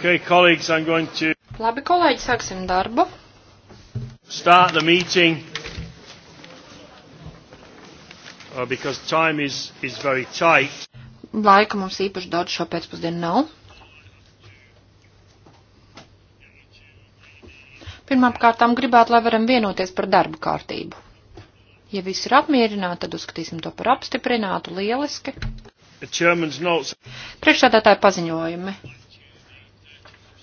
Okay, colleagues, I'm going to Labi, kolēģi, sāksim darbu. Start the meeting. Uh, because time is, is very tight. Laika mums īpaši daudz šo pēcpusdienu nav. Pirmkārtām gribētu, lai varam vienoties par darbu kārtību. Ja viss ir apmierināti, tad uzskatīsim to par apstiprinātu lieliski. Priekšsādātāji paziņojumi.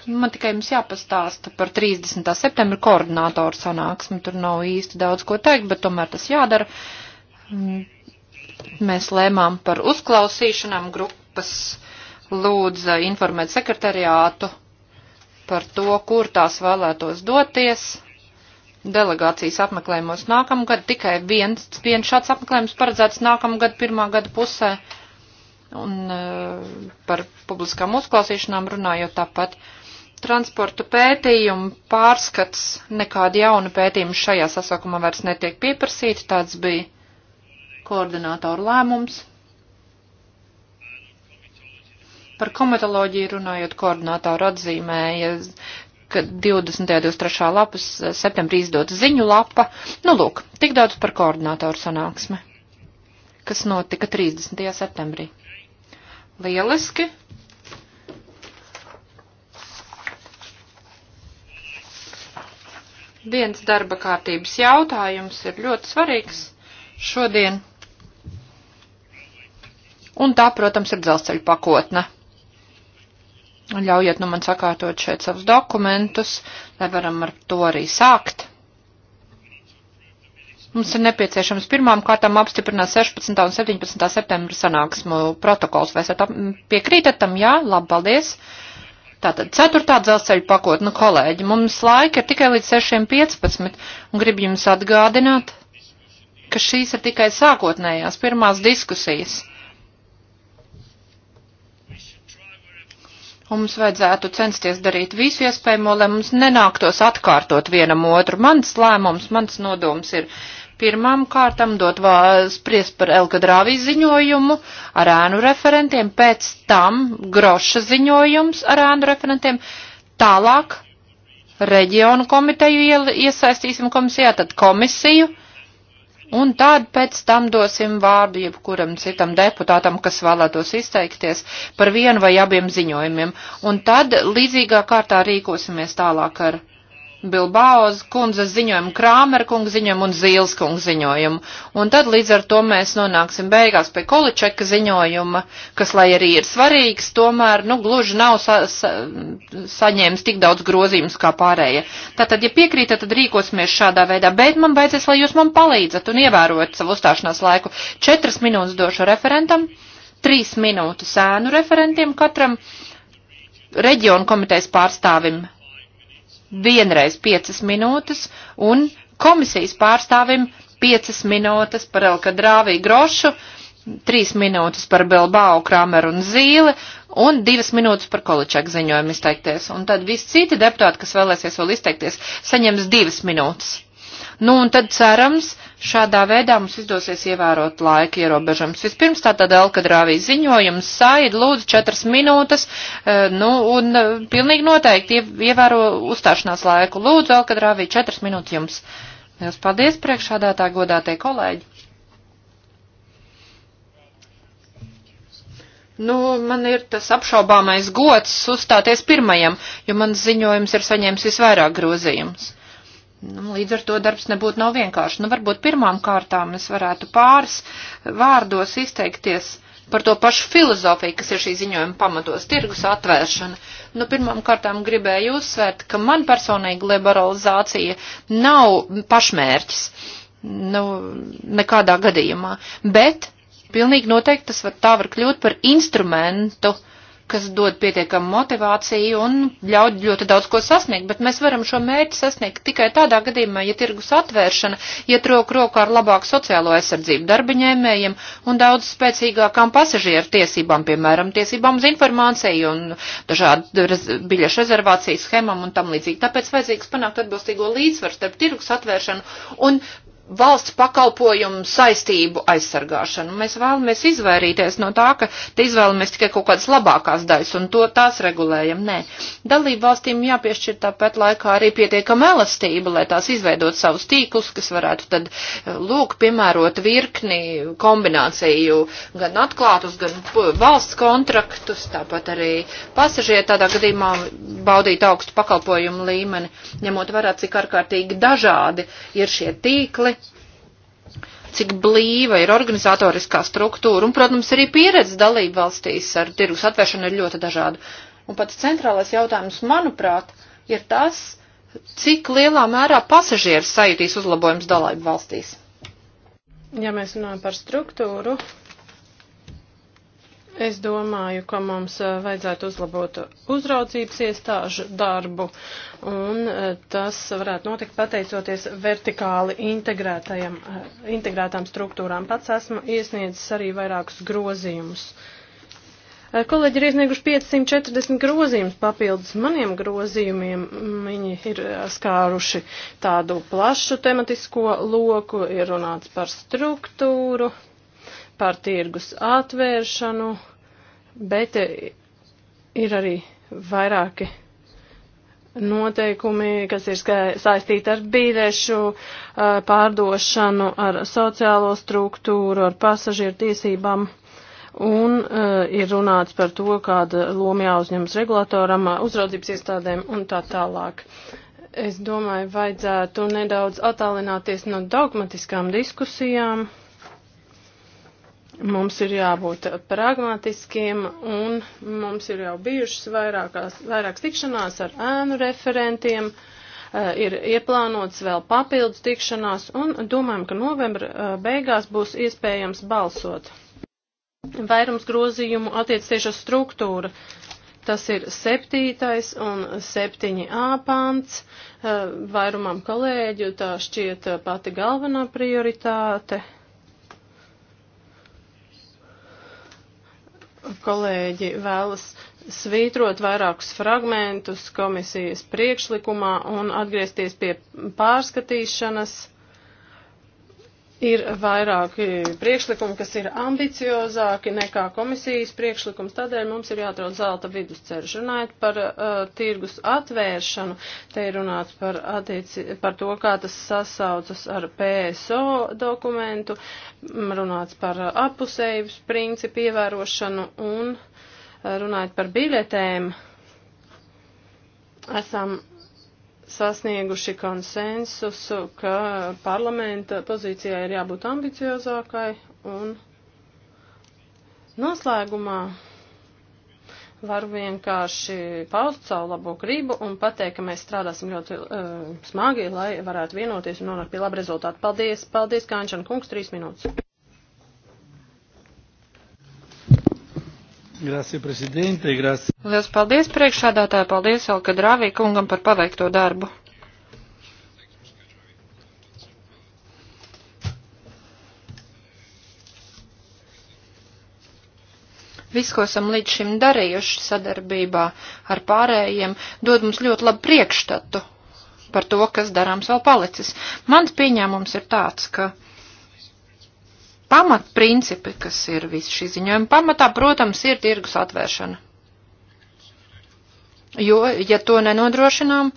Man tikai jums jāpastāsta par 30. septembra koordinātoru sanāksmi. Tur nav īsti daudz ko teikt, bet tomēr tas jādara. Mēs lēmām par uzklausīšanām grupas lūdza informēt sekretariātu par to, kur tās vēlētos doties delegācijas apmeklējumos nākamgad. Tikai viens, viens šāds apmeklējums paredzēts nākamgad pirmā gada pusē. Un uh, par publiskām uzklausīšanām runājot tāpat. Uh, transporta pētījumu pārskats, nekāda jauna pētījuma šajā sasaukumā vairs netiek pieprasīta, tāds bija koordinātoru lēmums. Par komitoloģiju runājot, koordinātoru atzīmēja, ka 20. un 23. lapas eh, septembrī izdot ziņu lapa. Nu, lūk, tik daudz par koordinātoru sanāksmi, kas notika 30. septembrī. Lieliski! dienas darba kārtības jautājums ir ļoti svarīgs šodien. Un tā, protams, ir dzelzceļa pakotne. Ļaujiet nu man sakārtot šeit savus dokumentus, lai varam ar to arī sākt. Mums ir nepieciešams pirmām kārtām apstiprināt 16. un 17. septembra sanāksmu protokols. Vai esat ap... piekrītat tam? Jā, labi, paldies. Uh, Tātad ceturtā dzelzceļa pakotne, nu, kolēģi, mums laika ir tikai līdz 6.15 un gribu jums atgādināt, ka šīs ir tikai sākotnējās pirmās diskusijas. Un mums vajadzētu censties darīt visu iespējamo, lai mums nenāktos atkārtot vienam otru. Mans lēmums, mans nodoms ir Pirmām kārtām dot spriest par Elkadrāvī ziņojumu ar ēnu referentiem, pēc tam Groša ziņojums ar ēnu referentiem, tālāk reģionu komiteju iesaistīsim komisijā, tad komisiju, un tad pēc tam dosim vārdu jebkuram citam deputātam, kas vēlētos izteikties par vienu vai abiem ziņojumiem, un tad līdzīgā kārtā rīkosimies tālāk ar Bilbaos kundzes ziņojumu, Krāmer kunga ziņojumu un Zīles kunga ziņojumu. Un tad līdz ar to mēs nonāksim beigās pie Količeka ziņojuma, kas, lai arī ir svarīgs, tomēr, nu, gluži nav sa sa saņēmis tik daudz grozījumus kā pārējie. Tātad, ja piekrītat, tad rīkosimies šādā veidā, bet man beidzies, lai jūs man palīdzat un ievērojat savu uzstāšanās laiku. Četras minūtes došu referentam, trīs minūtes sēnu referentiem katram, reģionu komitejas pārstāvim vienreiz piecas minūtes un komisijas pārstāvim piecas minūtes par Elkadrāvī Grošu, trīs minūtes par Bilbao, Krameru un Zīli un divas minūtes par Količaku ziņojumu izteikties. Un tad visi citi deputāti, kas vēlēsies vēl izteikties, saņems divas minūtes. Nu, un tad cerams, šādā veidā mums izdosies ievērot laika ierobežams. Vispirms tā tad Elkadrāvī ziņojums, said, lūdzu, četras minūtes, e, nu, un e, pilnīgi noteikti ievēro uzstāšanās laiku. Lūdzu, Elkadrāvī, četras minūtes jums. Jūs paldies priekšādātā godātie kolēģi. Nu, man ir tas apšaubāmais gods uzstāties pirmajam, jo mans ziņojums ir saņēmis visvairāk grozījumus. Nu, līdz ar to darbs nebūtu nav vienkārši. Nu, varbūt pirmām kārtām es varētu pāris vārdos izteikties par to pašu filozofiju, kas ir šī ziņojuma pamatos - tirgus atvēršana. Nu, pirmām kārtām gribēju uzsvērt, ka man personīgi liberalizācija nav pašmērķis. Nu, nekādā gadījumā. Bet pilnīgi noteikti tas var tā var kļūt par instrumentu uh, kas dod pietiekamu motivāciju un ļauj ļoti daudz ko sasniegt, bet mēs varam šo mērķi sasniegt tikai tādā gadījumā, ja tirgus atvēršana iet roku rokā ar labāku sociālo aizsardzību darbiņēmējiem un daudz spēcīgākām pasažieru tiesībām, piemēram, tiesībām uz informāciju un dažādu biļešu rezervācijas schemām un tam līdzīgi. Tāpēc vajadzīgs panākt atbilstīgo līdzsvaru starp tirgus atvēršanu un valsts pakalpojumu saistību aizsargāšanu. Mēs vēlamies izvairīties no tā, ka te izvēlamies tikai kaut kādas labākās daļas un to tās regulējam. Nē, dalību valstīm jāpiešķir tāpat laikā arī pietiekama elastība, lai tās izveidot savus tīklus, kas varētu tad, eh, lūk, piemērot virkni kombināciju gan atklātus, gan valsts kontraktus, tāpat arī pasažieru tādā gadījumā baudīt augstu pakalpojumu līmeni, ņemot vērā, cik ārkārtīgi dažādi ir šie tīkli cik blīva ir organizatoriskā struktūra, un, protams, arī pieredze dalība valstīs ar tirgus atvēršanu ir ļoti dažāda. Un pats centrālais jautājums, manuprāt, ir tas, cik lielā mērā pasažieris sajūtīs uzlabojums dalību valstīs. Ja mēs runājam par struktūru, Es domāju, ka mums eh, vajadzētu uzlabot uzraudzības iestāžu darbu, un eh, tas varētu notikt pateicoties vertikāli eh, integrētām struktūrām. Pats esmu iesniedzis arī vairākus grozījumus. Kolēģi ir iesnieguši 540 grozījumus papildus maniem grozījumiem. Viņi ir skāruši tādu plašu tematisko loku, ir runāts par struktūru, par tirgus atvēršanu, bet ir arī vairāki noteikumi, kas ir saistīti ar biļešu pārdošanu, ar sociālo struktūru, ar pasažieru tiesībām. Un uh, ir runāts par to, kāda loma jāuzņemas regulatoram, uzraudzības iestādēm un tā tālāk. Es domāju, vajadzētu nedaudz attālināties no dogmatiskām diskusijām. Uh, Mums ir jābūt pragmatiskiem un mums ir jau bijušas vairākās, vairākas tikšanās ar ēnu referentiem, eh, ir ieplānotas vēl papildus tikšanās un domājam, ka novembra eh, beigās būs iespējams balsot. Vairums grozījumu attiec tieši uz struktūru. Tas ir septītais un septiņi āpants. Eh, vairumam kolēģu tā šķiet pati galvenā prioritāte kolēģi vēlas svītrot vairākus fragmentus komisijas priekšlikumā un atgriezties pie pārskatīšanas Ir vairāki priekšlikumi, kas ir ambiciozāki nekā komisijas priekšlikums, tādēļ mums ir jāatrod zelta vidusceļš. Runājot par uh, tirgus atvēršanu, te ir runāts par, attieci, par to, kā tas sasaucas ar PSO dokumentu, runāts par uh, apusējības principu ievērošanu un uh, runājot par biļetēm. Esam sasnieguši konsensusu, ka parlamenta pozīcijai ir jābūt ambiciozākai un noslēgumā varu vienkārši paust savu labo gribu un pateikt, ka mēs strādāsim ļoti uh, smagi, lai varētu vienoties un nonākt pie laba rezultāta. Paldies, paldies, Kāņšana kungs, trīs minūtes. Grazie, prezidente, grazie. Lielas paldies priekšādātāji, paldies Elka Drāvī kungam par paveikto darbu. Viss, ko esam līdz šim darījuši sadarbībā ar pārējiem, dod mums ļoti labu priekšstatu par to, kas darāms vēl palicis. Mans pieņēmums ir tāds, ka pamatprincipi, kas ir visi šī ziņojuma pamatā, protams, ir tirgus atvēršana. Jo, ja to nenodrošinām,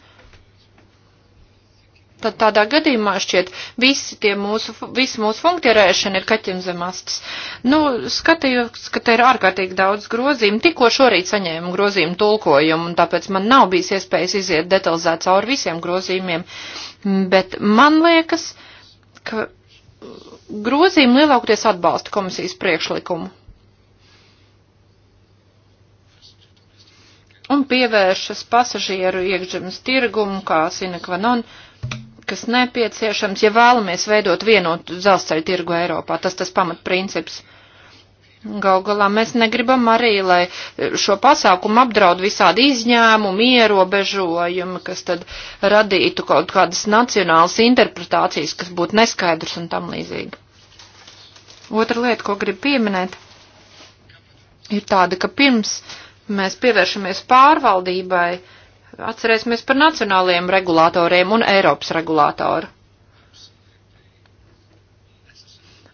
tad tādā gadījumā šķiet visi tie mūsu, visi mūsu funkcionēšana ir kaķim zem astes. Nu, skatījos, ka te ir ārkārtīgi daudz grozījumu. Tikko šorīt saņēmu grozījumu tulkojumu, un tāpēc man nav bijis iespējas iziet detalizēt cauri visiem grozījumiem. Bet man liekas, ka grozījumi lielākoties atbalsta komisijas priekšlikumu. Un pievēršas pasažieru iekšzemes tirgumu, kā Sinekvanon, kas nepieciešams, ja vēlamies veidot vienotu dzelzceļu tirgu Eiropā. Tas tas pamatprincips. princips Gal galā mēs negribam arī, lai e, šo pasākumu apdraud visādi izņēmumi, ierobežojumi, kas tad radītu kaut kādas nacionālas interpretācijas, kas būtu neskaidrs un tam līdzīgi. Otra lieta, ko gribu pieminēt, ir tāda, ka pirms mēs pievēršamies pārvaldībai, atcerēsimies par nacionālajiem regulātoriem un Eiropas regulātoru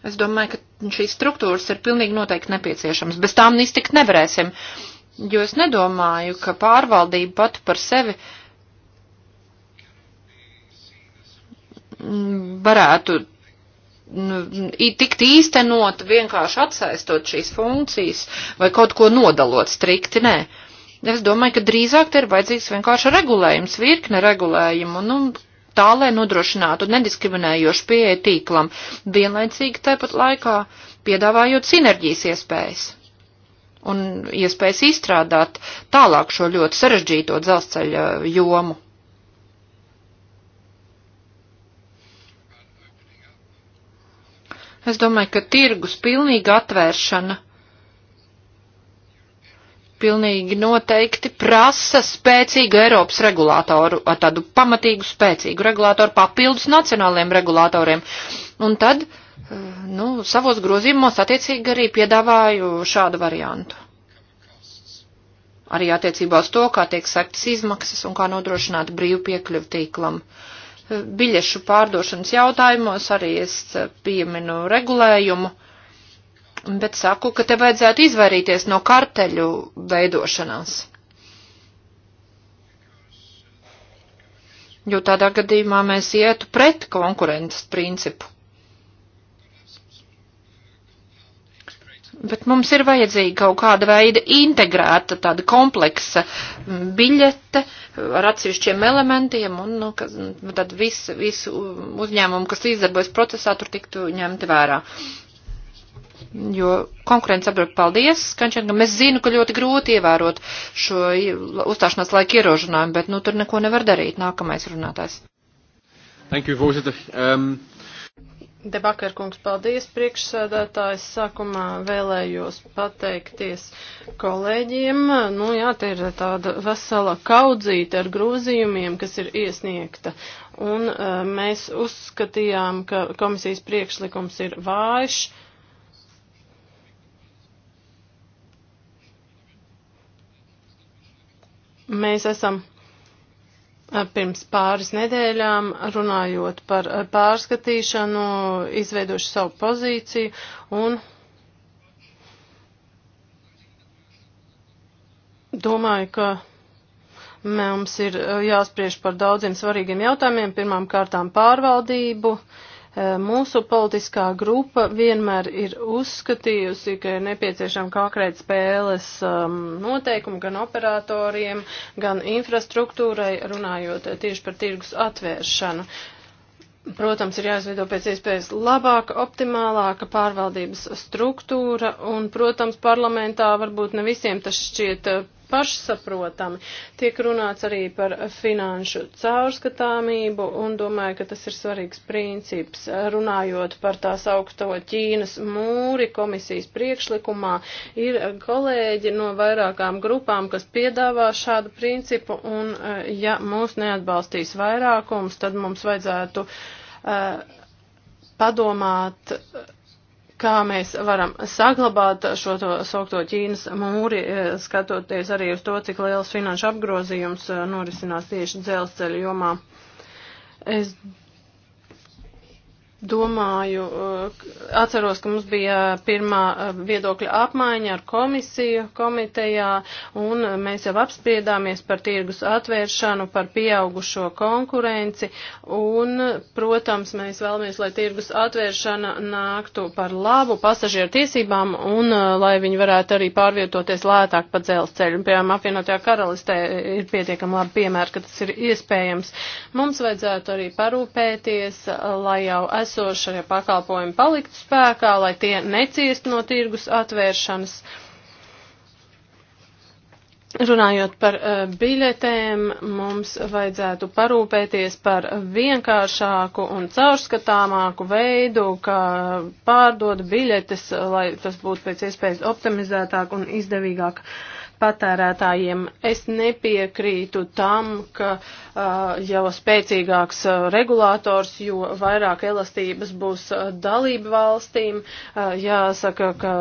Es domāju, ka šīs struktūras ir pilnīgi noteikti nepieciešamas. Bez tām iztikt nevarēsim, jo es nedomāju, ka pārvaldība pati par sevi varētu nu, tikt īstenot vienkārši atsaistot šīs funkcijas vai kaut ko nodalot strikti, nē. Es domāju, ka drīzāk te ir vajadzīgs vienkārši regulējums, virkne regulējumu, nu, tā, lai nodrošinātu nediskriminējošu pieeja tīklam, vienlaicīgi tāpat laikā piedāvājot sinerģijas iespējas un iespējas izstrādāt tālāk šo ļoti sarežģīto dzelzceļa uh, jomu. Es domāju, ka tirgus pilnīga atvēršana pilnīgi noteikti prasa spēcīgu Eiropas regulātoru, tādu pamatīgu spēcīgu regulātoru papildus nacionāliem regulātoriem. Un tad, eh, nu, savos grozījumos attiecīgi arī piedāvāju šādu variantu. Arī attiecībā uz to, kā tiek sektas izmaksas un kā nodrošināt brīvu piekļuvu tīklam. Eh, biļešu pārdošanas jautājumos arī es eh, pieminu regulējumu bet saku, ka te vajadzētu izvairīties no karteļu veidošanās. Jo tādā gadījumā mēs ietu pret konkurences principu. Bet mums ir vajadzīga kaut kāda veida integrēta, tāda kompleksa biļete ar atsevišķiem elementiem, un nu, nu kas, tad visu, visu uzņēmumu, kas izdarbojas procesā, tur tiktu ņemti vērā jo konkurence apdraud. Paldies, Kančengam. Es zinu, ka ļoti grūti ievērot šo uzstāšanās laika ierožinājumu, bet nu tur neko nevar darīt. Nākamais runātājs. Thank you, voorzitter. Um... Debakar kungs, paldies priekšsēdētājs. Sākumā vēlējos pateikties kolēģiem. Nu jā, te ir tāda vesela kaudzīta ar grozījumiem, kas ir iesniegta un uh, mēs uzskatījām, ka komisijas priekšlikums ir vājš. Mēs esam eh, pirms pāris nedēļām runājot par eh, pārskatīšanu, izveidoši savu pozīciju un domāju, ka mums ir eh, jāspriež par daudziem svarīgiem jautājumiem, pirmām kārtām pārvaldību, uh, Eh, mūsu politiskā grupa vienmēr ir uzskatījusi, ka ir nepieciešama konkrēta spēles ehm, noteikuma gan operatoriem, gan infrastruktūrai, runājot eh, tieši par tirgus atvēršanu. Protams, ir jāizveido pēc iespējas labāka, optimālāka pārvaldības struktūra, un, protams, parlamentā varbūt ne visiem tas šķiet eh, pašsaprotami. Tiek runāts arī par finanšu caurskatāmību un domāju, ka tas ir svarīgs princips. Runājot par tās augsto Ķīnas mūri komisijas priekšlikumā, ir kolēģi no vairākām grupām, kas piedāvā šādu principu un eh, ja mūs neatbalstīs vairākums, tad mums vajadzētu uh, padomāt. Uh, kā mēs varam saglabāt šo to saukto Ķīnas mūri, e, skatoties arī uz to, cik liels finanšu apgrozījums e, norisinās tieši dzelzceļa jomā. Es Domāju, eh, atceros, ka mums bija pirmā eh, viedokļa apmaiņa ar komisiju komitejā, un mēs jau apspriedāmies par tirgus atvēršanu, par pieaugušo konkurenci, un, protams, mēs vēlamies, lai tirgus atvēršana nāktu par labu pasažieru tiesībām, un eh, lai viņi varētu arī pārvietoties lētāk pa dzelzceļu. Piemēram, apvienotajā karalistē ir pietiekami labi piemēri, ka tas ir iespējams. Mums vajadzētu arī parūpēties, lai jau esam esošie pakalpojumi paliktu spēkā, lai tie neciest no tirgus atvēršanas. Runājot par e, biļetēm, mums vajadzētu parūpēties par vienkāršāku un caurskatāmāku veidu, kā pārdod biļetes, lai tas būtu pēc iespējas optimizētāk un izdevīgāk. Uh, patērētājiem. Es nepiekrītu tam, ka uh, jau spēcīgāks regulators, jo vairāk elastības būs dalību valstīm. Uh, jāsaka, ka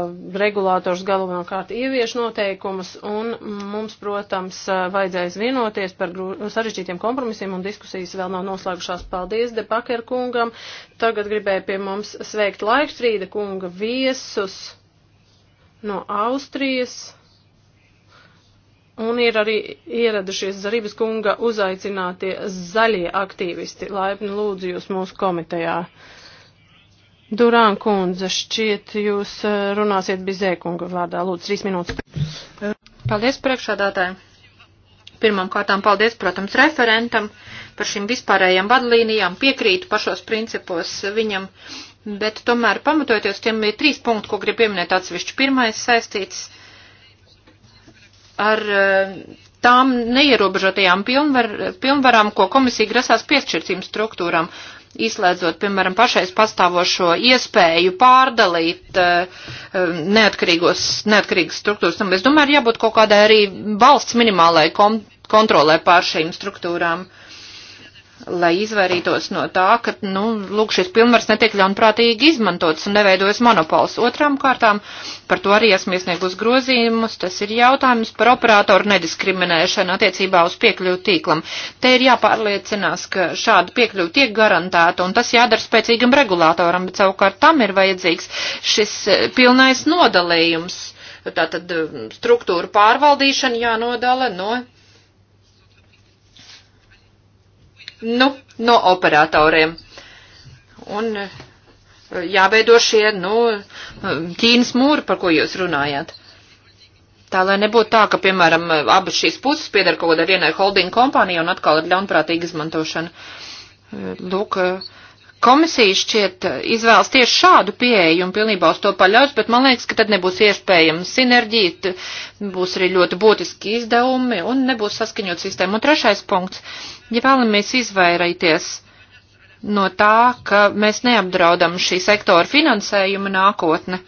regulators galvenokārt ievieš noteikumus un mums, protams, vajadzēs vienoties par sarežģītiem kompromisiem un diskusijas vēl nav noslēgušās. Paldies Depaker kungam. Tagad gribēju pie mums sveikt Laikstrīda kunga viesus no Austrijas. Un ir arī ieradušies Zarības kunga uzaicinātie zaļie aktīvisti. Laipni lūdzu jūs mūsu komitejā. Durān kundze, šķiet jūs eh, runāsiet Bizē kunga vārdā. Lūdzu, trīs minūtes. Paldies priekšādātājiem. Pirmam kārtām paldies, protams, referentam par šīm vispārējām vadlīnijām. Piekrītu pašos principos viņam, bet tomēr pamatojoties tiem ir trīs punkti, ko grib pieminēt atsevišķi. Pirmais saistīts ar eh, tām neierobežotajām pilnvar, pilnvarām, ko komisija grasās piešķirtīm struktūram, izslēdzot, piemēram, pašais pastāvošo iespēju pārdalīt eh, eh, neatkarīgas struktūras. Es domāju, ir jābūt kaut kādai arī valsts minimālai kontrolē pār šīm struktūrām. Uh, lai izvairītos no tā, ka, nu, lūk, šis pilnvars netiek ļaunprātīgi izmantots un neveidojas monopols. Otrām kārtām, par to arī esmu iesniegus grozījumus, tas ir jautājums par operātoru nediskriminēšanu attiecībā uz piekļuvu tīklam. Te ir jāpārliecinās, ka šāda piekļuva tiek garantēta un tas jādara spēcīgam regulātoram, bet savukārt tam ir vajadzīgs šis eh, pilnais nodalījums. Tātad eh, struktūra pārvaldīšana jānodala no nu, no operatoriem. Un eh, jābeido šie, nu, eh, Ķīnas mūri, par ko jūs runājāt. Tā lai nebūtu tā, ka, piemēram, eh, abas šīs puses piedara kaut kādai vienai holding kompānijai un atkal ir ļaunprātīga izmantošana. Lūk, komisija šķiet izvēlas tieši šādu pieeju un pilnībā uz to paļaus, bet man liekas, ka tad nebūs iespējama sinerģija, būs arī ļoti būtiski izdevumi un nebūs saskaņot sistēmu. Un trešais punkts Ja vēlamies izvairīties no tā, ka mēs neapdraudam šī sektora finansējuma nākotne,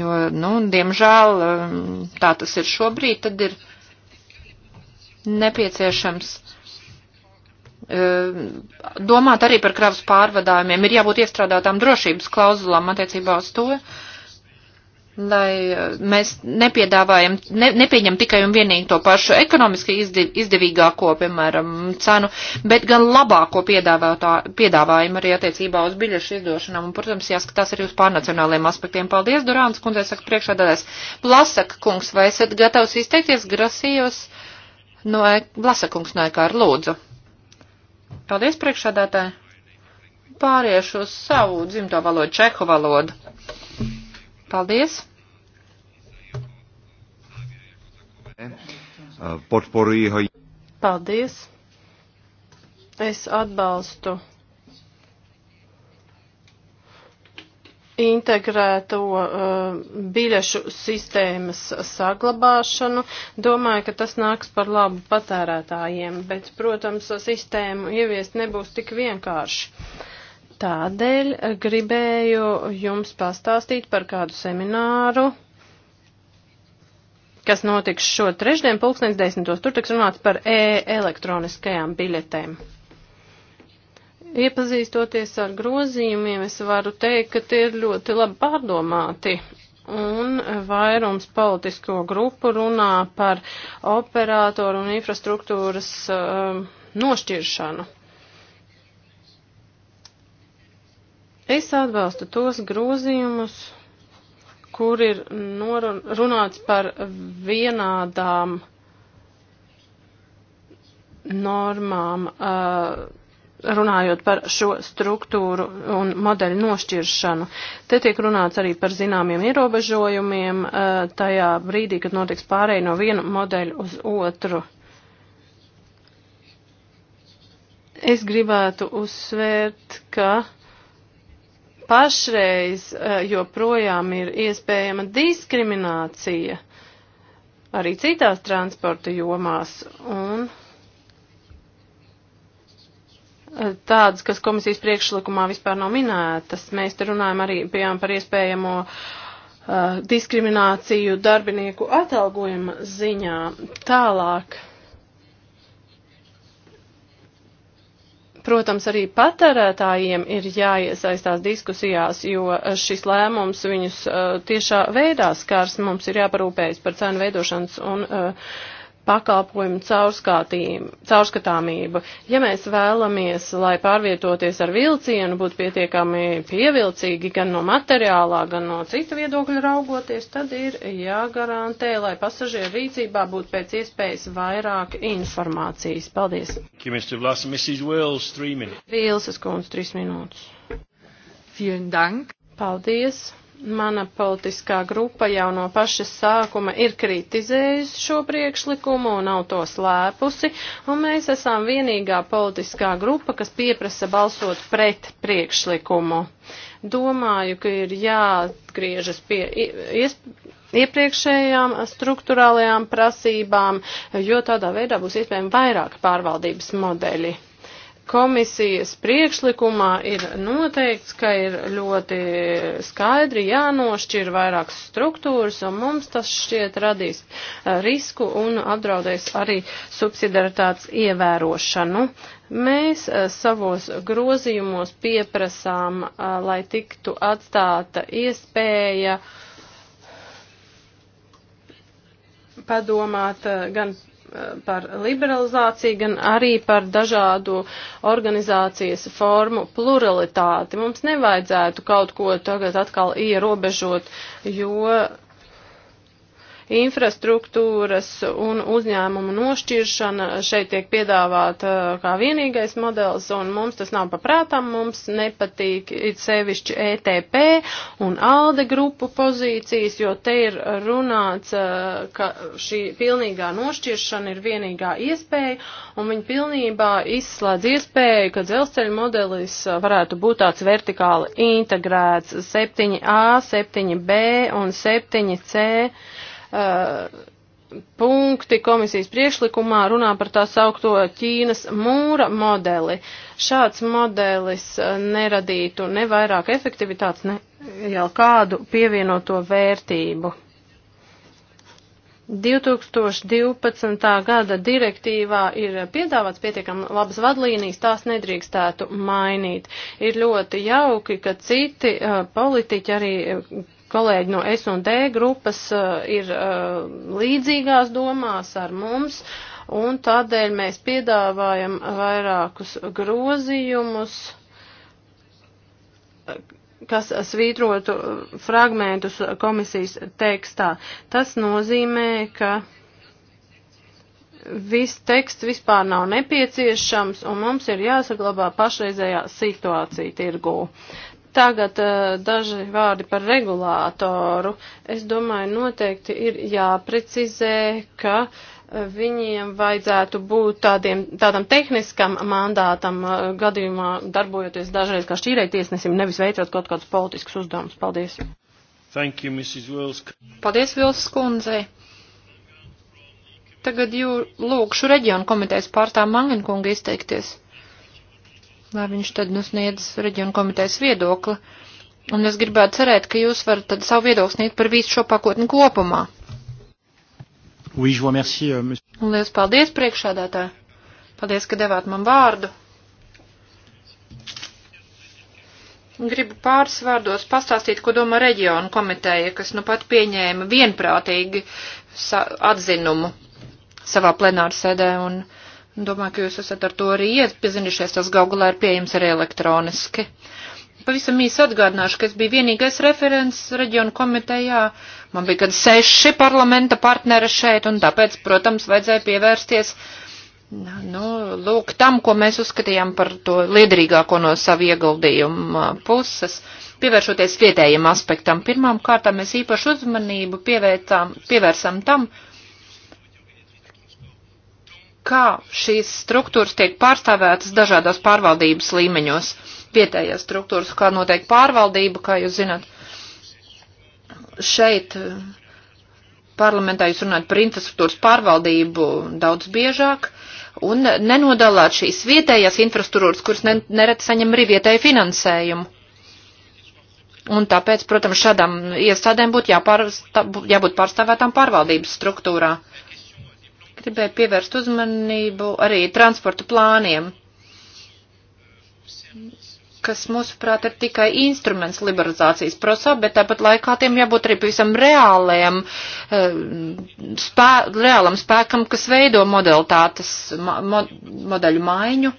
jo, nu, diemžēl um, tā tas ir šobrīd, tad ir nepieciešams um, domāt arī par kravas pārvadājumiem. Ir jābūt iestrādātām drošības klauzulām attiecībā uz to, lai eh, mēs nepiedāvājam, ne, nepieņem tikai un vienīgi to pašu ekonomiski izdiv, izdevīgāko, piemēram, cenu, bet gan labāko piedāvājumu arī attiecībā uz biļešu izdošanām. Un, protams, jāskatās arī uz pārnacionāliem aspektiem. Paldies, Durāns kundze, saka priekšādādājs. Blasaka kungs, vai esat gatavs izteikties? Grasījos no e Blasaka kungs no ekāra lūdzu. Paldies, priekšādātāji. Pāriešu uz savu dzimto valodu, čehu valodu. Paldies! Paldies! Es atbalstu integrēto uh, biļešu sistēmas saglabāšanu. Domāju, ka tas nāks par labu patērētājiem, bet, protams, sistēmu ieviest nebūs tik vienkārši. Tādēļ gribēju jums pastāstīt par kādu semināru, kas notiks šo trešdien, pulkstens desmitos. Tur tiks runāts par e-elektroniskajām biļetēm. Iepazīstoties ar grozījumiem, es varu teikt, ka tie ir ļoti labi pārdomāti. Un vairums politisko grupu runā par operātoru un infrastruktūras um, nošķiršanu. Es atbalstu tos grozījumus, kur ir runāts par vienādām normām, runājot par šo struktūru un modeļu nošķiršanu. Te tiek runāts arī par zināmiem ierobežojumiem tajā brīdī, kad notiks pārēj no viena modeļa uz otru. Es gribētu uzsvērt, ka pašreiz eh, joprojām ir iespējama diskriminācija arī citās transporta jomās un eh, tādas, kas komisijas priekšlikumā vispār nav minētas. Mēs te runājam arī, piemēram, par iespējamo uh, diskrimināciju darbinieku atalgojuma ziņā. Tālāk. Protams, arī patērētājiem ir jāiesaistās diskusijās, jo šis lēmums viņus eh, tiešā veidā skars. Mums ir jāparūpējas par cenu veidošanas un uh, pakalpojumu caurskatāmību. Ja mēs vēlamies, lai pārvietoties ar vilcienu būtu pietiekami pievilcīgi gan no materiālā, gan no cita viedokļa raugoties, tad ir jāgarantē, lai pasažieru rīcībā būtu pēc iespējas vairāk informācijas. Paldies. Vīlses kundze, trīs minūtes. Vielen Dank. Paldies. Mana politiskā grupa jau no paša sākuma ir kritizējusi šo priekšlikumu un nav to slēpusi, un mēs esam vienīgā politiskā grupa, kas pieprasa balsot pret priekšlikumu. Domāju, ka ir jāatgriežas pie iepriekšējām struktūrālajām prasībām, jo tādā veidā būs iespējami vairāk pārvaldības modeļi. Komisijas priekšlikumā ir noteikts, ka ir ļoti skaidri jānošķir vairākas struktūras, un mums tas šķiet radīs eh, risku un apdraudēs arī subsidaritātes ievērošanu. Mēs eh, savos grozījumos pieprasām, eh, lai tiktu atstāta iespēja padomāt gan par liberalizāciju, gan arī par dažādu organizācijas formu pluralitāti. Mums nevajadzētu kaut ko tagad atkal ierobežot, jo infrastruktūras un uzņēmumu nošķiršana šeit tiek piedāvāta uh, kā vienīgais modelis, un mums tas nav paprātām, mums nepatīk it sevišķi ETP un ALDE grupu pozīcijas, jo te ir runāts, uh, ka šī pilnīgā nošķiršana ir vienīgā iespēja, un viņi pilnībā izslēdz iespēju, ka dzelzceļa modelis uh, varētu būt tāds vertikāli integrēts 7A, 7B un 7C uh, punkti komisijas priešlikumā runā par tā saukto Ķīnas mūra modeli. Šāds modelis uh, neradītu ne vairāk efektivitātes, ne jau kādu pievienoto vērtību. 2012. gada direktīvā ir piedāvāts pietiekam labas vadlīnijas, tās nedrīkstētu mainīt. Ir ļoti jauki, ka citi uh, politiķi arī uh, kolēģi no S&D grupas eh, ir eh, līdzīgās domās ar mums, un tādēļ mēs piedāvājam vairākus grozījumus, kas svītrotu eh, fragmentus komisijas tekstā. Tas nozīmē, ka viss teksts vispār nav nepieciešams, un mums ir jāsaglabā pašreizējā situācija tirgū. Tagad uh, daži vārdi par regulātoru. Es domāju, noteikti ir jāprecizē, ka eh, viņiem vajadzētu būt tādiem, tādam tehniskam mandātam uh, gadījumā darbojoties dažreiz kā šķīrei tiesnesim, nevis veicot kaut kādus politiskus uzdevumus. Paldies. Thank you, Mrs. Wills. Paldies, Vils kundzei. Tagad jū lūkšu reģionu komitejas pārstāv Mangenkungu izteikties lai viņš tad nusniedz reģionu komitejas viedokli. Un es gribētu cerēt, ka jūs varat tad savu viedokli sniegt par visu šo pakotni kopumā. Oui, je vous remercie, euh, monsieur. Un liels paldies priekšādātā. Paldies, ka devāt man vārdu. Gribu pāris vārdos pastāstīt, ko domā reģionu komiteja, kas nu pat pieņēma vienprātīgi atzinumu savā plenārsēdē. Un Domāju, ka jūs esat ar to arī iepazinušies, tas gaugulā ir pieejams arī elektroniski. Pavisam īsi atgādināšu, ka es biju vienīgais referents reģionu komitejā. Man bija kad seši parlamenta partneri šeit, un tāpēc, protams, vajadzēja pievērsties nu, lūk, tam, ko mēs uzskatījām par to liederīgāko no savu ieguldījumu uh, puses. Pievēršoties vietējiem aspektam, pirmām kārtām mēs īpašu uzmanību pievērsām tam, kā šīs struktūras tiek pārstāvētas dažādos pārvaldības līmeņos, vietējās struktūras, kā notiek pārvaldība, kā jūs zināt. Šeit eh, parlamentā jūs runājat par infrastruktūras pārvaldību daudz biežāk un nenodalāt šīs vietējās infrastruktūras, kuras ne, nereti saņem arī vietēju finansējumu. Un tāpēc, protams, šādām iestādēm būtu jāpārstāv, jābūt pārstāvētām pārvaldības struktūrā. Gribēju pievērst uzmanību arī transporta plāniem, kas, mūsuprāt, ir tikai instruments liberalizācijas prosā, bet tāpat laikā tiem jābūt arī pavisam reālajam, eh, spē, reālam spēkam, kas veido modelitātes, mo, modeļu maiņu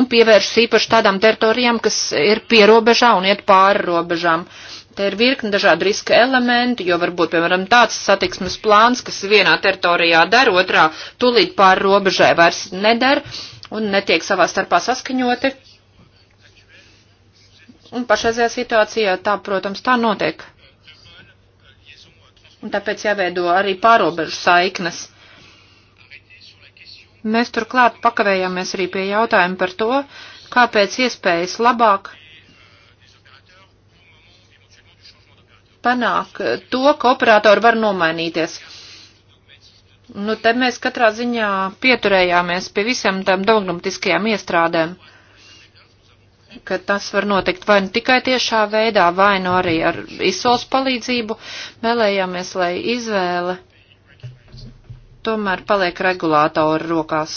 un pievēršas īpaši tādām teritorijām, kas ir pie robežā un iet pāri robežām. Te ir virkni dažādu riska elementu, jo varbūt, piemēram, tāds satiksmes plāns, kas vienā teritorijā der, otrā tulīt pār robežai vairs neder un netiek savā starpā saskaņoti. Un pašreizajā situācijā tā, protams, tā notiek. Un tāpēc jāveido arī pārobežu saiknes. Mēs turklāt pakavējāmies arī pie jautājuma par to, kāpēc iespējas labāk panāk to, ka operatori var nomainīties. Nu, te mēs katrā ziņā pieturējāmies pie visām tām dogmatiskajām iestrādēm, ka tas var notikt vai nu tikai tiešā veidā, vai nu arī ar izsols palīdzību. Vēlējāmies, lai izvēle tomēr paliek regulātoru rokās.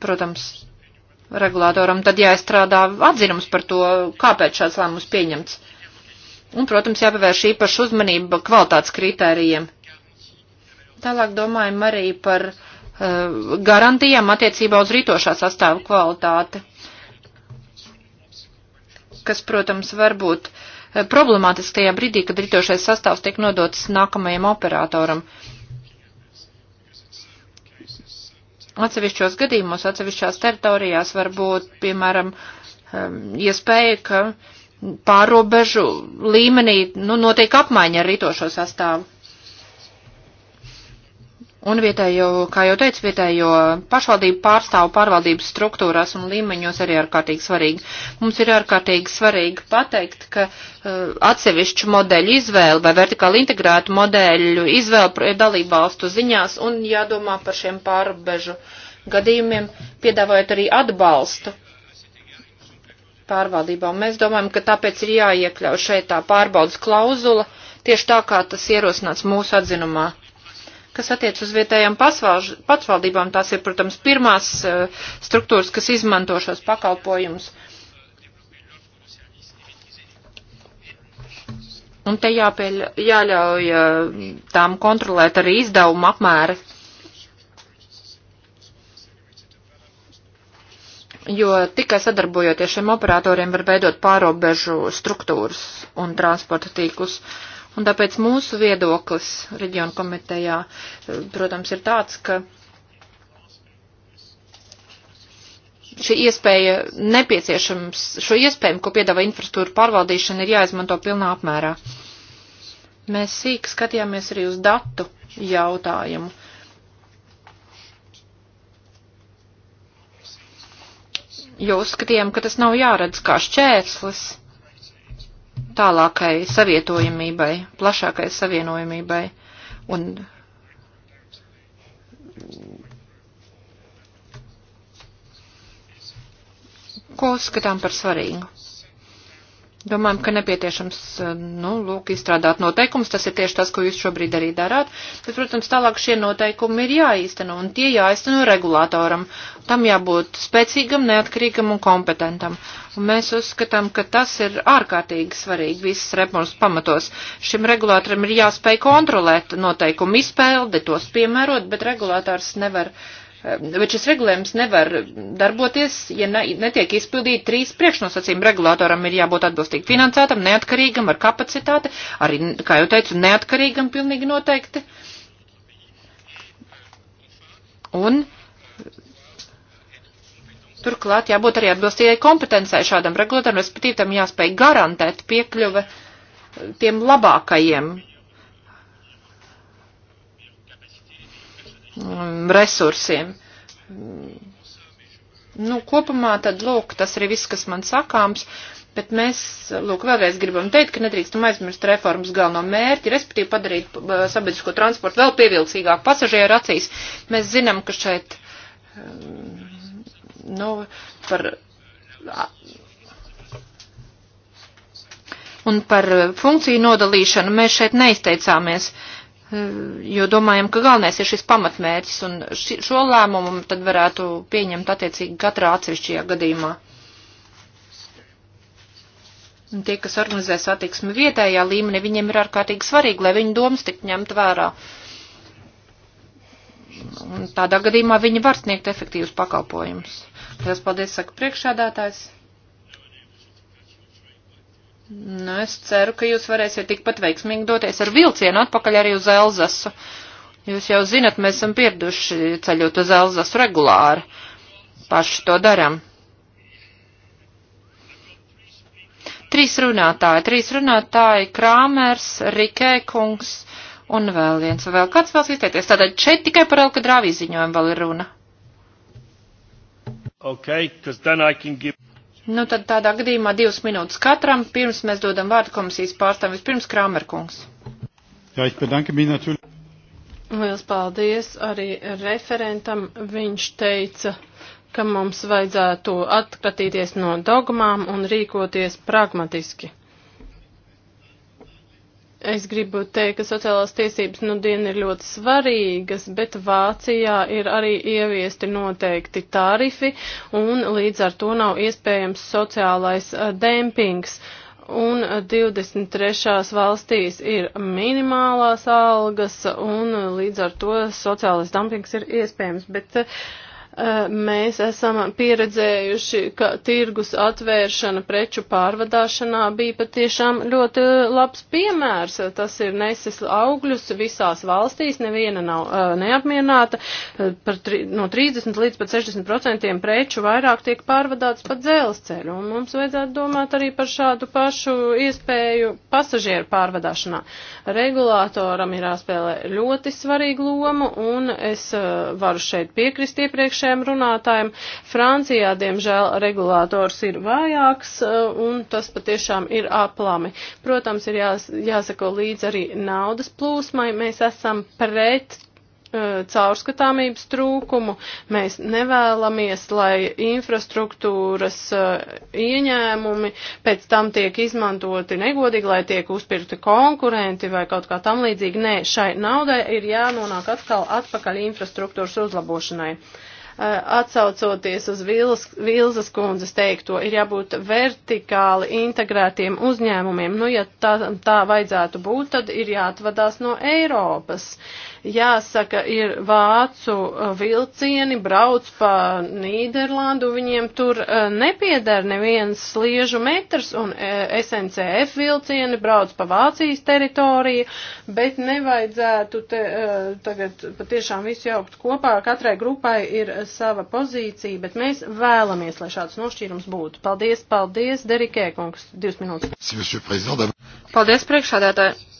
Protams, regulātoram tad jāizstrādā atzinums par to, kāpēc šāds lēmums pieņemts. Un, protams, jāpavērš īpaša uzmanība kvalitātes kritērijiem. Tālāk domājam arī par uh, garantijām attiecībā uz rītošā sastāvu kvalitāti, kas, protams, var būt eh, problemātiski tajā brīdī, kad rītošais sastāvs tiek nodots nākamajam operatoram. Atsevišķos gadījumos, atsevišķās teritorijās var būt, piemēram, eh, iespēja, ka uh, pārobežu līmenī nu, notiek apmaiņa ar rītošo sastāvu. Un vietējo, kā jau teicu, vietējo pašvaldību pārstāvu pārvaldības struktūrās un līmeņos arī ārkārtīgi svarīgi. Mums ir ārkārtīgi svarīgi pateikt, ka uh, atsevišķu modeļu izvēle vai vertikāli integrētu modeļu izvēle dalību valstu ziņās un jādomā par šiem pārbežu gadījumiem, piedāvājot arī atbalstu pārvaldībām. Mēs domājam, ka tāpēc ir jāiekļauj šeit tā pārbaudas klauzula, tieši tā kā tas ierosināts mūsu atzinumā. Kas attiec uz vietējām pašvaldībām, tās ir, protams, pirmās eh, struktūras, kas izmanto šos pakalpojumus. Un te jāpieļ, jāļauj eh, tām kontrolēt arī izdevumu apmēri jo tikai sadarbojoties šiem operatoriem var veidot pārobežu struktūras un transporta tīklus. Un tāpēc mūsu viedoklis reģionu komitejā, eh, protams, ir tāds, ka šī iespēja nepieciešams, šo iespēju, ko piedāvā infrastruktūra pārvaldīšana, ir jāizmanto pilnā apmērā. Mēs sīk skatījāmies arī uz datu jautājumu jo uzskatījām, ka tas nav jāredz kā šķērslis tālākai savietojamībai, plašākai savienojamībai. Un ko uzskatām par svarīgu? Domājam, ka nepieciešams, eh, nu, lūk, izstrādāt noteikumus, tas ir tieši tas, ko jūs šobrīd arī darāt, bet, protams, tālāk šie noteikumi ir jāīsteno, un tie jāīsteno regulātoram. Tam jābūt spēcīgam, neatkarīgam un kompetentam. Un mēs uzskatām, ka tas ir ārkārtīgi svarīgi visas reformas pamatos. Šim regulātoram ir jāspēj kontrolēt noteikumu izpildi, tos piemērot, bet regulātors nevar. Uh, Ehm, bet šis regulējums nevar darboties, ja ne, netiek izpildīti trīs priekšnosacījumi. Regulātoram ir jābūt atbilstīgi finansētam, neatkarīgam, ar kapacitāti, arī, kā jau teicu, neatkarīgam pilnīgi noteikti. Un turklāt jābūt arī atbilstīgai kompetencē šādam regulatoram, respektīvi tam jāspēj garantēt piekļuve tiem labākajiem Mm, resursiem. Nu, kopumā tad, lūk, tas arī viss, kas man sakāms, bet mēs, lūk, vēlreiz gribam teikt, ka nedrīkstam aizmirst reformas galveno mērķi, respektīvi padarīt uh, sabiedrisko transportu vēl pievilcīgāk pasažieru acīs. Mēs zinām, ka šeit, um, nu, par un par funkciju nodalīšanu mēs šeit neizteicāmies. Uh, Eh, jo domājam, ka galvenais ir šis pamatmērķis, un ši, šo lēmumu tad varētu pieņemt attiecīgi katrā atsevišķajā gadījumā. Un tie, kas organizē satiksmi vietējā līmenī, viņiem ir ārkārtīgi svarīgi, lai viņu domas tik ņemt vērā. Un tādā gadījumā viņi var sniegt efektīvus pakalpojumus. Lielas paldies, saka priekšādātājs. Nu, es ceru, ka jūs varēsiet tikpat veiksmīgi doties ar vilcienu atpakaļ arī uz Elzasu. Jūs jau zinat, mēs esam pieraduši ceļot uz Elzasu regulāri. Paši to daram. Trīs runātāji, trīs runātāji, Krāmers, Rikē kungs un vēl viens. Vēl kāds vēl izteikties? Tātad šeit tikai par Elka drāvī ziņojumu vēl ir runa. Okay, give... Nu, tad tādā gadījumā divas minūtes katram, pirms mēs dodam vārdu komisijas pārstāvim. Vispirms Kramerkungs. Jā, es bedanke mich natürlich. Liels paldies arī referentam. Viņš teica, ka mums vajadzētu atkratīties no dogmām un rīkoties pragmatiski. Es gribu teikt, ka sociālās tiesības nu diena ir ļoti svarīgas, bet Vācijā ir arī ieviesti noteikti tarifi un līdz ar to nav iespējams sociālais eh, dempings. Un 23. Eh, valstīs ir minimālās algas un eh, līdz ar to sociālais dumpings ir iespējams, bet Eh, mēs esam pieredzējuši, ka tirgus atvēršana preču pārvadāšanā bija patiešām ļoti labs piemērs. Tas ir nesis augļus visās valstīs, neviena nav uh, neapmierināta. Eh, par tri, no 30 līdz pat 60 procentiem preču vairāk tiek pārvadāts pa dzelzceļu, un mums vajadzētu domāt arī par šādu pašu iespēju pasažieru pārvadāšanā. Regulātoram ir jāspēlē ļoti svarīga loma, un es uh, varu šeit piekrist iepriekš iepriekšējiem runātājiem. Francijā, diemžēl, regulators ir vājāks eh, un tas patiešām ir aplami. Protams, ir jās, jāsako līdz arī naudas plūsmai. Mēs esam pret eh, caurskatāmības trūkumu, mēs nevēlamies, lai infrastruktūras eh, ieņēmumi pēc tam tiek izmantoti negodīgi, lai tiek uzpirkti konkurenti vai kaut kā tam līdzīgi. Nē, šai naudai ir jānonāk atkal atpakaļ infrastruktūras uzlabošanai. Uh, Eh, atsaucoties uz Vils, Vilzas kundzes teikto, ir jābūt vertikāli integrētiem uzņēmumiem. Nu, ja tā, tā vajadzētu būt, tad ir jāatvadās no Eiropas. Uh, Jāsaka, ir vācu uh, vilcieni, brauc pa Nīderlandu, viņiem tur uh, nepiedara neviens sliežu metrs, un uh, SNCF vilcieni brauc pa Vācijas teritoriju, bet nevajadzētu te, tagad patiešām visu jaukt kopā, katrai grupai ir sava pozīcija, bet mēs vēlamies, lai šāds nošķīrums būtu. Paldies, paldies, Derikē, kungs, divas minūtes. Paldies, priekšādātāji.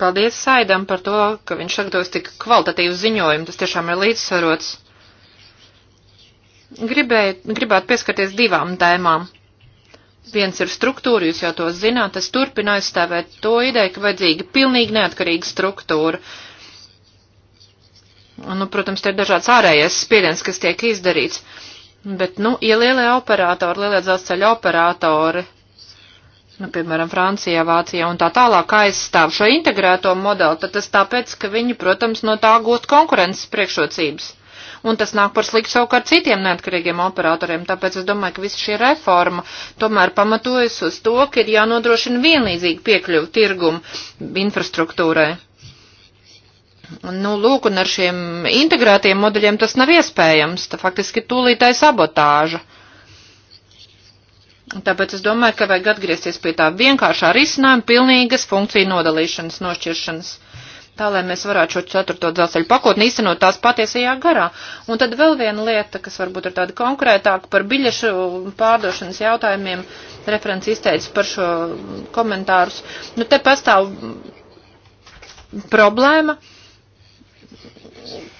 Paldies Saidam par to, ka viņš sagatavos tik kvalitatīvu ziņojumu. Tas tiešām ir līdzsvarots. Gribēju, gribētu pieskarties divām tēmām. Viens ir struktūra, jūs jau to zināt, es turpinu aizstāvēt to ideju, ka vajadzīga pilnīgi neatkarīga struktūra. Nu, protams, te ir dažāds ārējais spiediens, kas tiek izdarīts. Bet, nu, ja lielie operatori, lielie dzelzceļa operatori nu, piemēram, Francijā, Vācijā un tā tālāk aizstāv šo integrēto modeli, tad tas tāpēc, ka viņi, protams, no tā gūst konkurences priekšrocības. Un tas nāk par sliktu savukārt citiem neatkarīgiem operatoriem, tāpēc es domāju, ka visa šī reforma tomēr pamatojas uz to, ka ir jānodrošina vienlīdzīgi piekļuvu tirgumu infrastruktūrai. Nu, lūk, un ar šiem integrētiem modeļiem tas nav iespējams, tā faktiski tūlītai sabotāža. Tāpēc es domāju, ka vajag atgriezties pie tā vienkāršā risinājuma, pilnīgas funkciju nodalīšanas, nošķiršanas, tā lai mēs varētu šo ceturto dzelzceļu pakotni īstenot tās patiesajā garā. Un tad vēl viena lieta, kas varbūt ir tāda konkrētāka par biļešu pārdošanas jautājumiem, referents izteicis par šo komentārus. Nu, te pastāv problēma,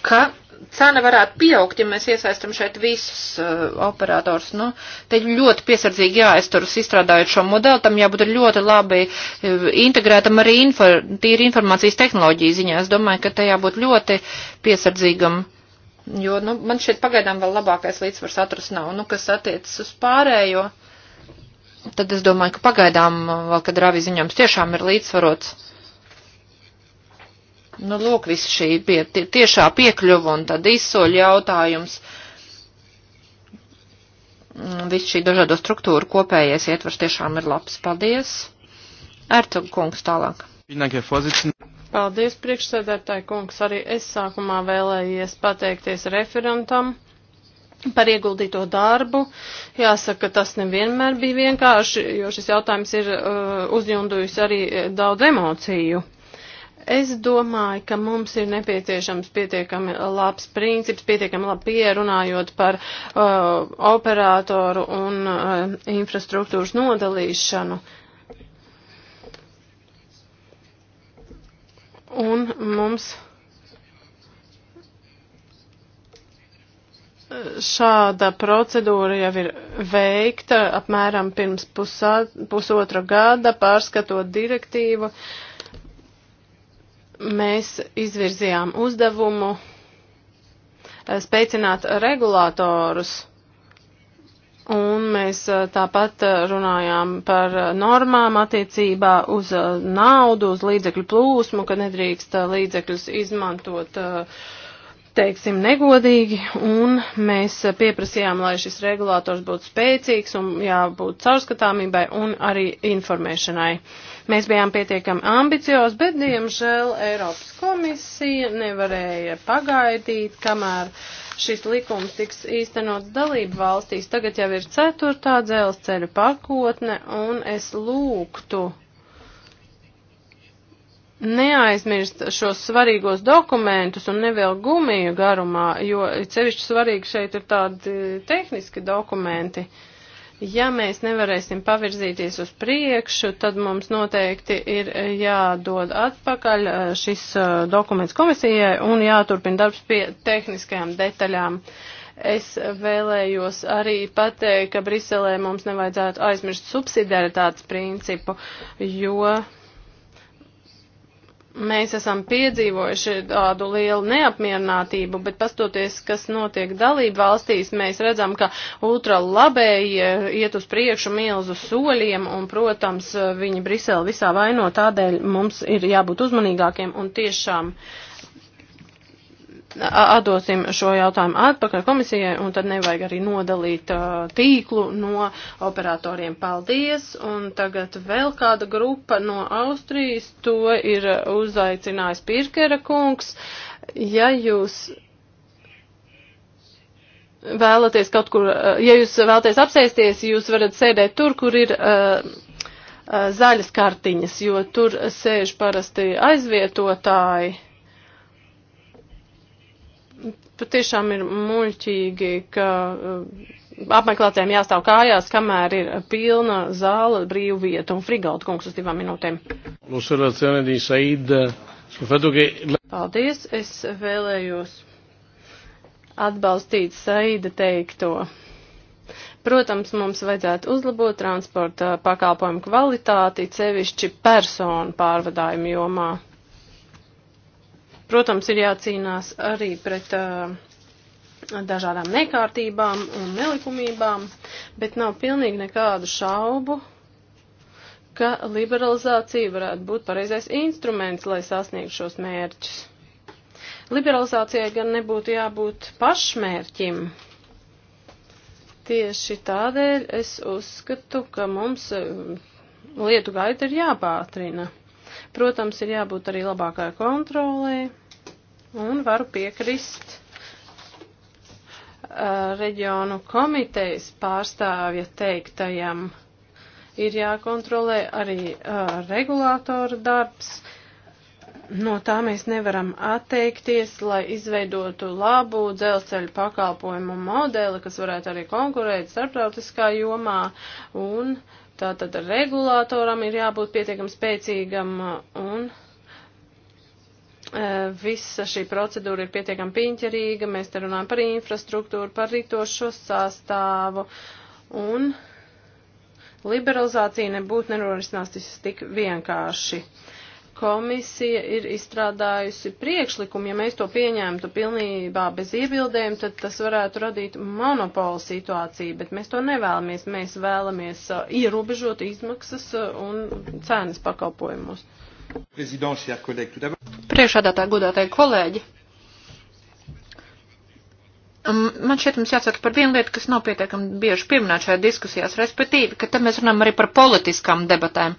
ka cena varētu pieaugt, ja mēs iesaistam šeit visus uh, operators. Nu, te ļoti piesardzīgi jāizturas izstrādājot šo modeli, tam jābūt ļoti labi uh, integrētam arī infor, tīri informācijas tehnoloģiju ziņā. Es domāju, ka te jābūt ļoti piesardzīgam. Jo, nu, man šeit pagaidām vēl labākais līdzsvars atrast nav. Nu, kas attiecas uz pārējo, tad es domāju, ka pagaidām uh, vēl, kad rāvi ziņojums tiešām ir līdzsvarots Nu, lūk, viss šī pie, tie, tiešā piekļuva un tad izsoļu jautājums. Mm, viss šī dažādo struktūru kopējais ietvars tiešām ir labs. Paldies. Ercog kungs tālāk. Paldies, priekšsēdētāji kungs. Arī es sākumā vēlējies pateikties referentam par ieguldīto darbu. Jāsaka, tas nevienmēr bija vienkārši, jo šis jautājums ir uh, uzjundujis arī eh, daudz emociju. Es domāju, ka mums ir nepieciešams pietiekami labs princips, pietiekami labi pierunājot par uh, operātoru un uh, infrastruktūras nodalīšanu. Un mums uh, šāda procedūra jau ir veikta apmēram pirms pusā, pusotra gada, pārskatot direktīvu. Uh, Mēs izvirzījām uzdevumu eh, spēcināt regulātorus, un mēs eh, tāpat eh, runājām par normām attiecībā uz naudu, uz līdzekļu plūsmu, ka nedrīkst līdzekļus izmantot uh, teiksim, negodīgi, un mēs pieprasījām, lai šis regulators būtu spēcīgs un jābūt caurskatāmībai un arī informēšanai. Uh, Mēs bijām pietiekami ambiciozi, bet, diemžēl, Eiropas komisija nevarēja pagaidīt, kamēr šis likums tiks īstenots dalību valstīs. Tagad jau ir ceturtā dzelzceļa pakotne, un es lūgtu neaizmirst šos svarīgos dokumentus un nevēl gumiju garumā, jo cevišķi svarīgi šeit ir tādi tehniski dokumenti. Uh, Ja mēs nevarēsim pavirzīties uz priekšu, tad mums noteikti ir e, jādod atpakaļ e, šis e, dokuments komisijai un jāturpina darbs pie tehniskajām detaļām. Es vēlējos arī pateikt, ka Briselē mums nevajadzētu aizmirst subsidiaritātes principu, jo Mēs esam piedzīvojuši tādu lielu neapmierinātību, bet pastoties, kas notiek dalību valstīs, mēs redzam, ka ultralabēji eh, iet uz priekšu milzu soļiem, un, protams, eh, viņi Briseli visā vaino, tādēļ mums ir jābūt uzmanīgākiem un tiešām uh, atdosim šo jautājumu atpakaļ komisijai, un tad nevajag arī nodalīt uh, tīklu no operatoriem. Paldies! Un tagad vēl kāda grupa no Austrijas, to ir uzaicinājis Pirkera kungs. Ja jūs vēlaties kaut kur, uh, ja jūs vēlaties apsēsties, jūs varat sēdēt tur, kur ir. Uh, zaļas kartiņas, jo tur sēž parasti aizvietotāji patiešām ir muļķīgi, ka uh, apmeklētājiem jāstāv kājās, kamēr ir pilna zāla brīvu vietu. Un Frigaut kungs uz divām minūtēm. Eh, Paldies, es vēlējos atbalstīt Saida teikto. Protams, mums vajadzētu uzlabot transporta pakalpojumu kvalitāti, cevišķi personu pārvadājumu jomā. Protams, ir jācīnās arī pret uh, dažādām nekārtībām un nelikumībām, bet nav pilnīgi nekādu šaubu, ka liberalizācija varētu būt pareizais instruments, lai sasniegtu šos mērķus. Liberalizācijai gan nebūtu jābūt pašmērķim. Tieši tādēļ es uzskatu, ka mums um, lietu gaita ir jāpātrina. Protams, ir jābūt arī labākai kontrolē, un varu piekrist uh, reģionu komitejas pārstāvja teiktajam. Ir jākontrolē arī uh, regulātora darbs. No tā mēs nevaram atteikties, lai izveidotu labu dzelzceļu pakalpojumu modeli, kas varētu arī konkurēt starptautiskā jomā un tātad regulātoram ir jābūt pietiekam spēcīgam un uh, Eh, visa šī procedūra ir pietiekami piņķerīga, mēs te runājam par infrastruktūru, par rītošo sastāvu, un liberalizācija nebūtu nenorisināsies tik vienkārši. Komisija ir izstrādājusi priekšlikumu, ja mēs to pieņēmtu pilnībā bez iebildēm, tad tas varētu radīt monopolu situāciju, bet mēs to nevēlamies. Mēs vēlamies eh, ierobežot izmaksas eh, un cenas pakalpojumus. Priekšādātāji, godātāji kolēģi! Mm, man šķiet, mums jāsaka par vienu lietu, kas nav pietiekami bieži pieminēta šajā diskusijās, respektīvi, ka te mēs runājam arī par politiskām debatēm.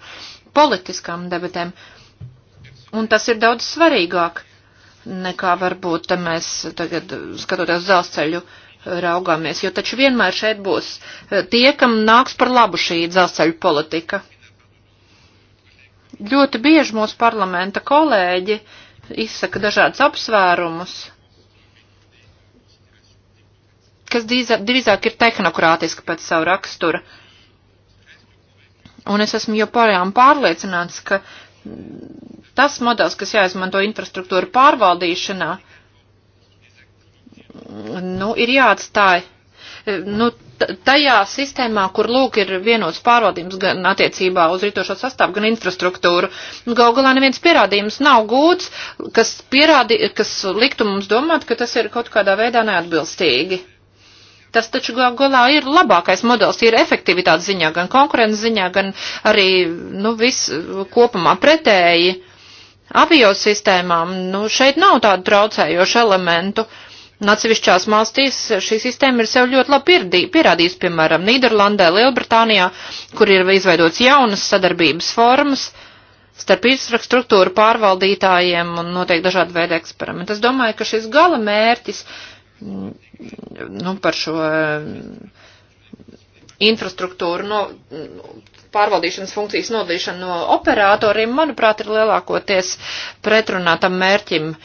Politiskām debatēm. Un tas ir daudz svarīgāk nekā varbūt mēs tagad skatoties dzelzceļu raugāmies, jo taču vienmēr šeit būs tie, kam nāks par labu šī dzelzceļu politika. Ļoti bieži mūsu parlamenta kolēģi izsaka dažādas apsvērumus, kas drīzāk ir tehnokrātiski pēc savu rakstura. Un es esmu joprojām pārliecināts, ka tas modelis, kas jāizmanto infrastruktūra pārvaldīšanā, nu, ir jāatstāja Eh, nu, tajā sistēmā, kur lūk ir vienots pārvaldījums gan attiecībā uz rītošo sastāvu, gan infrastruktūru. Nu, gal galā neviens pierādījums nav gūts, kas, pierādi, kas liktu mums domāt, ka tas ir kaut kādā veidā neatbilstīgi. Tas taču gal galā ir labākais modelis, ir efektivitātes ziņā, gan konkurences ziņā, gan arī, nu, viss kopumā pretēji. Abijos sistēmām, nu, šeit nav tādu traucējošu elementu. Uh, Un atsevišķās valstīs šī sistēma ir sev ļoti labi pierādījusi, piemēram, Nīderlandē, Lielbritānijā, kur ir izveidots jaunas sadarbības formas starp infrastruktūru pārvaldītājiem un notiek dažādi veidi eksperimenti. Es domāju, ka šis gala mērķis mm, nu, par šo mm, infrastruktūru no, mm, pārvaldīšanas funkcijas nodalīšana no operatoriem, manuprāt, ir lielākoties pretrunā tam mērķim,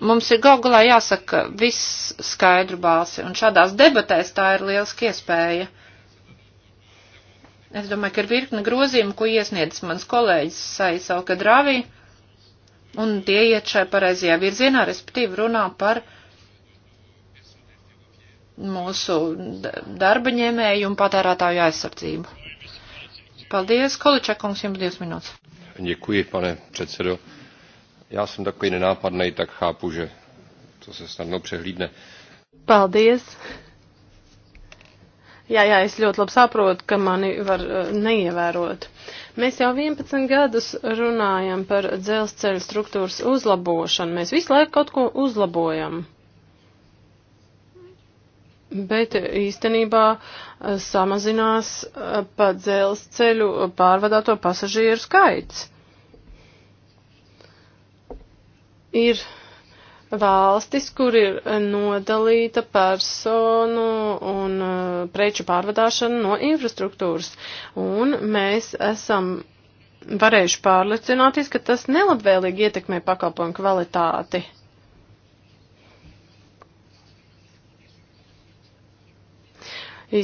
mums ir gal galā jāsaka viss skaidru balsi, un šādās debatēs tā ir lieliski iespēja. Es domāju, ka ir virkne grozījumu, ko iesniedz mans kolēģis Saisauka Dravī, un tie iet šai pareizajā virzienā, respektīvi runā par mūsu darba ņēmēju un patērētāju aizsardzību. Paldies, Količakungs, jums divas minūtes. Děkuji, pane předsedo. Já jsem takový nenápadný, tak chápu, že to se snadno přehlídne. Paldies! Jā, jā, es ļoti labi saprotu, ka mani var eh, neievērot. Mēs jau 11 gadus runājam par dzelzceļa struktūras uzlabošanu. Mēs visu laiku kaut ko uzlabojam. Bet īstenībā eh, samazinās eh, pa dzelzceļu pārvadāto pasažieru skaits. Ir valstis, kur ir nodalīta personu un uh, preču pārvadāšana no infrastruktūras. Un mēs esam varējuši pārliecināties, ka tas nelabvēlīgi ietekmē pakalpojumu kvalitāti.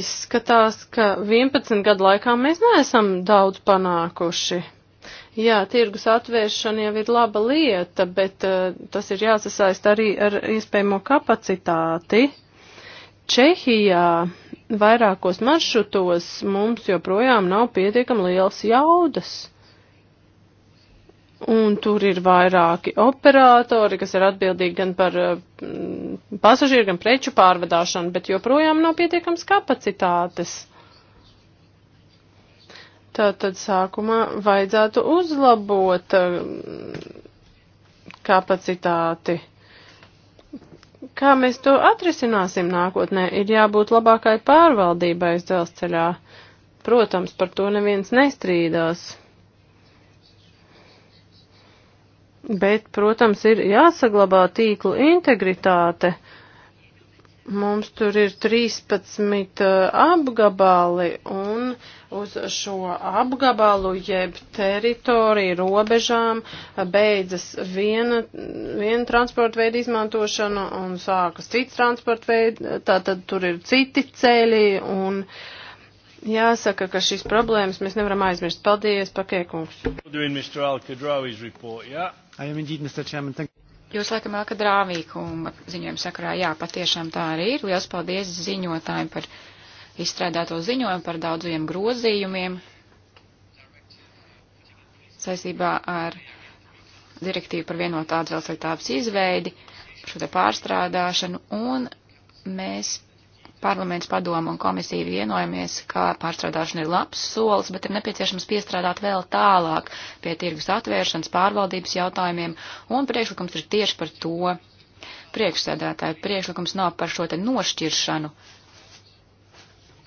Izskatās, ka 11 gadu laikā mēs neesam daudz panākuši. Jā, tirgus atvēršana jau ir laba lieta, bet uh, tas ir jāsasaist arī ar iespējamo kapacitāti. Čehijā vairākos maršrutos mums joprojām nav pietiekam liels jaudas. Un tur ir vairāki operatori, kas ir atbildīgi gan par eh, pasažieru, gan preču pārvadāšanu, bet joprojām nav pietiekams kapacitātes. Tātad sākumā vajadzētu uzlabot eh, kapacitāti. Kā mēs to atrisināsim nākotnē, ir jābūt labākai pārvaldībai uz dzelzceļā. Protams, par to neviens nestrīdās. Bet, protams, ir jāsaglabā tīklu integritāte. Mums tur ir 13 eh, apgabali un uh, uz šo apgabalu, jeb teritoriju, robežām, beidzas viena, viena transporta veida izmantošana un sākas cits transporta veids, tātad tur ir citi ceļi un. Jāsaka, ka šīs problēmas mēs nevaram aizmirst. Paldies, pakēkungs. Jūs laikam Alka Drāvīkuma ziņojuma sakarā, jā, patiešām tā arī ir. Liels paldies ziņotājiem par izstrādāto ziņojumu par daudziem grozījumiem saistībā ar direktīvu par vienotā atzelceļa tāpas izveidi, šo te pārstrādāšanu, un mēs parlaments padomu un komisija vienojamies, ka pārstrādāšana ir labs solis, bet ir nepieciešams piestrādāt vēl tālāk pie tirgus atvēršanas, pārvaldības jautājumiem, un priekšlikums ir tieši par to. Priekšsēdētāji priekšlikums nav par šo te nošķiršanu,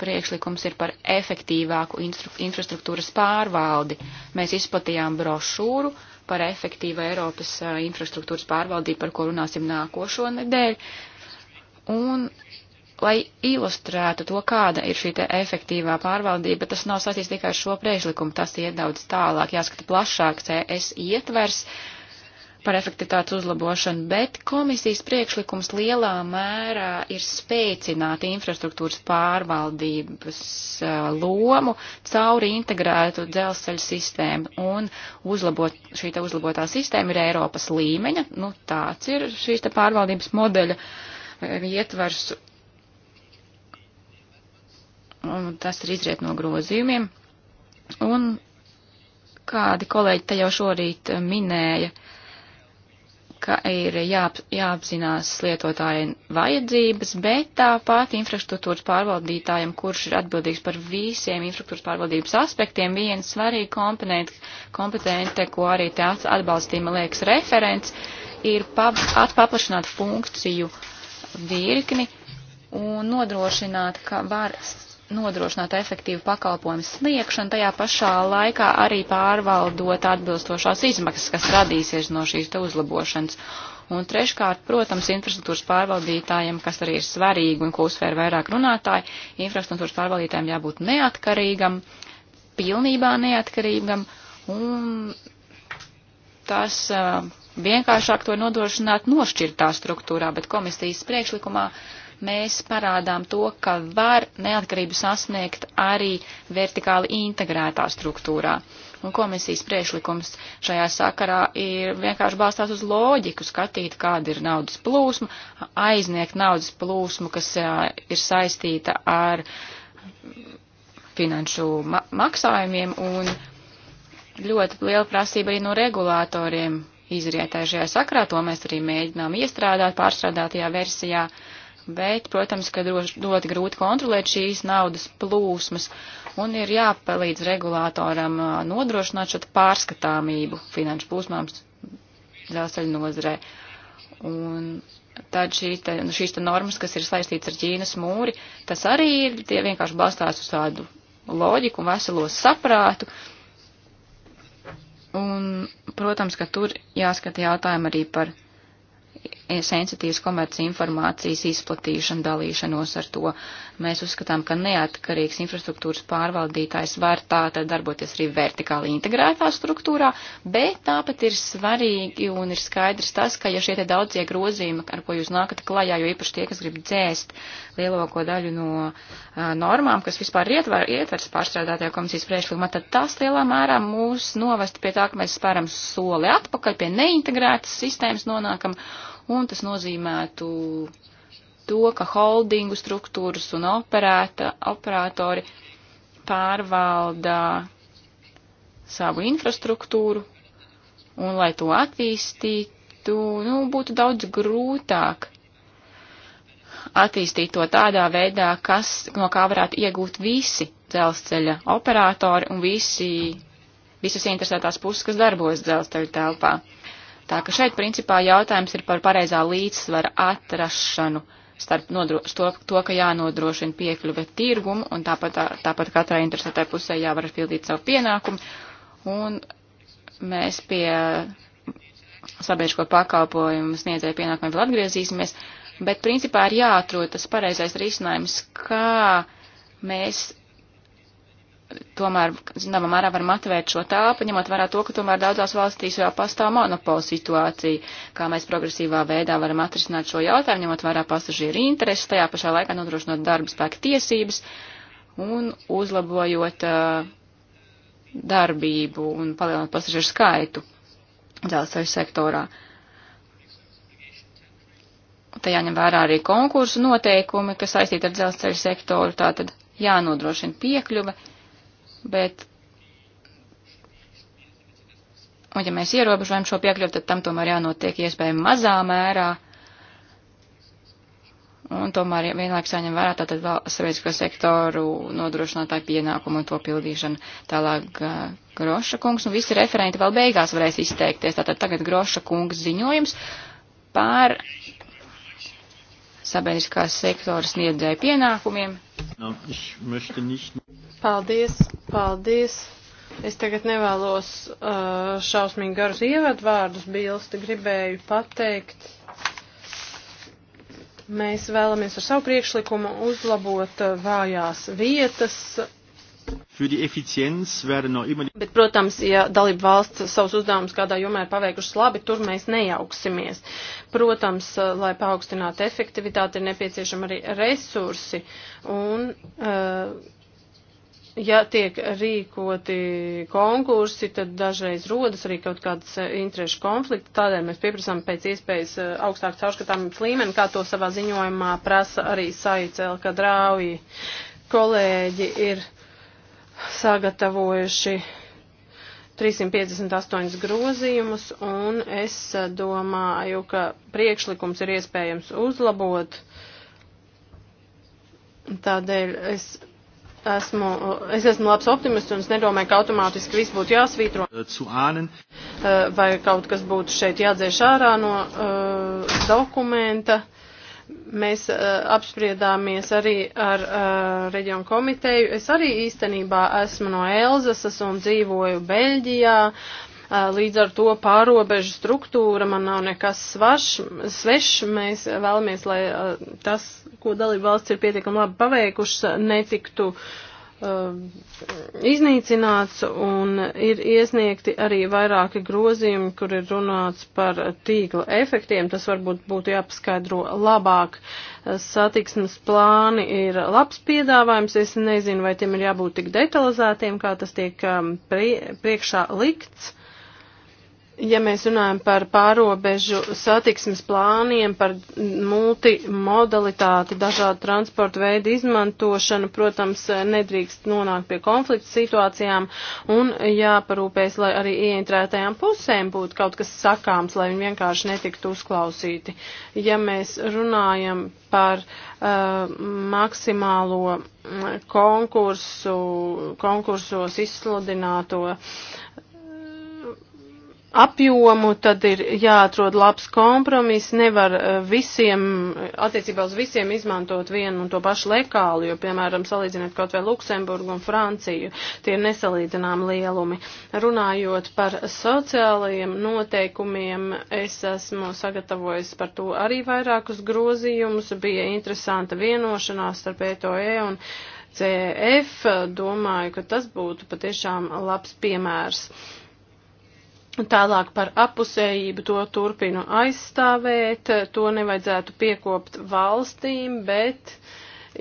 priekšlikums ir par efektīvāku infrastruktūras pārvaldi. Mēs izplatījām brošūru par efektīvu Eiropas infrastruktūras pārvaldību, par ko runāsim nākošo nedēļu. Un, lai ilustrētu to, kāda ir šī efektīvā pārvaldība, tas nav saistīts tikai ar šo priekšlikumu, tas iet daudz tālāk, jāskata plašāk CS ietvers. Uh, par efektivitātes uzlabošanu, bet komisijas priekšlikums lielā mērā ir spēcināt infrastruktūras pārvaldības eh, lomu cauri integrētu dzelzceļu sistēmu un uzlabot, šī te uzlabotā sistēma ir Eiropas līmeņa, nu tāds ir šīs te pārvaldības modeļa eh, ietvars. Un tas ir izriet no grozījumiem. Un kādi kolēģi te jau šorīt eh, minēja, uh, ka ir jāap, jāapzinās lietotājiem vajadzības, bet tāpat infrastruktūras pārvaldītājiem, kurš ir atbildīgs par visiem infrastruktūras pārvaldības aspektiem, viena svarīga komponente, kompetente, ko arī te atbalstīma liekas referents, ir paplašināt funkciju virkni un nodrošināt, ka var nodrošināt efektīvu pakalpojumu sniegšanu, tajā pašā laikā arī pārvaldot atbilstošās izmaksas, kas radīsies no šīs te uzlabošanas. Un treškārt, protams, infrastruktūras pārvaldītājiem, kas arī ir svarīgi un ko uzsver vairāk runātāji, infrastruktūras pārvaldītājiem jābūt neatkarīgam, pilnībā neatkarīgam, un tas uh, vienkāršāk to nodrošināt nošķirtā struktūrā, bet komisijas priekšlikumā uh, mēs parādām to, ka var neatkarību sasniegt arī vertikāli integrētā struktūrā. Un komisijas priešlikums šajā sakarā ir vienkārši balstās uz loģiku, skatīt, kāda ir naudas plūsma, aizniegt naudas plūsmu, kas ir saistīta ar finanšu ma maksājumiem un ļoti liela prasība arī no regulātoriem izrietē šajā sakrā, to mēs arī mēģinām iestrādāt pārstrādātajā versijā. Uh, bet, protams, ka ļoti grūti kontrolēt šīs naudas plūsmas un ir jāpalīdz regulātoram nodrošināt šo pārskatāmību finanšu plūsmām dzelzceļu nozarē. Un tad šī te, nu, šīs te normas, kas ir saistīts ar Ķīnas mūri, tas arī ir, tie vienkārši balstās uz tādu loģiku un veselos saprātu. Un, protams, ka tur jāskata jautājumi arī par sensitīvas komerci informācijas izplatīšanu, dalīšanos ar to. Mēs uzskatām, ka neatkarīgs infrastruktūras pārvaldītājs var tātad darboties arī vertikāli integrētā struktūrā, bet tāpat ir svarīgi un ir skaidrs tas, ka ja šie te daudzie grozījumi, ar ko jūs nākat klajā, jo īpaši tie, kas grib dzēst lielāko daļu no uh, normām, kas vispār ietver, ietvers pārstrādātajā komisijas priekšlikumā, tad tas lielā mērā mūs novest pie tā, ka mēs spēram soli atpakaļ pie neintegrētas sistēmas nonākam. Uh, un tas nozīmētu to, ka holdingu struktūras un operēta, operatori pārvalda savu infrastruktūru, un lai to attīstītu, nu, būtu daudz grūtāk attīstīt to tādā veidā, kas, no kā varētu iegūt visi dzelzceļa operatori un visi, visas interesētās puses, kas darbojas dzelzceļa telpā. Tā ka šeit principā jautājums ir par pareizā līdzsvara atrašanu starp nodro, to, to, ka jānodrošina piekļuve tirgumu un tāpat, tāpat katrai interesētai pusē jāvar pildīt savu pienākumu. Un mēs pie sabiedrisko pakalpojumu sniedzēju pienākumiem vēl atgriezīsimies, bet principā ir jāatrod tas pareizais risinājums, kā mēs tomēr, zināmā mērā, var motivēt šo tāpu, ņemot vērā to, ka tomēr daudzās valstīs vēl pastāv monopola situācija, kā mēs progresīvā veidā varam atrisināt šo jautājumu, ņemot vērā pasažieru intereses, tajā pašā laikā nodrošinot darba spēka tiesības un uzlabojot uh, darbību un palielinot pasažieru skaitu dzelzceļa sektorā. Tajā ņem vērā arī konkursu noteikumi, kas saistīti ar dzelzceļa sektoru, tātad jānodrošina piekļuve uh, bet, un ja mēs ierobežojam šo piekļuvu, tad tam tomēr jānotiek iespējami mazā mērā, un tomēr vienlaikus jāņem vērā tātad sabiedrisko sektoru nodrošinātāju pienākumu un to pildīšanu. Tālāk uh, Groša kungs un visi referenti vēl beigās varēs izteikties. Tātad tagad Groša kungs ziņojums par sabiedriskās sektora sniedzēja pienākumiem Paldies, paldies. Es tagad nevēlos uh, šausmīgi garus ievadvārdus bilsti, gribēju pateikt. Mēs vēlamies ar savu priekšlikumu uzlabot uh, vājās vietas Bet, protams, ja dalība valsts savus uzdevumus kādā jomā ir paveikušas labi, tur mēs nejauksimies. Protams, eh, lai paaugstinātu efektivitāti, ir nepieciešami arī resursi un. Uh, ja tiek rīkoti konkursi, tad dažreiz rodas arī kaut kādas eh, interešu konflikti. Tādēļ mēs pieprasām pēc iespējas augstāk caurskatāmības līmeni, kā to savā ziņojumā prasa arī saicēla, ka drauji kolēģi ir sagatavojuši 358 grozījumus, un es domāju, ka priekšlikums ir iespējams uzlabot. Tādēļ es esmu, es esmu labs optimists, un es nedomāju, ka automātiski viss būtu jāsvītro. Äh, äh, vai kaut kas būtu šeit jādzēš ārā no uh, dokumenta. Uh, mēs uh, apspriedāmies arī ar uh, reģionu komiteju. Es arī īstenībā esmu no Elzasas un dzīvoju Beļģijā. Uh, līdz ar to pārobežu struktūra man nav nekas svašs, svešs. Mēs vēlamies, lai uh, tas, ko dalību valsts ir pietiekami labi paveikušas, netiktu uh, Um, iznīcināts un ir iesniegti arī vairāki grozījumi, kur ir runāts par tīkla efektiem. Tas varbūt būtu jāpaskaidro labāk. Satiksmes plāni ir labs piedāvājums. Es nezinu, vai tiem ir jābūt tik detalizētiem, kā tas tiek um, priekšā likts ja mēs runājam par pārobežu satiksmes plāniem, par multimodalitāti, dažādu transportu veidu izmantošanu, protams, nedrīkst nonākt pie konflikta situācijām un jāparūpēs, lai arī ieintrētajām pusēm būtu kaut kas sakāms, lai viņi vienkārši netiktu uzklausīti. Ja mēs runājam par uh, maksimālo mm, konkursu, konkursos izsludināto uh, apjomu, tad ir jāatrod labs kompromis, nevar eh, visiem, attiecībā uz visiem izmantot vienu un to pašu lekālu, jo, piemēram, salīdzinot kaut vai Luksemburgu un Franciju, tie ir nesalīdzinām lielumi. Runājot par sociālajiem noteikumiem, es esmu sagatavojis par to arī vairākus grozījumus, bija interesanta vienošanās starp ETOE e un CF, domāju, ka tas būtu patiešām labs piemērs. Tālāk par apusējību to turpinu aizstāvēt, to nevajadzētu piekopt valstīm, bet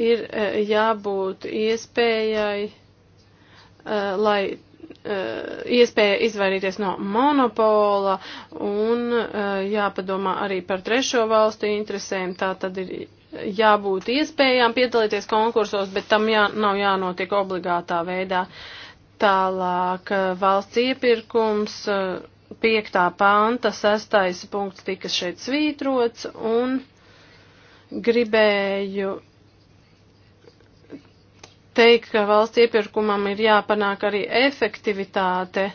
ir e, jābūt iespējai, e, lai e, iespēja izvairīties no monopola un jāpadomā arī par trešo valstu interesēm. Tā tad ir jābūt iespējām piedalīties konkursos, bet tam jā, nav jānotiek obligātā veidā. Uh, Tālāk eh, valsts iepirkums, 5. Eh, panta, 6. punkts tika šeit svītrots un gribēju teikt, ka valsts iepirkumam ir jāpanāk arī efektivitāte.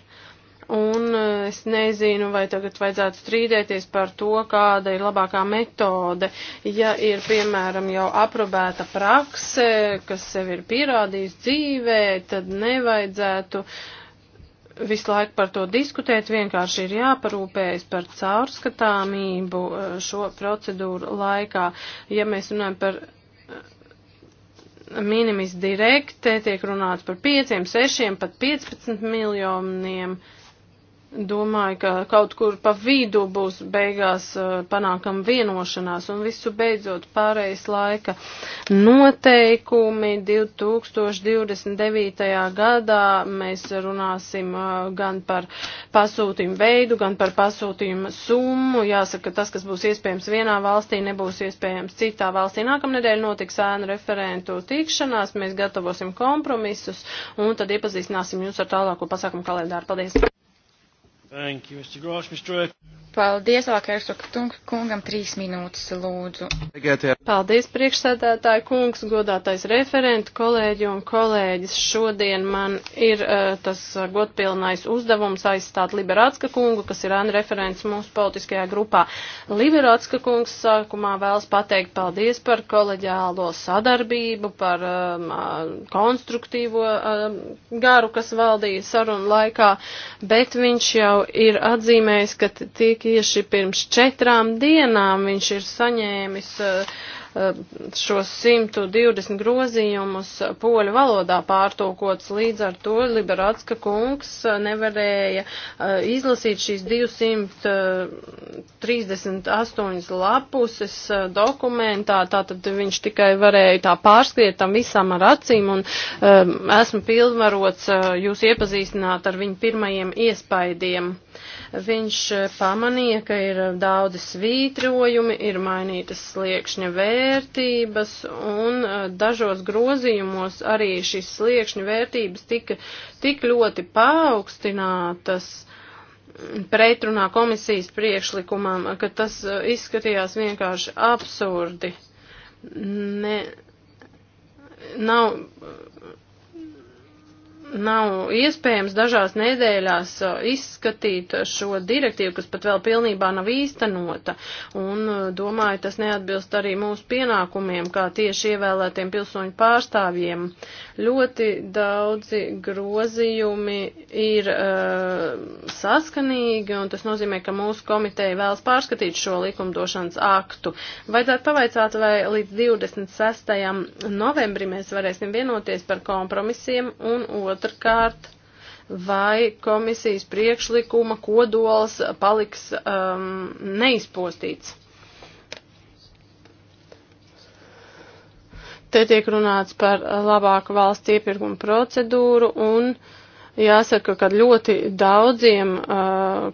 Un eh, es nezinu, vai tagad vajadzētu strīdēties par to, kāda ir labākā metode. Ja ir, piemēram, jau aprobēta prakse, kas sev ir pierādījis dzīvē, tad nevajadzētu visu laiku par to diskutēt, vienkārši ir jāparūpējas par caurskatāmību eh, šo procedūru laikā. Ja mēs runājam par eh, minimis direkte, tiek runāts par 5, 6, pat 15 miljoniem. Uh, domāju, ka kaut kur pa vidu būs beigās eh, panākam vienošanās un visu beidzot pārējais laika noteikumi 2029. gadā mēs runāsim eh, gan par pasūtījumu veidu, gan par pasūtījumu summu. Jāsaka, ka tas, kas būs iespējams vienā valstī, nebūs iespējams citā valstī. Nākamnedēļ notiks ēnu referentu tikšanās, mēs gatavosim kompromisus un tad iepazīstināsim jūs ar tālāko pasākumu kalendāru. Paldies! Thank you, Mr. Grosh. Mr. Paldies, Alakērsu kungam, trīs minūtes lūdzu. Paldies, priekšsēdētāji kungs, godātais referenti, kolēģi un kolēģis. Šodien man ir uh, tas eh, godpilnais uzdevums aizstāt Liberācka kungu, kas ir Anna referents mūsu politiskajā grupā. Liberācka kungs sākumā vēlas pateikt paldies par koleģiālo sadarbību, par um, konstruktīvo um, garu, kas valdīja sarunu laikā, bet viņš jau ir atzīmējis, ka tiek tieši pirms četrām dienām viņš ir saņēmis eh, šos 120 grozījumus poļu valodā pārtūkots, līdz ar to Liberatska kungs eh, nevarēja eh, izlasīt šīs 238 lapuses dokumentā, tātad viņš tikai varēja tā pārskriet tam visam ar acīm, un esmu pilnvarots jūs iepazīstināt ar viņu pirmajiem iespaidiem. Viņš e, pamanīja, ka ir e, daudzi svītrojumi, ir mainītas sliekšņa vērtības, un e, dažos grozījumos arī šīs sliekšņa vērtības tika tik ļoti paaugstinātas pretrunā komisijas priekšlikumam, ka tas izskatījās vienkārši absurdi. Ne, nav nav iespējams dažās nedēļās uh, izskatīt šo direktīvu, kas pat vēl pilnībā nav īstenota. Un uh, domāju, tas neatbilst arī mūsu pienākumiem, kā tieši ievēlētiem pilsoņu pārstāvjiem. Ļoti daudzi grozījumi ir uh, saskanīgi, un tas nozīmē, ka mūsu komiteja vēlas pārskatīt šo likumdošanas aktu. Vajadzētu pavaicāt, vai līdz 26. novembrim mēs varēsim vienoties par kompromisiem un otru Otrkārt, vai komisijas priekšlikuma kodols paliks um, neizpostīts? Te tiek runāts par labāku valsts iepirkumu procedūru un uh, Jāsaka, ka ļoti daudziem uh,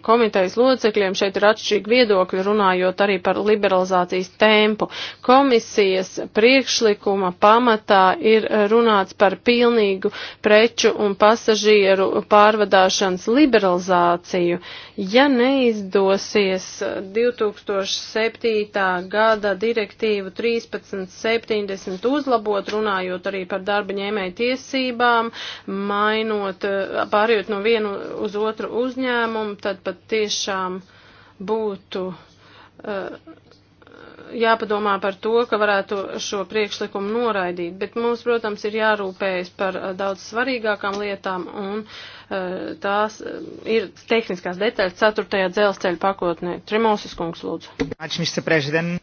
komitejas locekļiem šeit ir atšķirīgi viedokļi, runājot arī par liberalizācijas tempu. Komisijas priekšlikuma pamatā ir runāts par pilnīgu preču un pasažieru pārvadāšanas liberalizāciju. Ja neizdosies 2007. gada direktīvu 1370 uzlabot, runājot arī par darba ņēmēju tiesībām, mainot uh, pārējot no vienu uz otru uzņēmumu, tad pat tiešām būtu eh, jāpadomā par to, ka varētu šo priekšlikumu noraidīt, bet mums, protams, ir jārūpējas par eh, daudz svarīgākām lietām, un eh, tās ir tehniskās detaļas 4. dzelzceļa pakotnē. Trimosas kungs, lūdzu.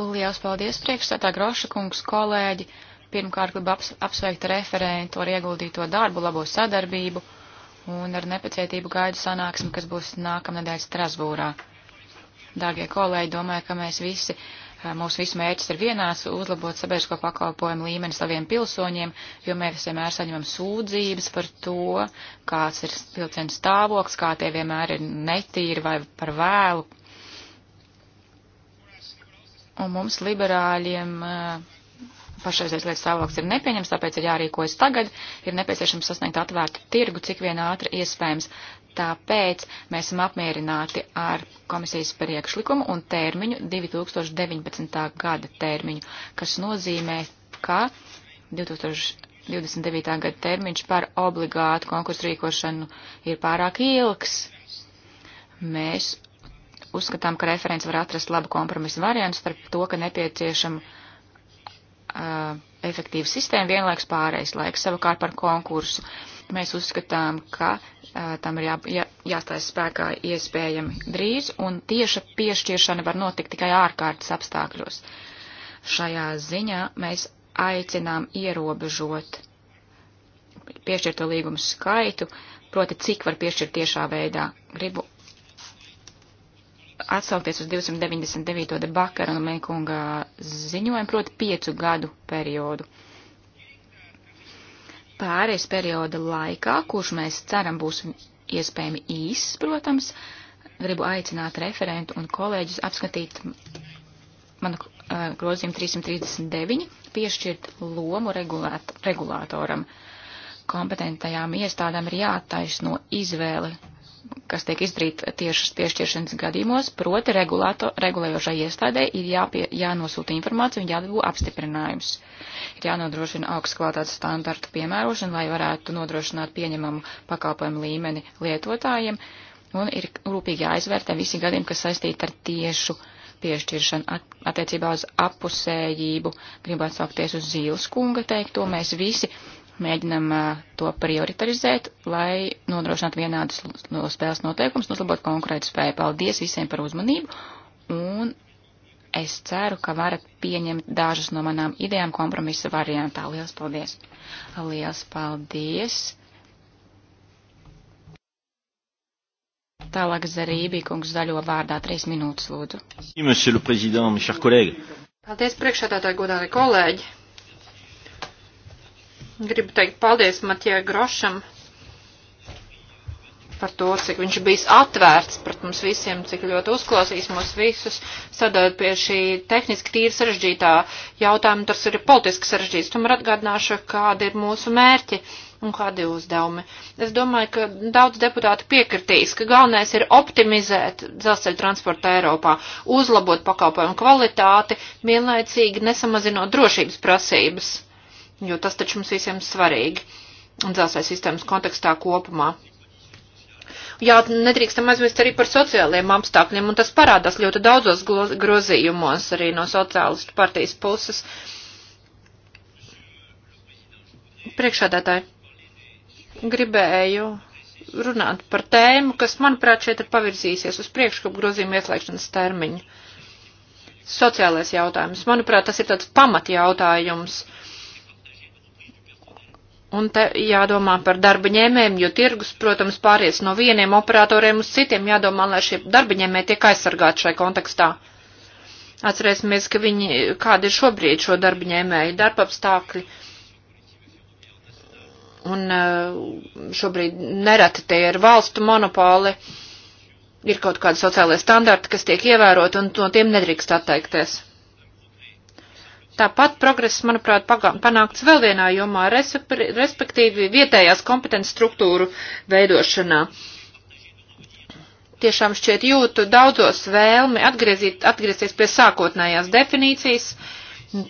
Liels paldies, priekšstādā Groša kungs, kolēģi. Pirmkārt, gribu apsveikt referentu ar ieguldīto darbu, labo sadarbību un ar nepacietību gaidu sanāksmi, kas būs nākamnedēļ Strasbūrā. Dārgie kolēģi, domāju, ka mēs visi, eh, mūsu visu mērķis ir vienās - uzlabot sabiedrisko pakalpojumu līmeni saviem pilsoņiem, jo mēs vienmēr saņemam sūdzības par to, kāds ir pilsēņu stāvoklis, kā tie vienmēr ir netīri vai par vēlu. Un mums liberāļiem uh, pašreizējais lietas stāvoklis ir nepieņems, tāpēc ir jārīkojas tagad, ir nepieciešams sasniegt atvērtu tirgu, cik vien ātri iespējams. Tāpēc mēs esam apmierināti ar komisijas priekšlikumu un termiņu 2019. gada termiņu, kas nozīmē, ka 2029. gada termiņš par obligātu konkursu rīkošanu ir pārāk ilgs. Mēs uzskatām, ka referents var atrast labu kompromisu variantu starp to, ka nepieciešama Uh, efektīva sistēma, vienlaiks pārējais laiks, savukārt par konkursu. Mēs uzskatām, ka a, uh, tam ir jā, jā, jāstājas spēkā iespējami drīz, un tieša piešķiršana var notikt tikai ārkārtas apstākļos. Šajā ziņā mēs aicinām ierobežot piešķirto līgumu skaitu, proti cik var piešķirt tiešā veidā. Gribu atsaukties uz 299. debakara un Meikunga ziņojumu, proti piecu gadu periodu. Pārējais perioda laikā, kurš mēs ceram būs iespējami īss, protams, gribu aicināt referentu un kolēģus apskatīt manu uh, grozījumu 339, piešķirt lomu regulāt, regulātoram. Kompetentajām iestādēm ir jātaisno izvēle kas tiek izdarīta tiešas piešķiršanas gadījumos, proti regulējošai iestādē ir jāpie, jānosūta informācija un jādabū apstiprinājums. Ir jānodrošina augsts kvalitātes standartu piemērošana, lai varētu nodrošināt pieņemamu pakalpojumu līmeni lietotājiem, un ir rūpīgi jāizvērtē visi gadījumi, kas saistīti ar tiešu piešķiršanu at, attiecībā uz apusējību. Gribētu saukties uz Zīles kunga teikto, mēs visi mēģinam to prioritarizēt, lai nodrošinātu vienādus spēles noteikumus un uzlabotu konkurētu spēju. Paldies visiem par uzmanību un es ceru, ka varat pieņemt dažas no manām idejām kompromisa variantā. Lielas paldies! Lielas paldies! Tālāk Zarībī kungs zaļo vārdā trīs minūtes lūdzu. Paldies priekšētātāji godāri kolēģi! Gribu teikt paldies Matijai Grošam par to, cik viņš bijis atvērts pret mums visiem, cik ļoti uzklausīs mūs visus, sadot pie šī tehniski tīri sarežģītā jautājuma, tas ir politiski sarežģīts. Tomēr atgādināšu, kādi ir mūsu mērķi un kādi uzdevumi. Es domāju, ka daudz deputāti piekritīs, ka galvenais ir optimizēt dzelzceļa transportu Eiropā, uzlabot pakalpojumu kvalitāti, vienlaicīgi nesamazinot drošības prasības jo tas taču mums visiem svarīgi un dzelzceļa sistēmas kontekstā kopumā. Jā, nedrīkstam aizmirst arī par sociālajiem apstākļiem, un tas parādās ļoti daudzos grozījumos arī no sociālistu partijas puses. Priekšādātāji, gribēju runāt par tēmu, kas, manuprāt, šeit ir pavirzīsies uz priekškup grozījuma ieslēgšanas termiņu. Sociālais jautājums. Manuprāt, tas ir tāds pamatjautājums. jautājums Un te jādomā par darba ņēmējiem, jo tirgus, protams, pāries no vieniem operatoriem uz citiem. Jādomā, lai šie darba ņēmēji tiek aizsargāti šai kontekstā. Atcerēsimies, ka viņi, kādi ir šobrīd šo darba ņēmēju darba apstākļi. Un eh, šobrīd nereti tie ir valstu monopoli, ir kaut kādi sociālie standarti, kas tiek ievērot, un no tiem nedrīkst atteikties. Tāpat progress, manuprāt, panākts vēl vienā jomā, respektīvi vietējās kompetences struktūru veidošanā. Tiešām šķiet jūtu daudzos vēlmi atgriezīt, atgriezties pie sākotnējās definīcijas,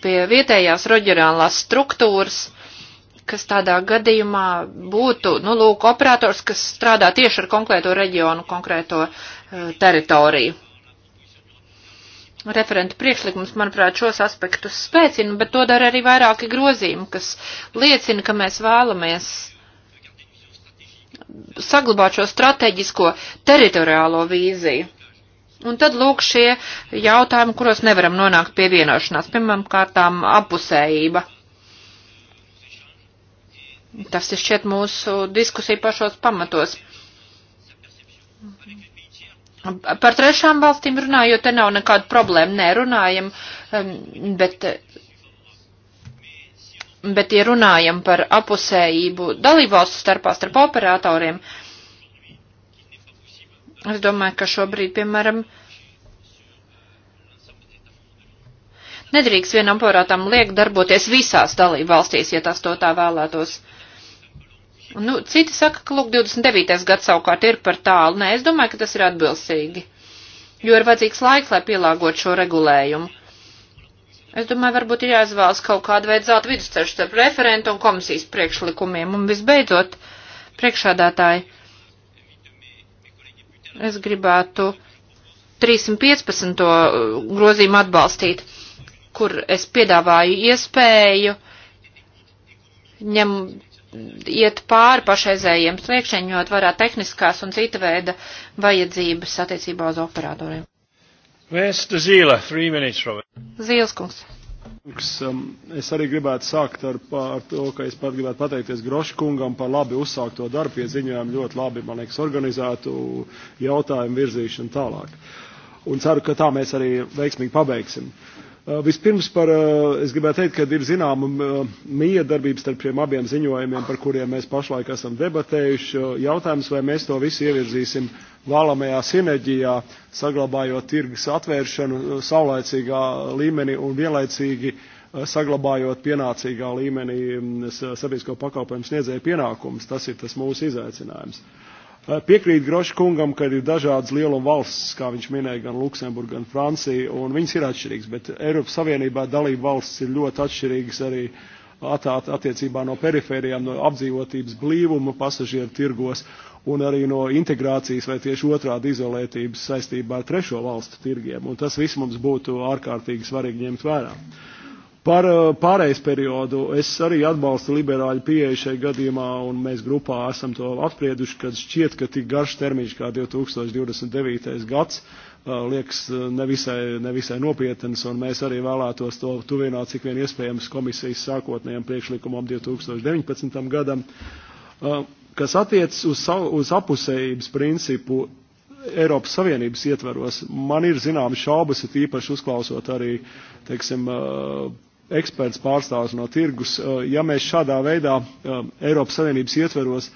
pie vietējās reģionālās struktūras kas tādā gadījumā būtu, nu, lūk, operators, kas strādā tieši ar konkrēto reģionu, konkrēto uh, teritoriju referentu priekšlikums, manuprāt, šos aspektus spēcina, bet to dara arī vairāki grozījumi, kas liecina, ka mēs vēlamies saglabāt šo strateģisko teritoriālo vīziju. Un tad lūk šie jautājumi, kuros nevaram nonākt pie vienošanās. Pirmam kārtām apusējība. Tas ir šķiet mūsu diskusija pašos pamatos. Par trešām valstīm runājot, te nav nekāda problēma, nē, runājam, um, bet, bet ja runājam par apusējību dalībvalstu starpā starp operatoriem, es domāju, ka šobrīd, piemēram, nedrīkst vienam porātam liek darboties visās dalībvalstīs, ja tas to tā vēlētos. Nu, citi saka, ka lūk, 29. gads savukārt ir par tālu. Nē, es domāju, ka tas ir atbilstīgi, jo ir vajadzīgs laiks, lai pielāgotu šo regulējumu. Es domāju, varbūt ir jāizvēlas kaut kāda veida zelta vidusceļš starp referentu un komisijas priekšlikumiem. Un visbeidzot, priekšādātāji, es gribētu 315. grozījumu atbalstīt, kur es piedāvāju iespēju ņem, iet pāri pašreizējiem sliekšņiem, ņot vērā tehniskās un cita veida vajadzības attiecībā uz operatoriem. Vēsta Zīle, 3 minūtes, Robert. Zīles kungs. Um, es arī gribētu sākt ar, ar to, ka es pat gribētu pateikties Grošu kungam par labi uzsākto darbu, pieziņojumu ļoti labi, man liekas, organizētu jautājumu virzīšanu tālāk. Un ceru, ka tā mēs arī veiksmīgi pabeigsim. Uh, Eh, vispirms par, eh, es gribētu teikt, ka ir zināma miedarbības eh, starp šiem abiem ziņojumiem, par kuriem mēs pašlaik esam debatējuši. Jautājums, vai mēs to visu ievirzīsim vēlamajā sinerģijā, saglabājot tirgus atvēršanu saulēcīgā līmenī un vienlaicīgi saglabājot pienācīgā līmenī mm, sabiedrisko pakalpojumu sniedzēju pienākumus. Tas ir tas mūsu izaicinājums. Uh, Eh, piekrīt Groša kungam, ka ir dažādas lieluma valsts, kā viņš minēja, gan Luksemburga, gan Francija, un viņas ir atšķirīgas, bet Eiropas Savienībā dalība valsts ir ļoti atšķirīgas arī atāt, attiecībā no perifērijām, no apdzīvotības blīvuma pasažieru tirgos un arī no integrācijas vai tieši otrādi izolētības saistībā ar trešo valstu tirgiem, un tas viss mums būtu ārkārtīgi svarīgi ņemt vērā. Uh, Par eh, pārējais periodu es arī atbalstu liberāļu pieeju šai gadījumā, un mēs grupā esam to apsprieduši, kad šķiet, ka tik garš termiņš kā 2029. gads eh, liekas eh, nevisai, nevisai nopietnas, un mēs arī vēlētos to tuvināt, cik vien iespējams, komisijas sākotnējiem priekšlikumam 2019. gadam. Kas attiecas uz, uz apusējības principu, Eiropas Savienības ietveros. Man ir zināmas šaubas, it īpaši uzklausot arī, teiksim, eksperts pārstāvis no tirgus. Eh, ja mēs šādā veidā eh, Eiropas Savienības ietveros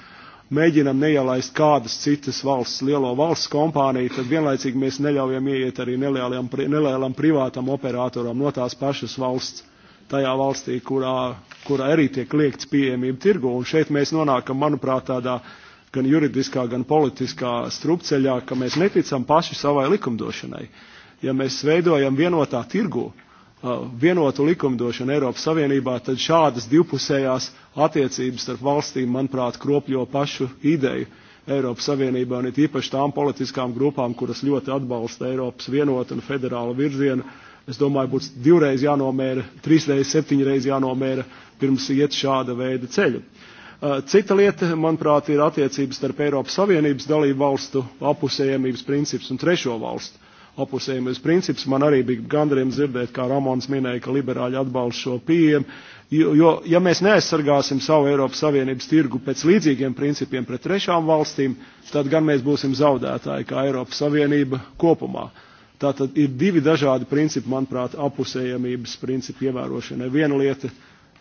mēģinam neielaist kādas citas valsts, lielo valsts kompāniju, tad vienlaicīgi mēs neļaujam ieiet arī nelielam, nelielam privātam operatoram no tās pašas valsts, tajā valstī, kurā, kurā arī tiek liekts pieejamība tirgu. Un šeit mēs nonākam, manuprāt, tādā gan juridiskā, gan politiskā strupceļā, ka mēs neticam paši savai likumdošanai. Ja mēs veidojam vienotā tirgu, vienotu likumdošanu Eiropas Savienībā, tad šādas divpusējās attiecības starp valstīm, manuprāt, kropļo pašu ideju Eiropas Savienībā un it īpaši tām politiskām grupām, kuras ļoti atbalsta Eiropas vienotu un federālu virzienu. Es domāju, būs divreiz jānomēra, trīsreiz, septiņreiz jānomēra, pirms iet šāda veida ceļu. Cita lieta, manuprāt, ir attiecības starp Eiropas Savienības dalību valstu apusējamības princips un trešo valstu apusējumības princips. Man arī bija gandarījums dzirdēt, kā Ramons minēja, ka liberāļi atbalsta šo pieejamu. Jo, jo, ja mēs neaizsargāsim savu Eiropas Savienības tirgu pēc līdzīgiem principiem pret trešām valstīm, tad gan mēs būsim zaudētāji kā Eiropas Savienība kopumā. Tātad ir divi dažādi principi, manuprāt, apusējamības principu ievērošanai. Viena lieta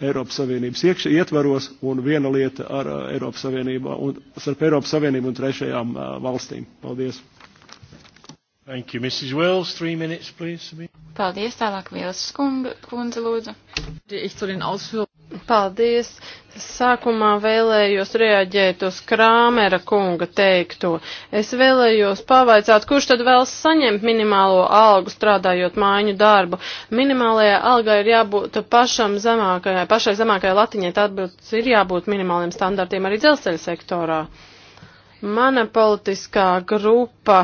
Eiropas Savienības iekšā ietvaros un viena lieta ar uh, Eiropas Savienību un starp Eiropas Savienību un trešajām uh, valstīm. Paldies! Thank you, Mrs. Wills. Three minutes, please. Paldies, tālāk Vils kundze, lūdzu. Paldies. Sākumā vēlējos reaģēt uz Krāmera kunga teikto. Es vēlējos pavaicāt, kurš tad vēl saņemt minimālo algu strādājot mājiņu darbu. Minimālajā algā ir jābūt pašam zemākajai, pašai zemākajai latiņai, tātad ir jābūt minimāliem standartiem arī dzelzceļa sektorā. Mana politiskā grupa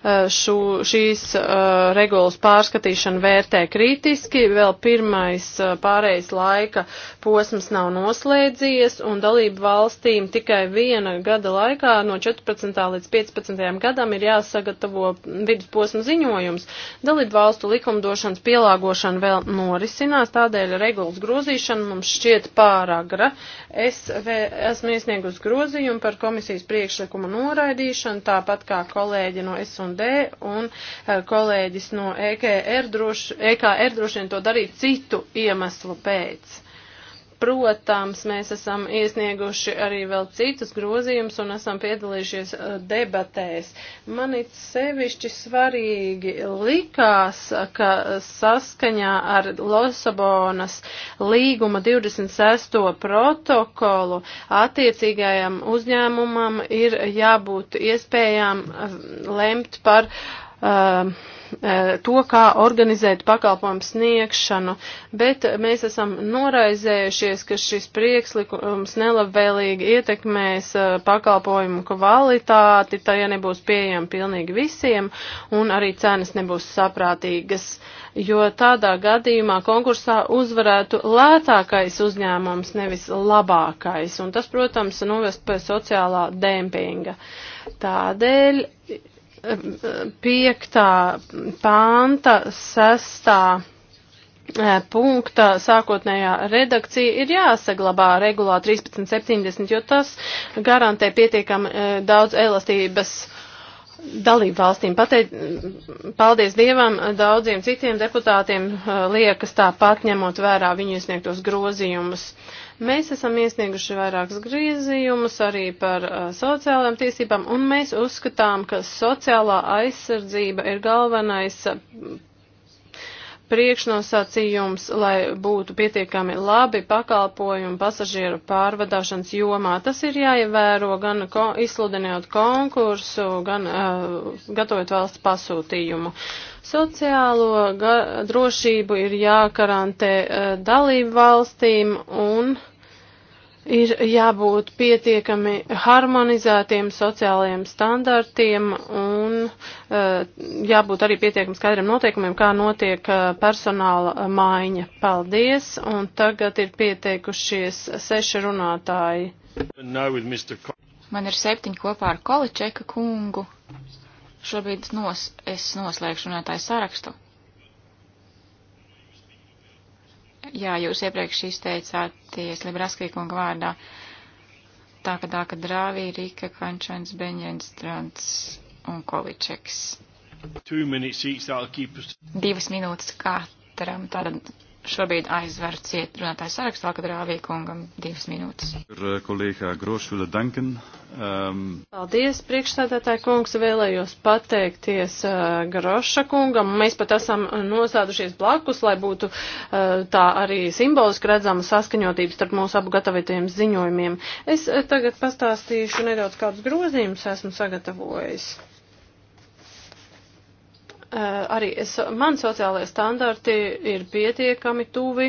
Eh, šo, šīs uh, regulas pārskatīšanu vērtē kritiski, vēl pirmais uh, pārējais laika posms nav noslēdzies, un dalību valstīm tikai viena gada laikā no 14. līdz 15. gadam ir jāsagatavo vidusposma ziņojums. Dalību valstu likumdošanas pielāgošana vēl norisinās, tādēļ regulas grozīšana mums šķiet pāragra. Es vē, esmu iesniegus grozījumu par komisijas priekšlikuma noraidīšanu, tāpat kā kolēģi no S un un D, eh, un kolēģis no EKR droši, EKR droši vien to darīja citu iemeslu pēc. Protams, mēs esam iesnieguši arī vēl citus grozījumus un esam piedalījušies uh, debatēs. Man it sevišķi svarīgi likās, ka saskaņā ar Losabonas līguma 26. protokolu attiecīgajam uzņēmumam ir jābūt iespējām uh, lemt par uh, Um, uh, to, kā organizēt pakalpojumu sniegšanu, bet mēs esam noraizējušies, ka šis priekšlikums nelabvēlīgi ietekmēs uh, pakalpojumu kvalitāti, tā ja nebūs pieejama pilnīgi visiem, un arī cenas nebūs saprātīgas, jo tādā gadījumā konkursā uzvarētu lētākais uzņēmums, nevis labākais, un tas, protams, novest pie sociālā dempinga. Tādēļ piektā panta, sestā e, punkta sākotnējā redakcija ir jāsaglabā regulā 1370, jo tas garantē pietiekami e, daudz elastības dalību valstīm. Pateic, paldies Dievam, daudziem citiem deputātiem e, liekas tāpat ņemot vērā viņu iesniegtos grozījumus. Uh, Mēs esam iesnieguši vairākus griezījumus arī par uh, sociālajām tiesībām, un mēs uzskatām, ka sociālā aizsardzība ir galvenais uh, priekšnosacījums, lai būtu pietiekami labi pakalpojumi pasažieru pārvadāšanas jomā. Tas ir jāievēro gan ko, izsludinot konkursu, gan uh, gatavot valsts pasūtījumu. Uh, Sociālo drošību ir jākarantē eh, dalību valstīm un ir jābūt pietiekami harmonizētiem sociālajiem standartiem un eh, jābūt arī pietiekami skaidriem noteikumiem, kā notiek eh, personāla maiņa. Paldies, un tagad ir pieteikušies seši runātāji. Man ir septiņi kopā ar Količeka kungu. Šobrīd nos, es noslēgšu runātāju sarakstu. Jā, jūs iepriekš izteicāties Libraskīkunga vārdā. Tā kā tā, ka Drāvī, Rika, Kančans, Beņēns, Trants un Količeks. Divas minūtes katram, tātad šobrīd aizver ciet runātājs sarakstu, vēl kad rāvī kungam divas minūtes. Um... Paldies, priekšstādātāji kungs, vēlējos pateikties uh, Groša kungam. Mēs pat esam nosādušies blakus, lai būtu uh, tā arī simboliski redzama saskaņotības starp mūsu abu gatavotajiem ziņojumiem. Es uh, tagad pastāstīšu nedaudz kādus grozījumus esmu sagatavojis. Eh, arī es, man sociālajie standarti ir pietiekami tuvi,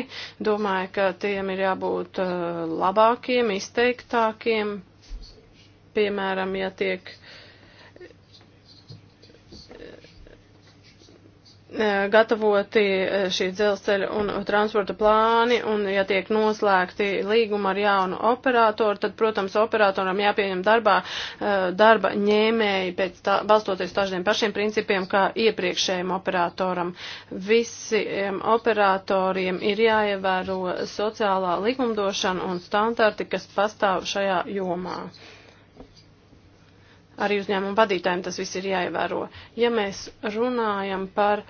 domāju, ka tiem ir jābūt eh, labākiem, izteiktākiem, piemēram, ja tiek E, gatavoti e, šī dzelzceļa un transporta plāni, un ja tiek noslēgti līguma ar jaunu operatoru, tad, protams, operatoram jāpieņem darbā e, darba ņēmēji pēc tā, balstoties tādiem pašiem principiem kā iepriekšējiem operatoram. Visiem operatoriem ir jāievēro sociālā likumdošana un standarti, kas pastāv šajā jomā. Arī uzņēmumu vadītājiem tas viss ir jāievēro. Ja mēs runājam par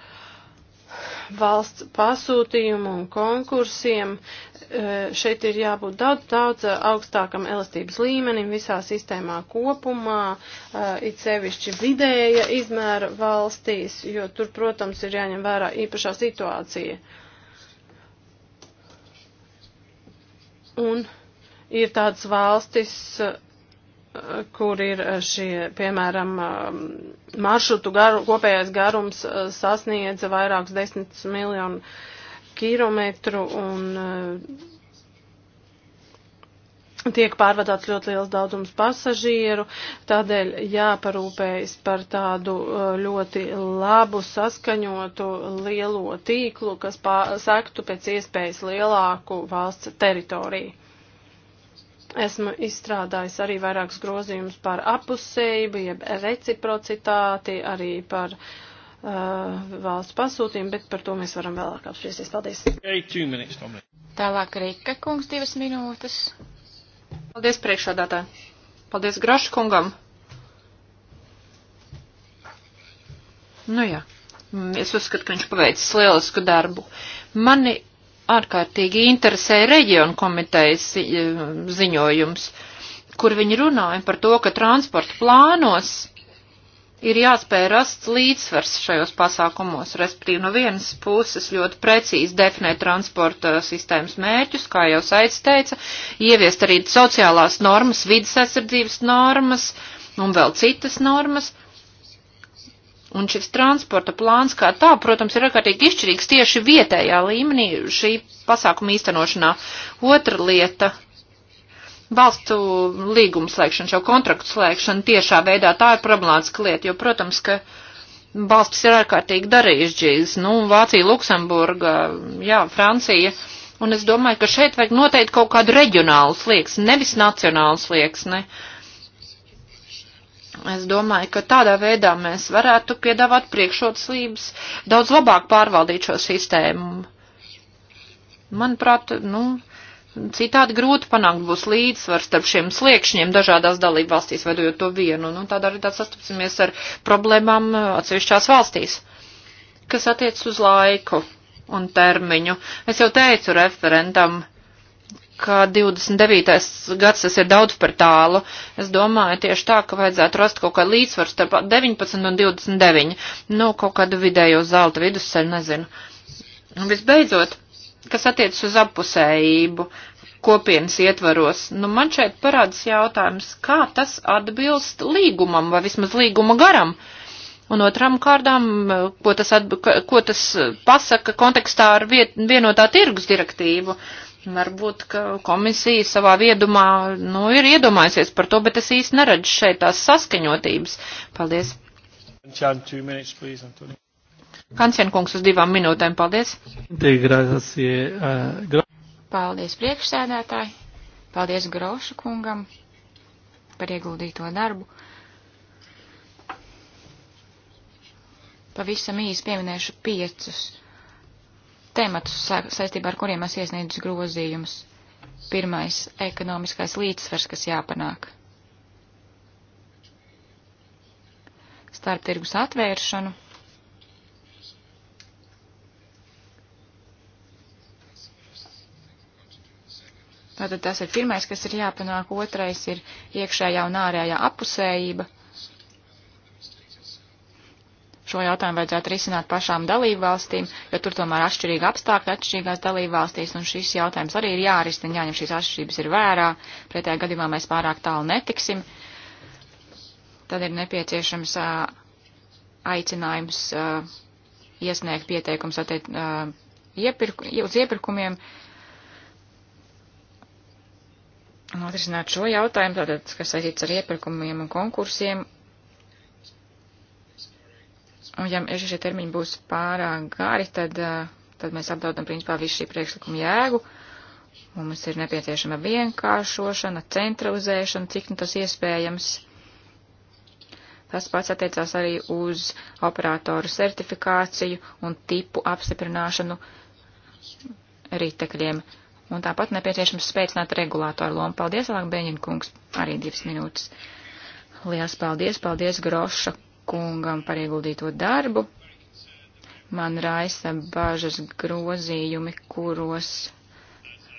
valsts pasūtījumu un konkursiem, e, šeit ir jābūt daudz, daudz augstākam elastības līmenim visā sistēmā kopumā, e, it sevišķi vidēja izmēra valstīs, jo tur, protams, ir jāņem vērā īpašā situācija. Un ir tādas valstis, kur ir eh, šie, piemēram, um, maršrutu garu, kopējais garums eh, sasniedza vairākus desmit miljonu kilometru un eh, tiek pārvadāts ļoti liels daudzums pasažieru, tādēļ jāparūpējas par tādu ļoti labu saskaņotu lielo tīklu, kas sektu pēc iespējas lielāku valsts teritoriju. Esmu izstrādājis arī vairākus grozījumus par apusējību, jeb reciprocitāti, arī par uh, valsts pasūtījumu, bet par to mēs varam vēlāk apspriesties. Paldies! Tālāk Rika kungs divas minūtes. Paldies priekšādātā. Paldies Grašu kungam. Nu jā, es uzskatu, ka viņš paveicis lielisku darbu. Mani ārkārtīgi interesē reģionu komitejas eh, ziņojums, kur viņi runāja par to, ka transporta plānos ir jāspēj rasts līdzsvars šajos pasākumos, respektīvi no vienas puses ļoti precīzi definēt transporta sistēmas mērķus, kā jau Saits teica, ieviest arī sociālās normas, vidas aizsardzības normas un vēl citas normas Un šis transporta plāns kā tā, protams, ir ārkārtīgi izšķirīgs tieši vietējā līmenī šī pasākuma īstenošanā. Otra lieta - valstu līguma slēgšana, šo kontraktu slēgšana tiešā veidā. Tā ir problemātiska lieta, jo, protams, ka valstis ir ārkārtīgi darījušķīgas. Nu, Vācija, Luksemburga, jā, Francija. Un es domāju, ka šeit vajag noteikt kaut kādu reģionālu slieksni, nevis nacionālu slieksni. Ne? Es domāju, ka tādā veidā mēs varētu piedāvāt priekšrocības daudz labāk pārvaldīt šo sistēmu. Manuprāt, nu, citādi grūti panākt būs līdzsvars starp šiem sliekšņiem dažādās dalību valstīs, vedojot to vienu. Nu, tādā arī tāds sastapsimies ar problēmām atsevišķās valstīs, kas attiec uz laiku un termiņu. Es jau teicu referentam, ka 29. gads tas ir daudz par tālu. Es domāju tieši tā, ka vajadzētu rast kaut kādu līdzsvaru starp 19 un 29. Nu, kaut kādu vidējo zelta vidusceļu, nezinu. Un visbeidzot, kas attiecas uz apusējību kopienas ietvaros, nu man šeit parādas jautājums, kā tas atbilst līgumam vai vismaz līguma garam. Un otram kārdām, ko tas, atb ko tas pasaka kontekstā ar viet, vienotā tirgus direktīvu. Varbūt, ka komisija savā viedumā, nu, ir iedomājusies par to, bet es īsti neredzu šeit tās saskaņotības. Paldies. Kancien kungs uz divām minūtēm, paldies. Paldies priekšsēdētāji, paldies Grošu kungam par ieguldīto darbu. Pavisam īsi pieminēšu piecus tematus, saistībā ar kuriem es iesniedzu grozījumus. Pirmais - ekonomiskais līdzsvars, kas jāpanāk. Starp tirgus atvēršanu. Tātad tas ir pirmais, kas ir jāpanāk, otrais ir iekšējā un ārējā apusējība šo jautājumu vajadzētu risināt pašām dalībvalstīm, jo tur tomēr atšķirīga apstākļa atšķirīgās dalībvalstīs, un šis jautājums arī ir jārisina, jāņem šīs atšķirības ir vērā, pretējā gadījumā mēs pārāk tālu netiksim. Tad ir nepieciešams aicinājums iesniegt pieteikums attiec, iepirku, uz iepirkumiem. Atrisināt šo jautājumu, tātad, kas saistīts ar iepirkumiem un konkursiem, Un ja šie termiņi būs pārāk gari, tad, tad mēs apdaudam principā visu šī priekšlikuma jēgu. Mums ir nepieciešama vienkāršošana, centralizēšana, cik nu tas iespējams. Tas pats attiecās arī uz operatoru certifikāciju un tipu apstiprināšanu ritekļiem. Un tāpat nepieciešams spēcināt regulātoru lomu. Paldies, Lāk Beņina kungs, arī divas minūtes. Lielas paldies, paldies Groša kungam par ieguldīto darbu. Man raisa bažas grozījumi, kuros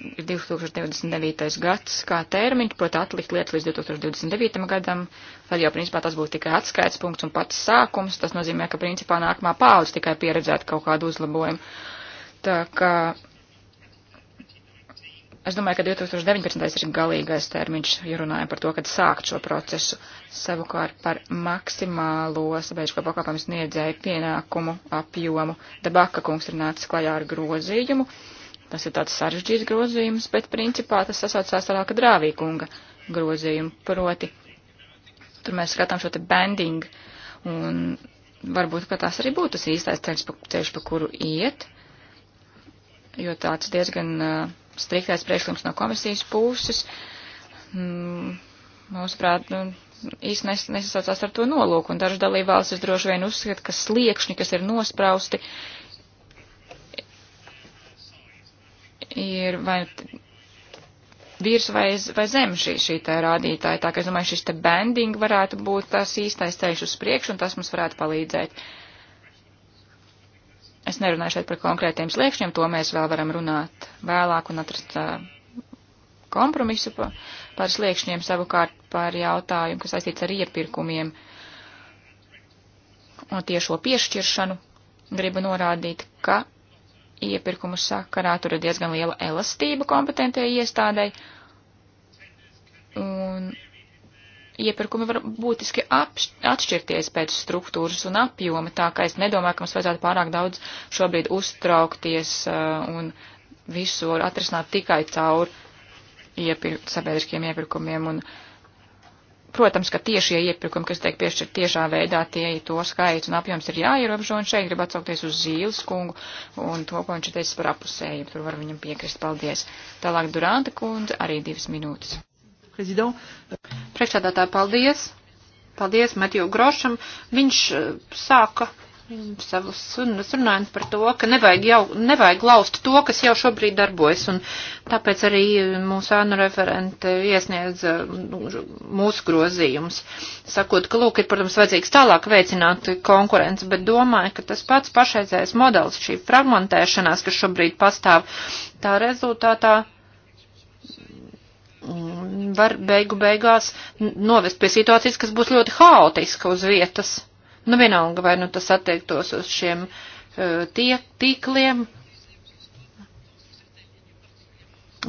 ir 2029. gads kā termiņš, proti atlikt lietas līdz 2029. gadam, tad jau principā tas būtu tikai atskaits punkts un pats sākums. Tas nozīmē, ka principā nākamā paudze tikai pieredzētu kaut kādu uzlabojumu. Tā kā Es domāju, ka 2019. ir galīgais termiņš, ja runājam par to, kad sākt šo procesu. Savukārt par maksimālo sabiedrisko pakalpojumu sniedzēju pienākumu apjomu. Debaka kungs ir nācis klajā ar grozījumu. Tas ir tāds sarežģīts grozījums, bet principā tas sasaucās tālāk drāvī kunga grozījumu. Proti, tur mēs skatām šo te banding un varbūt, ka tas arī būtu tas īstais ceļš, pa, ceļš, pa kuru iet, jo tāds diezgan uh, striktais priekšlikums no komisijas puses, mm, mūsuprāt, nu, īsti nes, nesasaucās ar to nolūku, un dažas dalībvalstis droši vien uzskata, ka sliekšņi, kas ir nosprausti, ir vai virs vai, vai zem šī, šī tā rādītāja. Tā kā es domāju, šis te bending varētu būt tas īstais ceļš uz priekšu, un tas mums varētu palīdzēt. Uh, Es nerunāju šeit par konkrētiem sliekšņiem, to mēs vēl varam runāt vēlāk un atrast kompromisu par, par sliekšņiem, savukārt par jautājumu, kas saistīts ar iepirkumiem un tiešo piešķiršanu. Gribu norādīt, ka iepirkumu sakarā tur ir diezgan liela elastība kompetentajai iestādēji, un iepirkumi var būtiski atšķirties pēc struktūras un apjoma, tā ka es nedomāju, ka mums vajadzētu pārāk daudz šobrīd uztraukties uh, un visu var atrisināt tikai caur iepir sabiedriskiem iepirkumiem. Un, protams, ka tiešie iepirkumi, kas tiek piešķirt tiešā veidā, tie to skaits un apjoms ir jāierobežo, un šeit grib atsaukties uz Zīles kungu un to, ko viņš ir teicis par apusēju. Tur var viņam piekrist. Paldies. Tālāk Duranta kundze, arī divas minūtes. Prezident. Priekšādātāji, paldies! Paldies Matiju Grošam. Viņš eh, sāka savus runājumus par to, ka nevajag, jau, nevajag laust to, kas jau šobrīd darbojas, un tāpēc arī mūsu ānu referente iesniedz eh, mūsu grozījumus, sakot, ka, lūk, ir, protams, vajadzīgs tālāk veicināt konkurenci, bet domāju, ka tas pats pašreizējais modelis, šī fragmentēšanās, kas šobrīd pastāv, tā rezultātā Mm, var beigu beigās novest pie situācijas, kas būs ļoti haotiska uz vietas. Nu, vienalga, vai nu tas attiektos uz šiem eh, tie, tīkliem,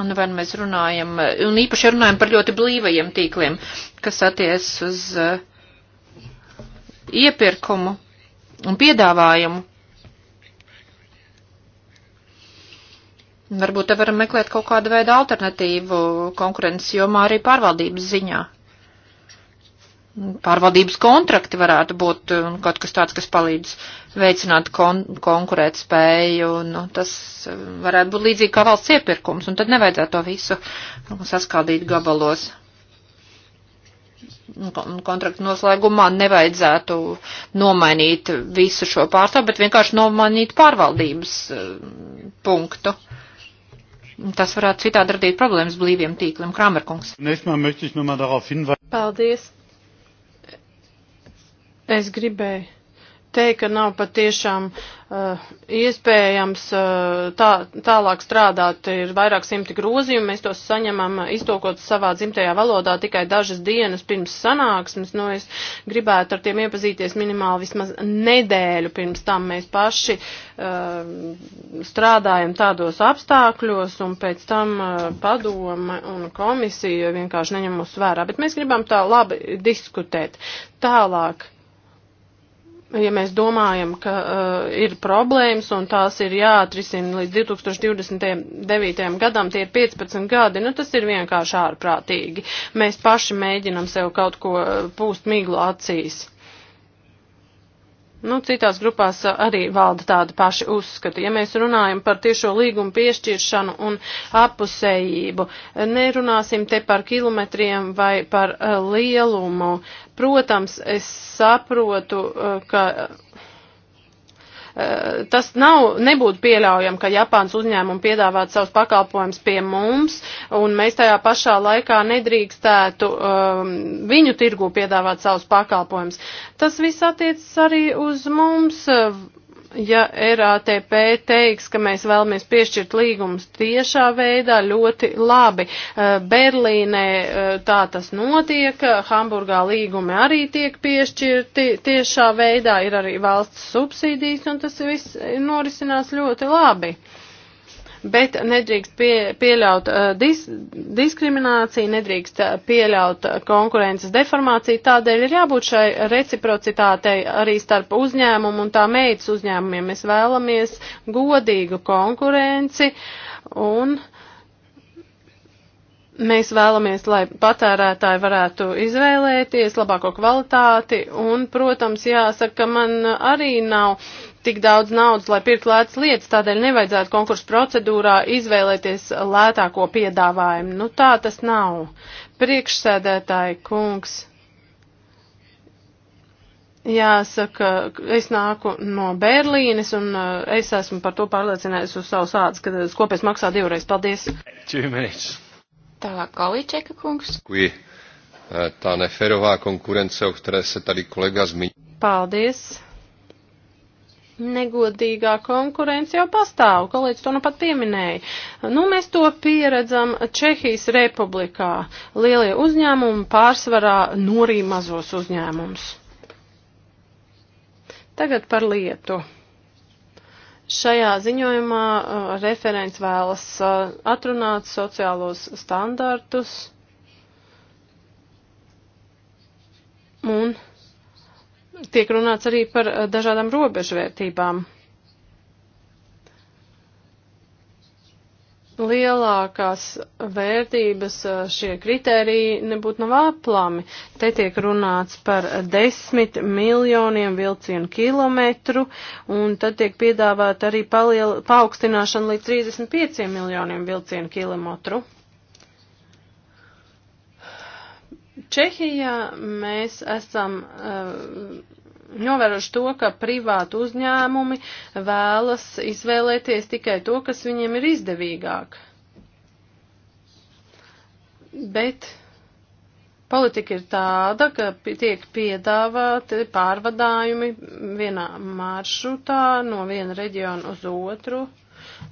Un vai nu mēs runājam, eh, un īpaši runājam par ļoti blīvajiem tīkliem, kas attiec uz uh, iepirkumu un piedāvājumu. Varbūt te varam meklēt kaut kādu veidu alternatīvu konkurences jomā arī pārvaldības ziņā. Pārvaldības kontrakti varētu būt uh, kaut kas tāds, kas palīdz veicināt kon konkurēt spēju. Nu, tas uh, varētu būt līdzīgi kā valsts iepirkums, un tad nevajadzētu to visu saskaldīt gabalos. Kontraktu noslēgumā nevajadzētu nomainīt visu šo pārstāvu, bet vienkārši nomainīt pārvaldības uh, punktu. Uh, Tas varētu citādi radīt problēmas blīviem tīkliem. Kramerkungs. Paldies. Es gribēju teikt, ka nav patiešām uh, iespējams uh, tā, tālāk strādāt. Ir vairāk simti grozījumu, mēs tos saņemam eh, iztokot savā dzimtajā valodā tikai dažas dienas pirms sanāksmes. Nu, es gribētu ar tiem iepazīties minimāli vismaz nedēļu pirms tam. Mēs paši uh, strādājam tādos apstākļos un pēc tam uh, padome un komisija vienkārši neņem mūs vērā. Bet mēs gribam tā labi diskutēt. Tālāk ja mēs domājam, ka uh, ir problēmas un tās ir jāatrisina līdz 2029. gadam, tie ir 15 gadi, nu tas ir vienkārši ārprātīgi. Mēs paši mēģinam sev kaut ko uh, pūst miglu acīs. Nu, citās grupās arī valda tādi paši uzskati. Ja mēs runājam par tiešo līgumu piešķiršanu un apusējību, nerunāsim te par kilometriem vai par eh, lielumu. Protams, es saprotu, eh, ka Eh, tas nav, nebūtu pieļaujami, ka Japāns uzņēmumi piedāvātu savus pakalpojumus pie mums, un mēs tajā pašā laikā nedrīkstētu um, viņu tirgu piedāvāt savus pakalpojumus. Tas viss attiecas arī uz mums. Uh, ja RATP teiks, ka mēs vēlamies piešķirt līgumus tiešā veidā, ļoti labi. Eh, Berlīnē eh, tā tas notiek, Hamburgā līgumi arī tiek piešķirti tiešā veidā, ir arī valsts subsīdijas, un tas viss norisinās ļoti labi bet nedrīkst pie, pieļaut uh, dis, diskrimināciju, nedrīkst uh, pieļaut uh, konkurences deformāciju. Tādēļ ir jābūt šai reciprocitātei arī starp uzņēmumu un tā meitas uzņēmumiem. Mēs vēlamies godīgu konkurenci un mēs vēlamies, lai patērētāji varētu izvēlēties labāko kvalitāti, un, protams, jāsaka, man arī nav tik daudz naudas, lai pirkt lētas lietas, tādēļ nevajadzētu konkursu procedūrā izvēlēties lētāko piedāvājumu. Nu tā tas nav. Priekšsēdētāji kungs. Jāsaka, es nāku no Berlīnes un eh, es esmu par to pārliecinājusi uz savus ādus, ka skopies maksā divreiz. Paldies! Čīmēs! Tā, Kolīčeka kungs. Kui eh, tā neferovā konkurence, o které se tady kolega zmínil. Paldies! negodīgā konkurence jau pastāv, kolēģis to nu pat pieminēja. Nu, mēs to pieredzam Čehijas republikā. Lielie uzņēmumi pārsvarā norī mazos uzņēmumus. Tagad par lietu. Šajā ziņojumā uh, referents vēlas uh, atrunāt sociālos standartus un tiek runāts arī par eh, dažādām robežvērtībām. Lielākās vērtības eh, šie kriteriji nebūtu nav aplami. Te tiek runāts par desmit miljoniem vilcienu kilometru, un tad tiek piedāvāta arī paliel, paaugstināšana līdz 35 miljoniem vilcienu kilometru. Čehijā mēs esam. Uh, eh, novērošu to, ka privātu uzņēmumi vēlas izvēlēties tikai to, kas viņiem ir izdevīgāk. Bet politika ir tāda, ka tiek piedāvāti pārvadājumi vienā maršrutā no viena reģiona uz otru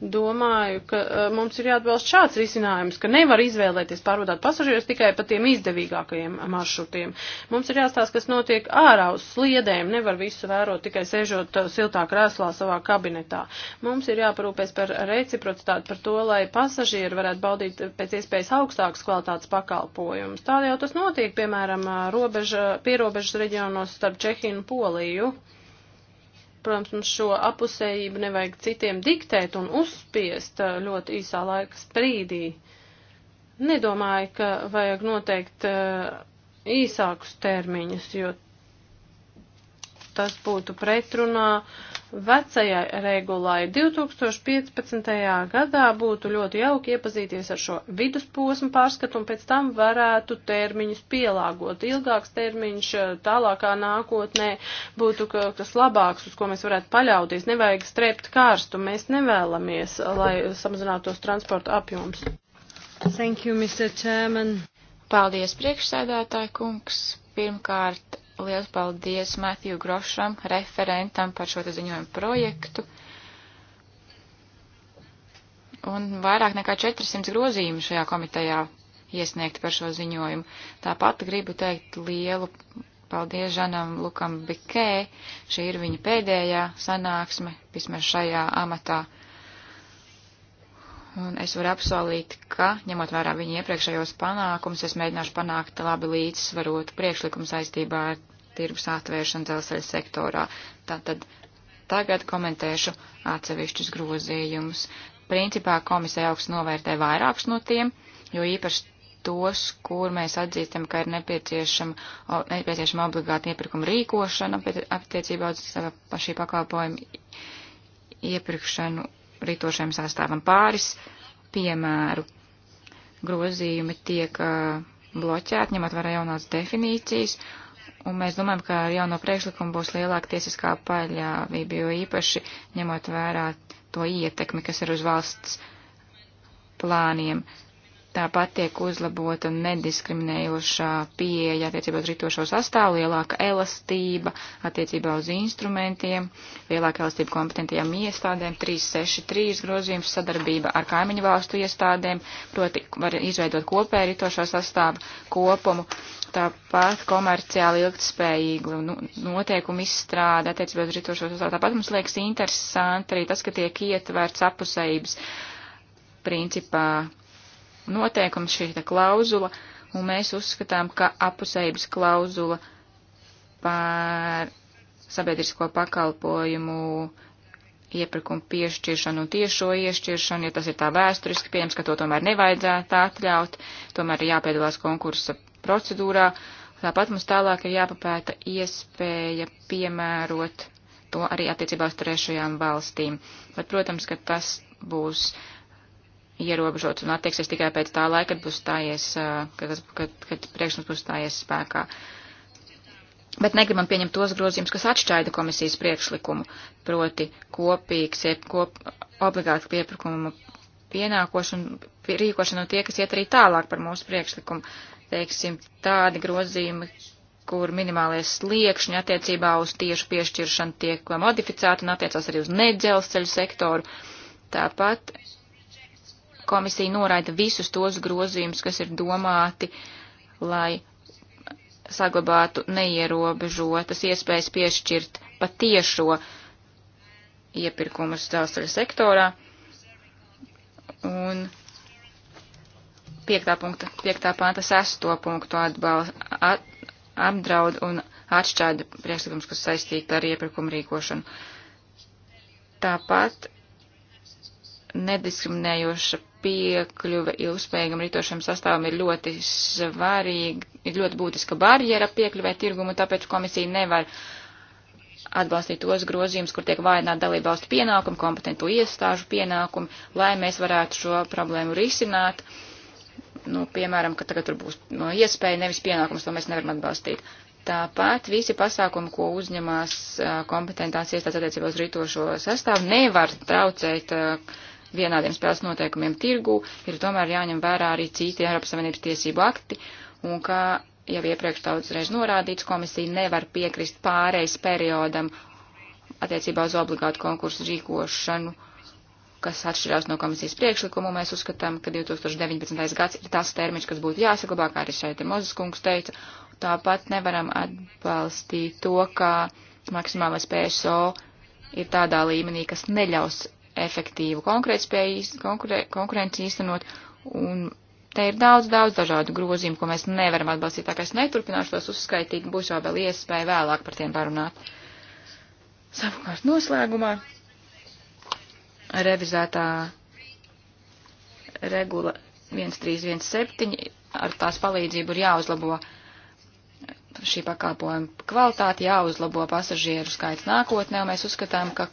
domāju, ka e, mums ir jāatbalst šāds risinājums, ka nevar izvēlēties pārvadāt pasažierus tikai pa tiem izdevīgākajiem maršrutiem. Mums ir jāstāsta, kas notiek ārā uz sliedēm, nevar visu vērot tikai sežot e, siltā krēslā savā kabinetā. Mums ir jāparūpēs par reciprocitāti, par to, lai pasažieri varētu baudīt pēc iespējas augstākas kvalitātes pakalpojumus. Tā jau tas notiek, piemēram, e, robeža, pierobežas reģionos starp Čehiju un Poliju. Protams, mums šo apusējību nevajag citiem diktēt un uzspiest uh, ļoti īsā laika sprīdī. Nedomāju, ka vajag noteikt uh, īsākus termiņus, jo tas būtu pretrunā uh, vecajai regulai. 2015. gadā būtu ļoti jauki iepazīties ar šo vidusposmu pārskatu un pēc tam varētu termiņus pielāgot. Ilgāks termiņš eh, tālākā nākotnē būtu kas labāks, uz ko mēs varētu paļauties. Nevajag strept kārstu, mēs nevēlamies, lai samazinātos transporta apjoms. Thank you, Mr. Chairman. Paldies, priekšsēdētāji kungs. Pirmkārt, Liels paldies Matthew Grošam, referentam par šo ziņojumu projektu. Un vairāk nekā 400 grozījumu šajā komitejā iesniegti par šo ziņojumu. Tāpat gribu teikt lielu paldies Žanam Lukam Bikē. Šī ir viņa pēdējā sanāksme, vismaz šajā amatā. Un es varu apsolīt, ka, ņemot vērā viņa iepriekšējos panākumus, es mēģināšu panākt labi līdzsvarotu priekšlikumu saistībā ar tirgus atvēršanu dzelzceļa sektorā. Tātad tagad komentēšu atsevišķus grozījumus. Principā komisija augsts novērtē vairākus no tiem, jo īpaši tos, kur mēs atzīstam, ka ir nepieciešama, nepieciešama obligāta iepirkuma rīkošana attiecībā uz šī pakalpojuma iepirkšanu rītošajam sastāvam pāris piemēru. Grozījumi tiek uh, bloķēti, ņemot vērā jaunās definīcijas, un mēs domājam, ka ar jauno priekšlikumu būs lielāka tiesiskā paļāvība, jo īpaši ņemot vērā to ietekmi, kas ir uz valsts plāniem. Tāpat tiek uzlabota nediskriminējošā pieeja attiecībā uz ritošo sastāvu, lielāka elastība attiecībā uz instrumentiem, lielāka elastība kompetentajām iestādēm, 363 grozījums sadarbība ar kaimiņu valstu iestādēm, proti var izveidot kopēju ritošo sastāvu kopumu, tāpat komerciāli ilgtspējīgu nu, noteikumu izstrāde attiecībā uz ritošo sastāvu. Tāpat mums liekas interesanti arī tas, ka tiek ietverts apusējības principā noteikums, šī klauzula, un mēs uzskatām, ka apusējības klauzula par sabiedrisko pakalpojumu iepirkumu piešķiršanu un tiešo iešķiršanu, ja tas ir tā vēsturiski, pieņems, ka to tomēr nevajadzētu atļaut, tomēr ir jāpiedalās konkursa procedūrā. Tāpat mums tālāk ir jāpapēta iespēja piemērot to arī attiecībā uz trešajām valstīm. Bet, protams, ka tas būs ierobežots un attieksies tikai pēc tā laika, kad būs stājies, kad, kad, kad priekšmets būs stājies spēkā. Bet negribam pieņemt tos grozījumus, kas atšķaida komisijas priekšlikumu, proti kopīgs, kop, obligāti piepirkuma pienākošana, rīkošana un tie, kas iet arī tālāk par mūsu priekšlikumu. Teiksim, tādi grozījumi, kur minimālais sliekšņi attiecībā uz tiešu piešķiršanu tiek modificēti un attiecās arī uz nedzelzceļu sektoru. Tāpat komisija noraida visus tos grozījumus, kas ir domāti, lai saglabātu neierobežotas iespējas piešķirt patiešo iepirkumus dzelzceļa sektorā. Un piektā, punkta, piektā panta sesto punktu atbal, at, apdraud un atšķaida priekšlikums, kas saistīta ar iepirkumu rīkošanu. Tāpat nediskriminējoša piekļuve ilgspējīgam ritošam sastāvam ir ļoti svarīga, ir ļoti būtiska barjera piekļuvē tirgumu, tāpēc komisija nevar atbalstīt tos grozījumus, kur tiek vājināti dalību valstu pienākumi, kompetentu iestāžu pienākumi, lai mēs varētu šo problēmu risināt. Nu, piemēram, ka tagad tur būs no nu, iespēja, nevis pienākums, to mēs nevaram atbalstīt. Tāpat visi pasākumi, ko uzņemās kompetentās iestādes attiecībā uz rītošo sastāvu, nevar traucēt uh, vienādiem spēles noteikumiem tirgū, ir tomēr jāņem vērā arī citi Eiropas Savienības tiesību akti, un kā jau iepriekš daudzreiz norādīts, komisija nevar piekrist pārejas periodam attiecībā uz obligātu konkursu rīkošanu kas atšķirās no komisijas priekšlikumu, mēs uzskatām, ka 2019. gads ir tas termiņš, kas būtu jāsaglabā, kā arī šeit Mozes kungs teica. Tāpat nevaram atbalstīt to, ka maksimālais PSO ir tādā līmenī, kas neļaus efektīvu konkurē, konkurenci īstenot, un te ir daudz, daudz dažādu grozījumu, ko mēs nevaram atbalstīt, tā kā es neturpināšu tos uzskaitīt, būs jau vēl iespēja vēlāk par tiem parunāt. Savukārt noslēgumā revizētā regula 1317 ar tās palīdzību ir jāuzlabo šī pakalpojuma kvalitāte, jāuzlabo pasažieru skaits nākotnē, un mēs uzskatām, ka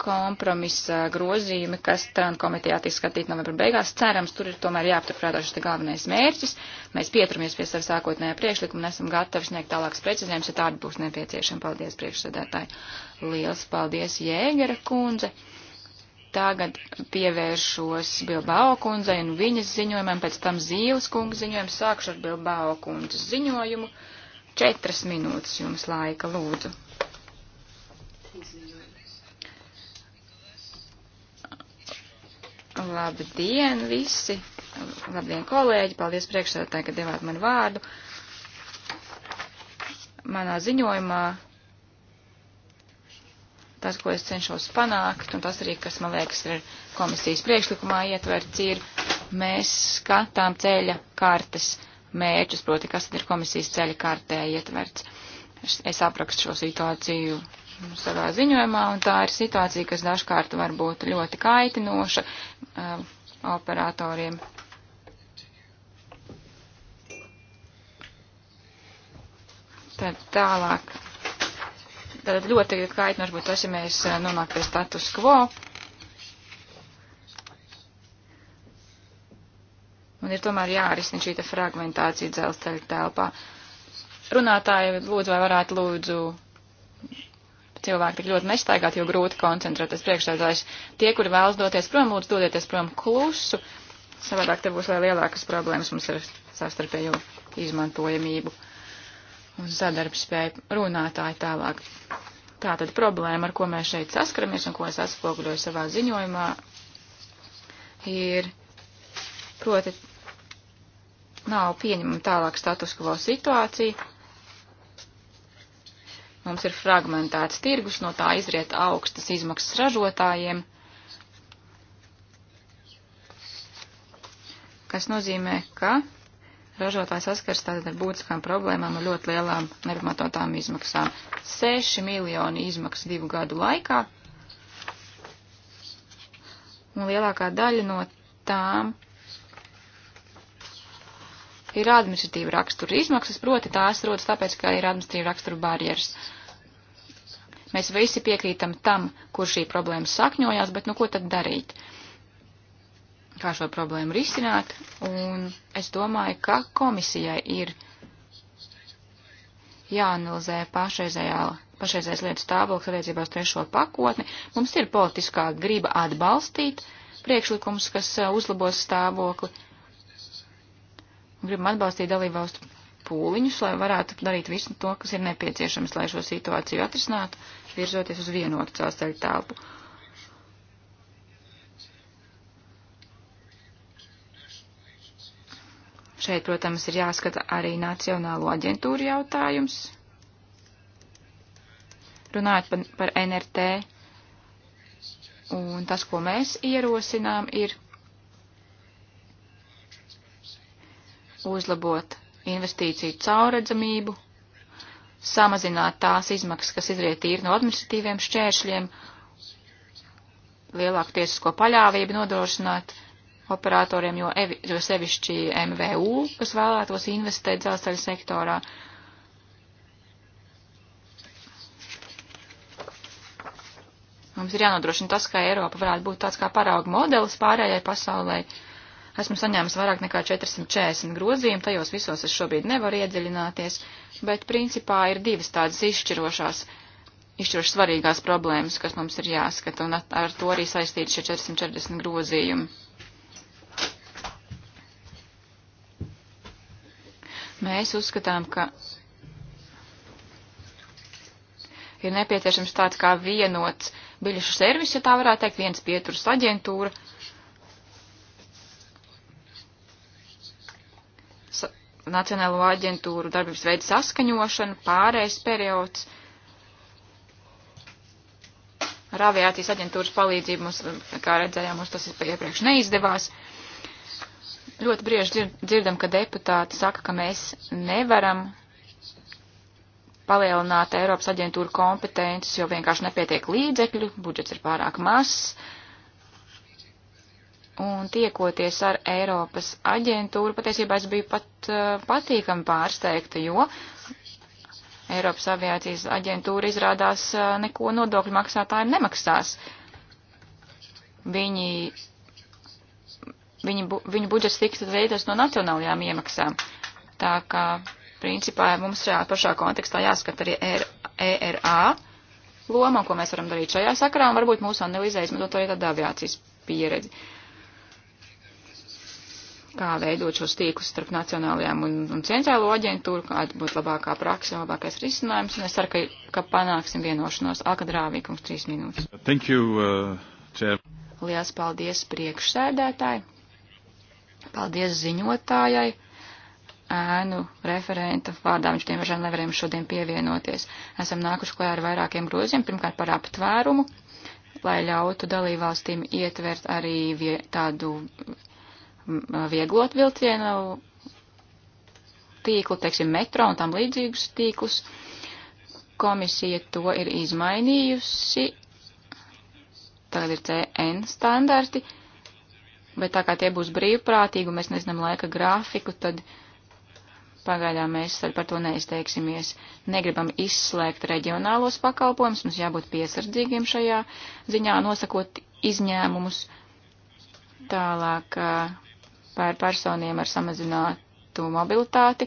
kompromisa grozījumi, kas TAN komitejā tiks skatīt novembra beigās. Cerams, tur ir tomēr jāapturprātā šis te galvenais mērķis. Mēs pieturamies pie sava sākotnējā priekšlikuma un esam gatavi sniegt tālākas precizējumus, ja tādi būs nepieciešami. Paldies, priekšsēdētāji. Liels paldies, Jēgera kundze. Tagad pievēršos Bilbao kundzei un viņas ziņojumam, pēc tam Zīles kungas ziņojumu. Sākšu ar Bilbao kundzes ziņojumu. Četras minūtes jums laika, lūdzu. Labdien visi! Labdien kolēģi! Paldies priekšsēdētāji, ka devāt man vārdu. Manā ziņojumā tas, ko es cenšos panākt, un tas arī, kas man liekas ir komisijas priekšlikumā ietverts, ir mēs skatām ceļa kartes mērķus, proti, kas tad ir komisijas ceļa kartē ietverts. Es aprakstu šo situāciju savā ziņojumā, un tā ir situācija, kas dažkārt var būt ļoti kaitinoša uh, operatoriem. Tad tālāk. Tad ļoti kaitinoši būtu tas, ja mēs uh, nonāktu pie status quo. Un ir tomēr jārisina šī fragmentācija dzelzceļa telpā. Runātāji, lūdzu, vai varētu lūdzu cilvēki tik ļoti nestaigāt, jo grūti koncentrēties priekšsēdājs. Tie, kuri vēlas doties prom, lūdzu dodieties prom klusu, savādāk te būs vēl lielākas problēmas mums ar savstarpējo izmantojamību un sadarbspēju runātāji tālāk. Tātad problēma, ar ko mēs šeit saskaramies un ko es atspoguļoju savā ziņojumā, ir proti nav pieņemama tālāk status quo situācija, Mums ir fragmentēts tirgus, no tā izriet augstas izmaksas ražotājiem, kas nozīmē, ka ražotājs saskars tātad ar būtiskām problēmām un ļoti lielām nepamatotām izmaksām. 6 miljoni izmaksas divu gadu laikā, un lielākā daļa no tām ir administratīva rakstura izmaksas, proti tās rodas tāpēc, ka ir administratīva rakstura barjeras. Mēs visi piekrītam tam, kur šī problēma sakņojās, bet nu ko tad darīt? Kā šo problēmu risināt? Un es domāju, ka komisijai ir jāanalizē pašreizējā, pašreizējais lietu stāvoklis attiecībā uz trešo pakotni. Mums ir politiskā griba atbalstīt priekšlikums, kas uh, uzlabos stāvokli gribam atbalstīt dalībvalstu pūliņus, lai varētu darīt visu to, kas ir nepieciešams, lai šo situāciju atrisinātu, virzoties uz vienotu dzelzceļa telpu. Šeit, protams, ir jāskata arī Nacionālo aģentūru jautājums. Runājot par, par NRT, un tas, ko mēs ierosinām, ir uzlabot investīciju cauredzamību, samazināt tās izmaksas, kas izriet tīri no administratīviem šķēršļiem, lielāku tiesisko paļāvību nodrošināt operatoriem, jo, evi, jo sevišķi MVU, kas vēlētos investēt dzelzceļa sektorā. Mums ir jānodrošina tas, ka Eiropa varētu būt tāds kā parauga modelis pārējai pasaulē. Uh, Esmu saņēmis vairāk nekā 440 grozījumu, tajos visos es šobrīd nevaru iedziļināties, bet principā ir divas tādas izšķirošās, izšķiroši svarīgās problēmas, kas mums ir jāskata, un ar to arī saistīti šie 440 grozījumi. Mēs uzskatām, ka ir nepieciešams tāds kā vienots biļešu servis, ja tā varētu teikt, viens pieturas aģentūra, Nacionālo aģentūru darbības veidu saskaņošana, pārējais periods. Ar aviācijas aģentūras palīdzību mums, kā redzējām, mums tas iepriekš neizdevās. Ļoti bieži dzirdam, ka deputāti saka, ka mēs nevaram palielināt Eiropas aģentūru kompetences, jo vienkārši nepietiek līdzekļu, budžets ir pārāk mazs. Uh, un tiekoties ar Eiropas aģentūru, patiesībā es biju pat uh, patīkami pārsteigta, jo Eiropas aviācijas aģentūra izrādās uh, neko nodokļu maksātājiem nemaksās. Viņi, viņi, bu, viņu budžets tiks veidots no nacionālajām iemaksām. Tā kā, principā, mums šajā pašā kontekstā jāskata arī ERA e loma, ko mēs varam darīt šajā sakarā, un varbūt mūsu analizē izmantot arī tādu aviācijas pieredzi. Uh, kā veidot šos tīklus starp nacionālajām un, un centrālo aģentūru, kāda būtu labākā praksa, labākais risinājums, un es ceru, ka, ka panāksim vienošanos. Alkadrāvī, kungs, trīs minūtes. Thank you, uh, chair. Lielas paldies priekšsēdētāji, paldies ziņotājai, ēnu referenta vārdā, viņš tiem važām nevarēja šodien pievienoties. Esam nākuši klajā ar vairākiem groziem, pirmkārt par aptvērumu, lai ļautu dalībvalstīm ietvert arī vie, tādu vieglot vilcienu tīklu, teiksim, metro un tam līdzīgus tīklus. Komisija to ir izmainījusi. Tagad ir CN standarti, bet tā kā tie būs brīvprātīgi un mēs nezinām laika grafiku, tad pagaidām mēs par to neizteiksimies. Negribam izslēgt reģionālos pakalpojumus, mums jābūt piesardzīgiem šajā ziņā, nosakot izņēmumus. Tālāk par personiem ar samazinātu mobilitāti.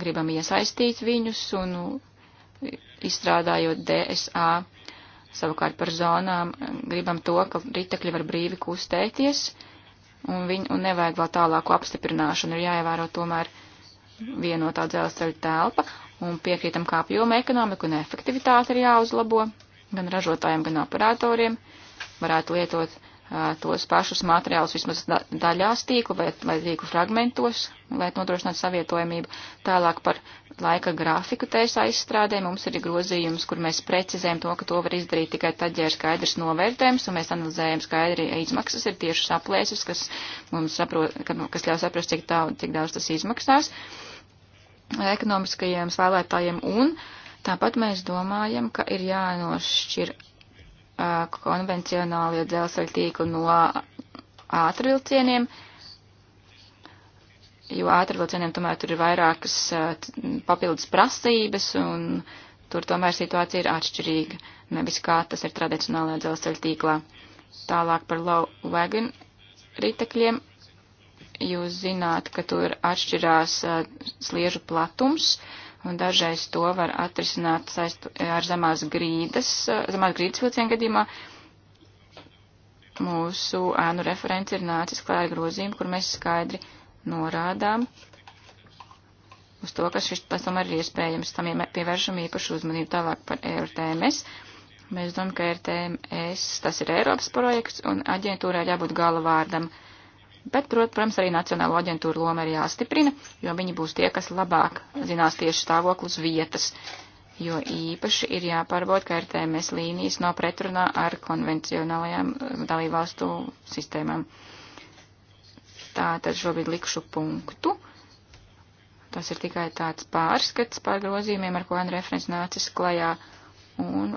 Gribam iesaistīt viņus un nu, izstrādājot DSA savukārt par zonām, gribam to, ka ritekļi var brīvi kustēties un, viņu, un nevajag vēl tālāku apstiprināšanu, ir jāievēro tomēr vienotā dzelzceļa telpa un piekrītam, kā apjoma ekonomika un efektivitāte ir jāuzlabo gan ražotājiem, gan operatoriem. Varētu lietot tos pašus materiālus vismaz daļās tīklu vai, vai tīklu fragmentos, lai nodrošinātu savietojamību. Tālāk par laika grafiku tēsā izstrādē mums ir grozījums, kur mēs precizējam to, ka to var izdarīt tikai tad, ja ir skaidrs novērtējums un mēs analizējam skaidri izmaksas, ir tieši saplēsis, kas mums saprot, kas ļauj saprast, cik, tā, cik daudz tas izmaksās ekonomiskajiem spēlētājiem un tāpat mēs domājam, ka ir jānošķir konvencionālie dzelzceļa tīkli no ātrvilcieniem, jo ātrvilcieniem tomēr tur ir vairākas papildus prasības un tur tomēr situācija ir atšķirīga, nevis kā tas ir tradicionālajā dzelzceļa tīklā. Tālāk par low wagon ritekļiem. Jūs zināt, ka tur atšķirās sliežu platums. Uh, un dažreiz to var atrisināt saistu, ar zemās grīdas, zemās grīdas vilcienu gadījumā. Mūsu ēnu referents ir nācis klāra grozījumu, kur mēs skaidri norādām uz to, ka šis pēc tam arī ir iespējams, tam ja pievēršam īpašu uzmanību tālāk par ERTMS. Mēs domājam, ka ERTMS tas ir Eiropas projekts un aģentūrā jābūt galvārdam. vārdam Bet, protams, arī Nacionālo aģentūru loma ir jāstiprina, jo viņi būs tie, kas labāk zinās tieši stāvoklus vietas, jo īpaši ir jāpārbauda, ka RTMS līnijas nav no pretrunā ar konvencionālajām eh, dalībvalstu sistēmām. Tātad šobrīd likšu punktu. Tas ir tikai tāds pārskats par grozījumiem, ar ko N referents nācis klajā un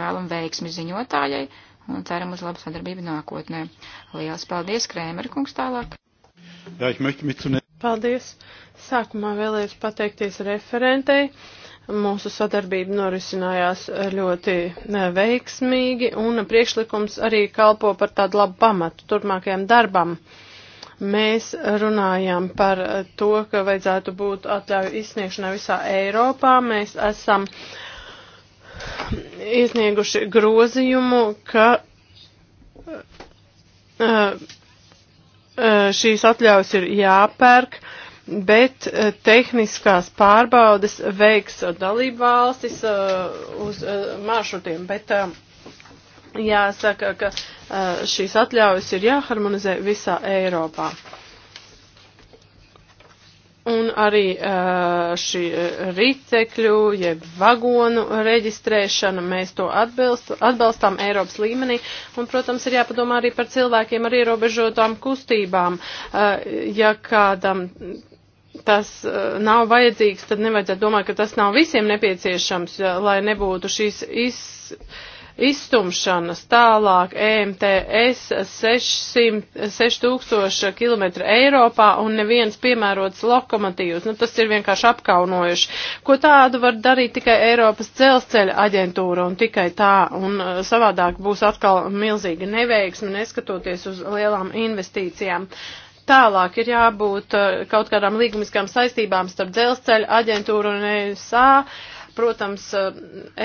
vēlam veiksmi ziņotājai un ceram uz labu sadarbību nākotnē. Lielas paldies, Krēmer kungs tālāk. Jā, paldies. Sākumā vēlējos pateikties referentei. Mūsu sadarbība norisinājās ļoti veiksmīgi un priekšlikums arī kalpo par tādu labu pamatu turpmākajam darbam mēs runājam par to, ka vajadzētu būt atļauju izsniegšanai visā Eiropā. Mēs esam uh, iesnieguši grozījumu, ka eh, eh, šīs atļaujas ir jāpērk, bet eh, tehniskās pārbaudes veiks dalību valstis uz maršrutiem, bet jāsaka, ka šīs atļaujas ir jāharmonizē visā Eiropā un arī šī ritekļu, jeb vagonu reģistrēšana, mēs to atbilst, atbalstām Eiropas līmenī, un, protams, ir jāpadomā arī par cilvēkiem ar ierobežotām kustībām. Ja kādam tas nav vajadzīgs, tad nevajadzētu domāt, ka tas nav visiem nepieciešams, lai nebūtu šīs iz izstumšanas, tālāk EMTS 600, 6000 km Eiropā un neviens piemērots lokomotīvs. Nu, tas ir vienkārši apkaunojuši. Ko tādu var darīt tikai Eiropas dzelzceļa aģentūra un tikai tā, un uh, savādāk būs atkal milzīga neveiksme, neskatoties uz lielām investīcijām tālāk ir jābūt uh, kaut kādām līgumiskām saistībām starp dzelzceļa aģentūru un ESA. Protams, eh,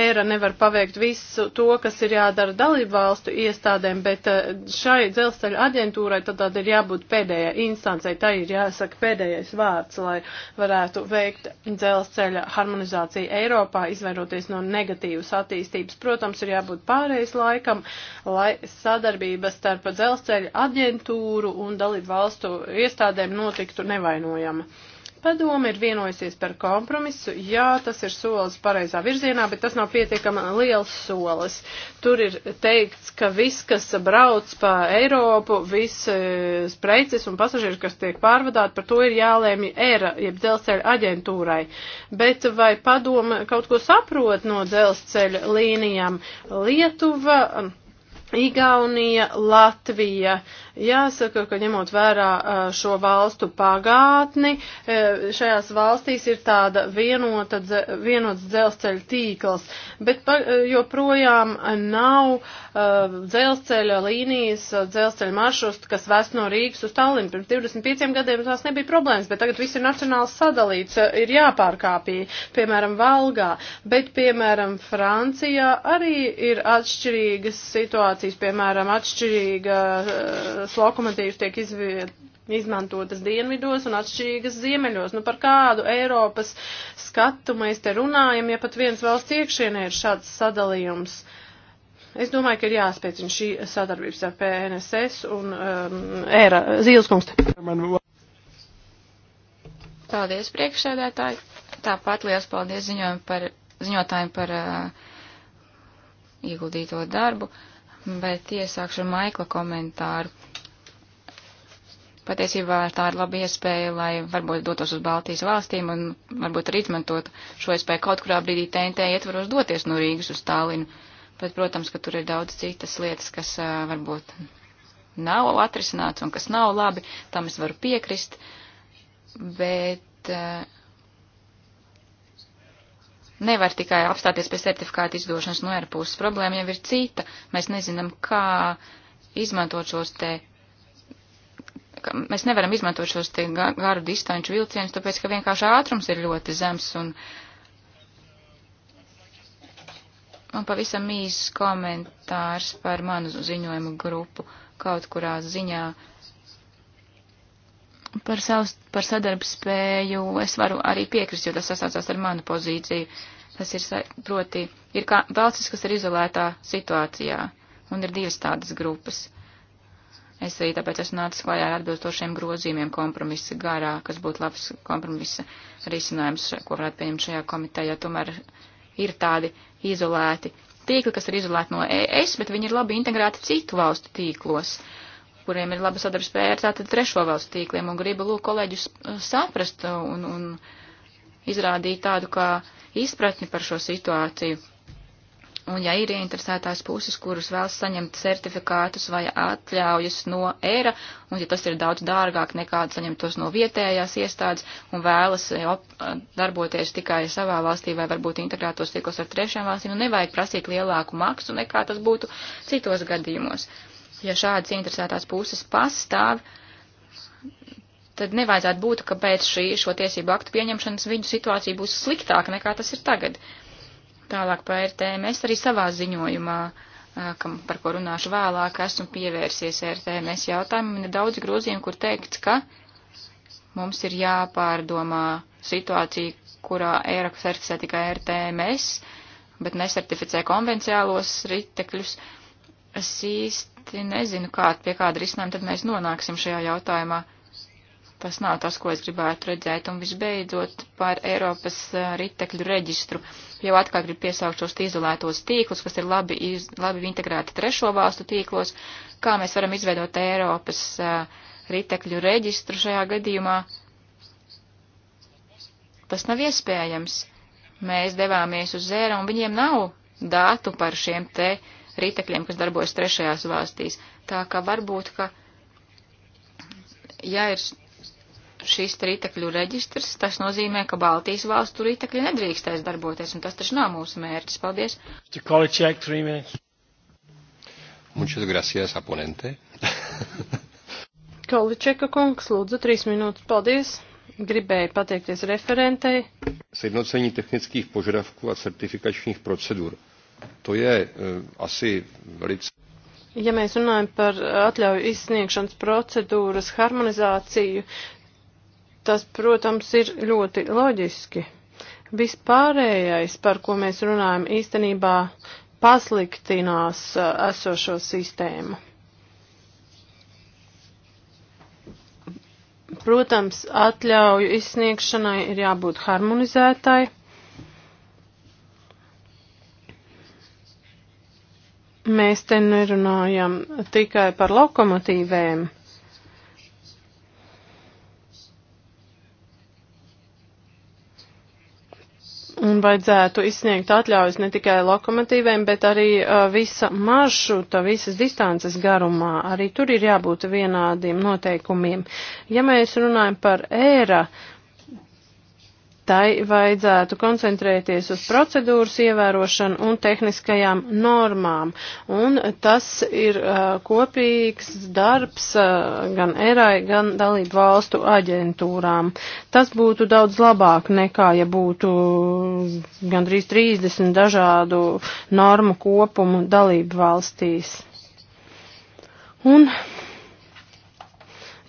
ēra nevar paveikt visu to, kas ir jādara dalību valstu iestādēm, bet eh, šai dzelzceļa aģentūrai tad ir jābūt pēdējai instancei, tā ir jāsaka pēdējais vārds, lai varētu veikt dzelzceļa harmonizāciju Eiropā, izvairoties no negatīvas attīstības. Protams, ir jābūt pārējais laikam, lai sadarbība starp dzelzceļa aģentūru un dalību valstu iestādēm notiktu nevainojama. Padoma ir vienojusies par kompromisu. Jā, tas ir solis pareizā virzienā, bet tas nav pietiekama liels solis. Tur ir teikts, ka viss, kas brauc pa Eiropu, visas e, preces un pasažieris, kas tiek pārvadāti, par to ir jālēmj ERA, jeb dzelzceļa aģentūrai. Bet vai padoma kaut ko saprot no dzelzceļa līnijām Lietuva? Igaunija, Latvija. Uh, Jāsaka, ka ņemot vērā šo valstu pagātni, šajās valstīs ir tāda vienota, vienots dzelzceļa tīkls, bet joprojām nav dzelzceļa līnijas, dzelzceļa maršruts, kas vest no Rīgas uz Tallinu. Pirms 25 gadiem tās nebija problēmas, bet tagad viss ir nacionāli sadalīts, ir jāpārkāpī, piemēram, Valgā, bet, piemēram, Francijā arī ir atšķirīgas situācijas, piemēram, atšķirīga šādas lokomotīvas tiek izvietas izmantotas dienvidos un atšķirīgas ziemeļos. Nu, par kādu Eiropas skatu mēs te runājam, ja pat viens valsts iekšienē ir šāds sadalījums. Es domāju, ka ir jāspēcina šī sadarbības ar PNSS un um, ēra Zīleskungs. Paldies, priekšsēdētāji. Tāpat liels paldies par, ziņotājiem par uh, ieguldīto darbu, bet iesākšu ar Maikla komentāru Patiesībā tā ir laba iespēja, lai varbūt dotos uz Baltijas valstīm un varbūt arī izmantot šo iespēju kaut kurā brīdī TNT ietvaros doties no Rīgas uz Stālinu. Bet, protams, ka tur ir daudz citas lietas, kas uh, varbūt nav atrisināts un kas nav labi, tam es varu piekrist. Bet uh, nevar tikai apstāties pie certifikāta izdošanas no ārpuses. Problēma jau ir cita. Mēs nezinām, kā izmantot šos te mēs nevaram izmantot šos garu distanču vilcienus, tāpēc, ka vienkārši ātrums ir ļoti zems un, un pavisam īsts komentārs par manu ziņojumu grupu kaut kurā ziņā. Par, savs, par sadarbspēju es varu arī piekrist, jo tas sasaucās ar manu pozīciju. Tas ir, proti, ir kā valstis, kas ir izolētā situācijā, un ir divas tādas grupas Es arī tāpēc esmu nācis klajā ar atbilstošiem grozījumiem kompromisa garā, kas būtu labs kompromisa risinājums, ko varētu pieņemt šajā komitejā. Tomēr ir tādi izolēti tīkli, kas ir izolēti no ES, bet viņi ir labi integrēti citu valstu tīklos, kuriem ir laba sadarbspēja ar tātad trešo valstu tīkliem. Un gribu lūk kolēģus uh, saprast un, un izrādīt tādu kā izpratni par šo situāciju. Un ja ir ieinteresētās puses, kuras vēlas saņemt certifikātus vai atļaujas no ERA, un ja tas ir daudz dārgāk nekā saņemt tos no vietējās iestādes un vēlas eh, eh, darboties tikai savā valstī vai varbūt integrētos tiekos ar trešajām valstīm, nu nevajag prasīt lielāku maksu nekā tas būtu citos gadījumos. Ja šādas interesētās puses pastāv, tad nevajadzētu būt, ka pēc šī, šo tiesību aktu pieņemšanas viņu situācija būs sliktāka nekā tas ir tagad. Uh, Tālāk par RTMS arī savā ziņojumā, kam, par ko runāšu vēlāk, esmu pievērsies RTMS jautājumam. Ir daudz grozījumu, kur teikts, ka mums ir jāpārdomā situācija, kurā Eiropas certificē tikai RTMS, bet nesertificē konvenciālos ritekļus. Es īsti nezinu, kā, pie kāda risinājuma tad mēs nonāksim šajā jautājumā. Tas nav tas, ko es gribētu redzēt. Un visbeidzot par Eiropas ritekļu reģistru. Jau atkal gribu piesaukt šos izolētos tīklus, kas ir labi, iz, labi integrēti trešo valstu tīklos. Kā mēs varam izveidot Eiropas ritekļu reģistru šajā gadījumā? Tas nav iespējams. Mēs devāmies uz zēru, un viņiem nav dātu par šiem te ritekļiem, kas darbojas trešajās valstīs. Tā ka varbūt, ka, ja ir šis ritekļu reģistrs, tas nozīmē, ka Baltijas valstu ritekļi nedrīkstēs darboties, un tas taču nav mūsu mērķis. Paldies. Količek, Muchas gracias, aponente. Količeka kungs, lūdzu, trīs minūtes. Paldies. Gribēju pateikties referentei. Sjednocení technických požadavků a certifikačních procedur. To je uh, asi velice. Ja mēs runājam par atļauju izsniegšanas procedūras harmonizāciju, tas, protams, ir ļoti loģiski. Vispārējais, par ko mēs runājam, īstenībā pasliktinās uh, esošo sistēmu. Protams, atļauju izsniegšanai ir jābūt harmonizētai. Mēs te nerunājam tikai par lokomotīvēm. Un vajadzētu izsniegt atļaujas ne tikai lokomotīvēm, bet arī uh, visa maršruta, visas distances garumā. Arī tur ir jābūt vienādiem noteikumiem. Ja mēs runājam par ēra, uh, tai vajadzētu koncentrēties uz procedūras ievērošanu un tehniskajām normām. Un tas ir uh, kopīgs darbs uh, gan ERAI, gan dalību valstu aģentūrām. Tas būtu daudz labāk nekā, ja būtu gandrīz 30 dažādu normu kopumu dalību valstīs. Un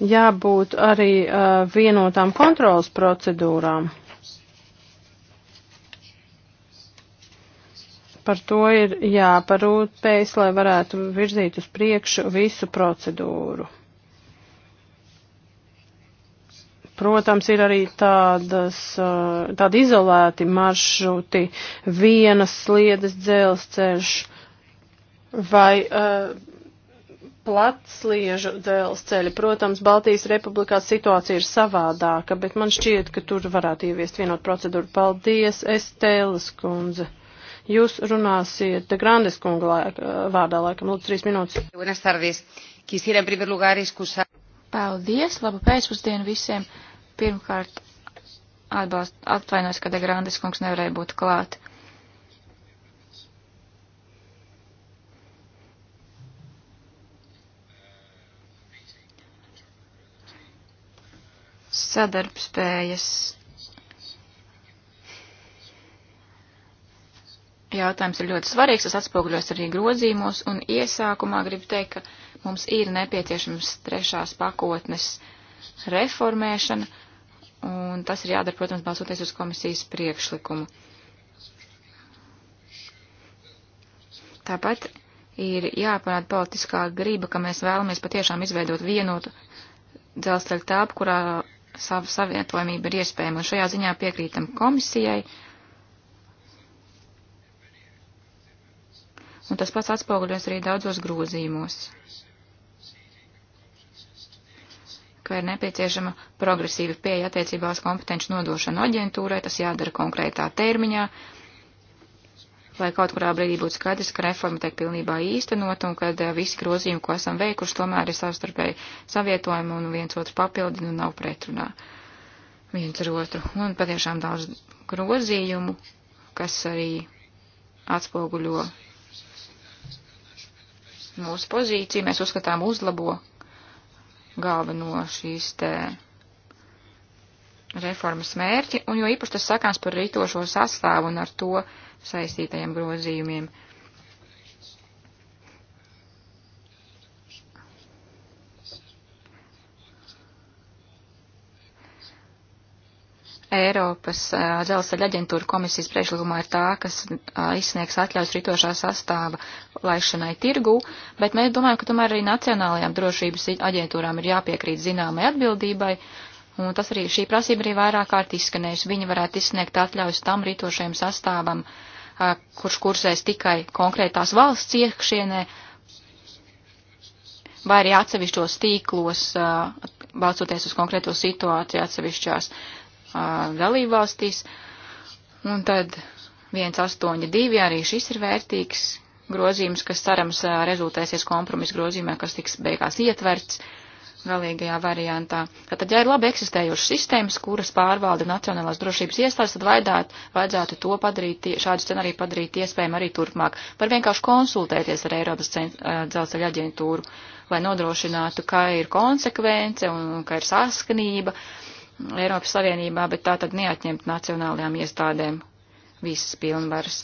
jābūt arī uh, vienotām kontrolas procedūrām. Par to ir jāparūpējas, lai varētu virzīt uz priekšu visu procedūru. Protams, ir arī tādas, uh, tādi izolēti maršruti, vienas sliedas dzelzceļš vai uh, platsliežu dzelzceļi. Protams, Baltijas republikā situācija ir savādāka, bet man šķiet, ka tur varētu ieviest vienot procedūru. Paldies, Estēlas kundze! Jūs runāsiet Grandes kunga laik, vārdā, laikam, lūdzu, trīs minūtes. Buenas tardes. Quisiera en primer lugar excusar. Paldies, labu pēcpusdienu visiem. Pirmkārt, atbalst, atvainos, ka Grandes kungs nevarēja būt klāt. sadarbspējas jautājums ir ļoti svarīgs, tas atspoguļos arī grozīmos, un iesākumā gribu teikt, ka mums ir nepieciešams trešās pakotnes reformēšana, un tas ir jādara, protams, balsoties uz komisijas priekšlikumu. Tāpat ir jāparāda politiskā grība, ka mēs vēlamies patiešām izveidot vienotu dzelzceļa tāpu, kurā sav, savietojamība ir iespējama, un šajā ziņā piekrītam komisijai un tas pats atspoguļos arī daudzos grozījumos, ka ir nepieciešama progresīva pieeja attiecībās kompetenci nodošanu aģentūrai, tas jādara konkrētā termiņā, lai kaut kurā brīdī būtu skaidrs, ka reforma tiek pilnībā īstenot un ka eh, visi grozījumi, ko esam veikuši, tomēr ir savstarpēji savietojumi un viens otru papildina un nav pretrunā viens ar otru. Un patiešām daudz grozījumu, kas arī atspoguļo Mūsu pozīcija, mēs uzskatām, uzlabo galveno šīs te reformas mērķi, un jo īpaši tas sakāms par rītošo sastāvu un ar to saistītajiem grozījumiem. Uh, Eiropas dzelzceļa aģentūra komisijas priekšlikumā ir tā, kas izsniegs atļaus ritošā sastāva laišanai tirgū, bet mēs domājam, ka tomēr arī nacionālajām drošības aģentūrām ir jāpiekrīt zināmai atbildībai, un tas arī šī prasība arī vairāk kārt izskanējusi. Viņi varētu izsniegt atļaus tam ritošajam sastāvam, kurš kursēs tikai konkrētās valsts iekšienē, vai arī atsevišķos tīklos, balsoties uz konkrēto situāciju atsevišķās dalībvalstīs. Un tad 182 arī šis ir vērtīgs grozījums, kas cerams rezultēsies kompromisu grozījumā, kas tiks beigās ietverts galīgajā variantā. Tātad, ja ir labi eksistējušas sistēmas, kuras pārvalda Nacionālās drošības iestādes, tad vajadzētu, vajadzētu to padarīt, šādu scenāriju padarīt iespējami arī turpmāk. Var vienkārši konsultēties ar Eiropas dzelzceļa aģentūru, lai nodrošinātu, ka ir konsekvence un ka ir saskanība Eiropas Savienībā, bet tā tad neatņemt nacionālajām iestādēm visas pilnvaras.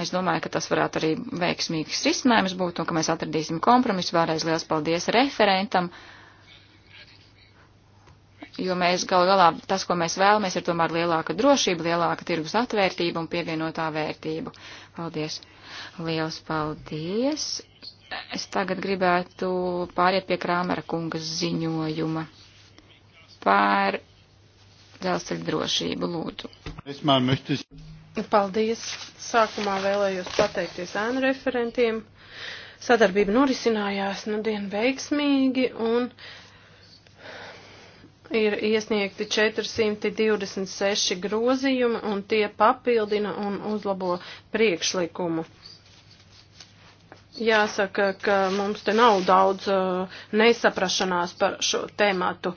Es domāju, ka tas varētu arī veiksmīgs risinājums būt un ka mēs atradīsim kompromisu. Vēlreiz liels paldies referentam, jo mēs gal galā tas, ko mēs vēlamies, ir tomēr lielāka drošība, lielāka tirgus atvērtība un pievienotā vērtība. Paldies! Liels paldies! Es tagad gribētu pāriet pie Krāmera kungas ziņojuma par dzelzceļa drošību. Lūdzu. Paldies. Sākumā vēlējos pateikties ēnu referentiem. Sadarbība norisinājās nu dienu veiksmīgi un ir iesniegti 426 grozījumi un tie papildina un uzlabo priekšlikumu. Jāsaka, ka mums te nav daudz uh, nesaprašanās par šo tēmatu.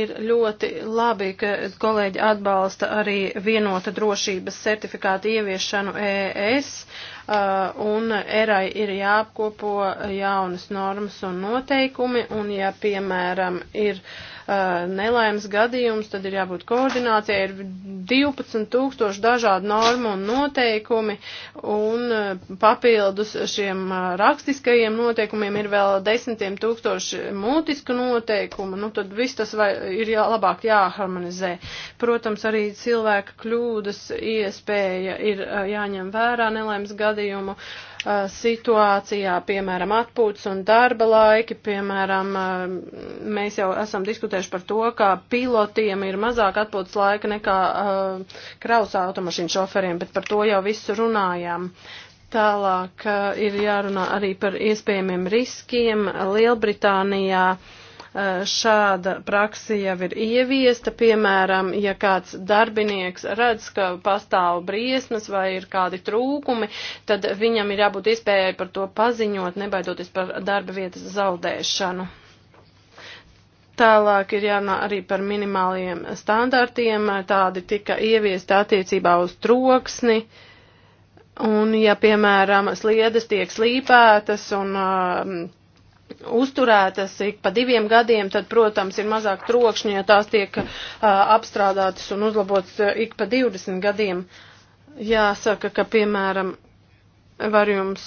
Ir ļoti labi, ka kolēģi atbalsta arī vienota drošības certifikāta ieviešanu ES, uh, un ERAI ir jāapkopo jaunas normas un noteikumi, un ja, piemēram, ir uh, Eh, nelaimes gadījums, tad ir jābūt koordinācijai, ir 12 tūkstoši dažādu normu un noteikumi, un eh, papildus šiem eh, rakstiskajiem noteikumiem ir vēl desmitiem tūkstoši mūtisku noteikumu, nu tad viss tas vai, ir jā, labāk jāharmonizē. Protams, arī cilvēka kļūdas iespēja ir jāņem vērā nelaimes gadījumu. Uh, Uh, situācijā, piemēram, atpūtas un darba laiki, piemēram, uh, mēs jau esam diskutējuši par to, ka pilotiem ir mazāk atpūtas laika nekā uh, kraus automašīnu šoferiem, bet par to jau visu runājām. Tālāk ir jārunā arī par iespējamiem riskiem Lielbritānijā. Uh, Eh, šāda praksa jau ir ieviesta. Piemēram, ja kāds darbinieks redz, ka pastāv briesmas vai ir kādi trūkumi, tad viņam ir jābūt iespējai par to paziņot, nebaidoties par darba vietas zaudēšanu. Tālāk ir jārunā arī par minimāliem standartiem. Tādi tika ieviesti attiecībā uz troksni. Un, ja, piemēram, sliedes tiek slīpētas un uh, uzturētas ik pa diviem gadiem, tad, protams, ir mazāk trokšņi, ja tās tiek uh, apstrādātas un uzlabotas uh, ik pa 20 gadiem. Jāsaka, ka, piemēram, var jums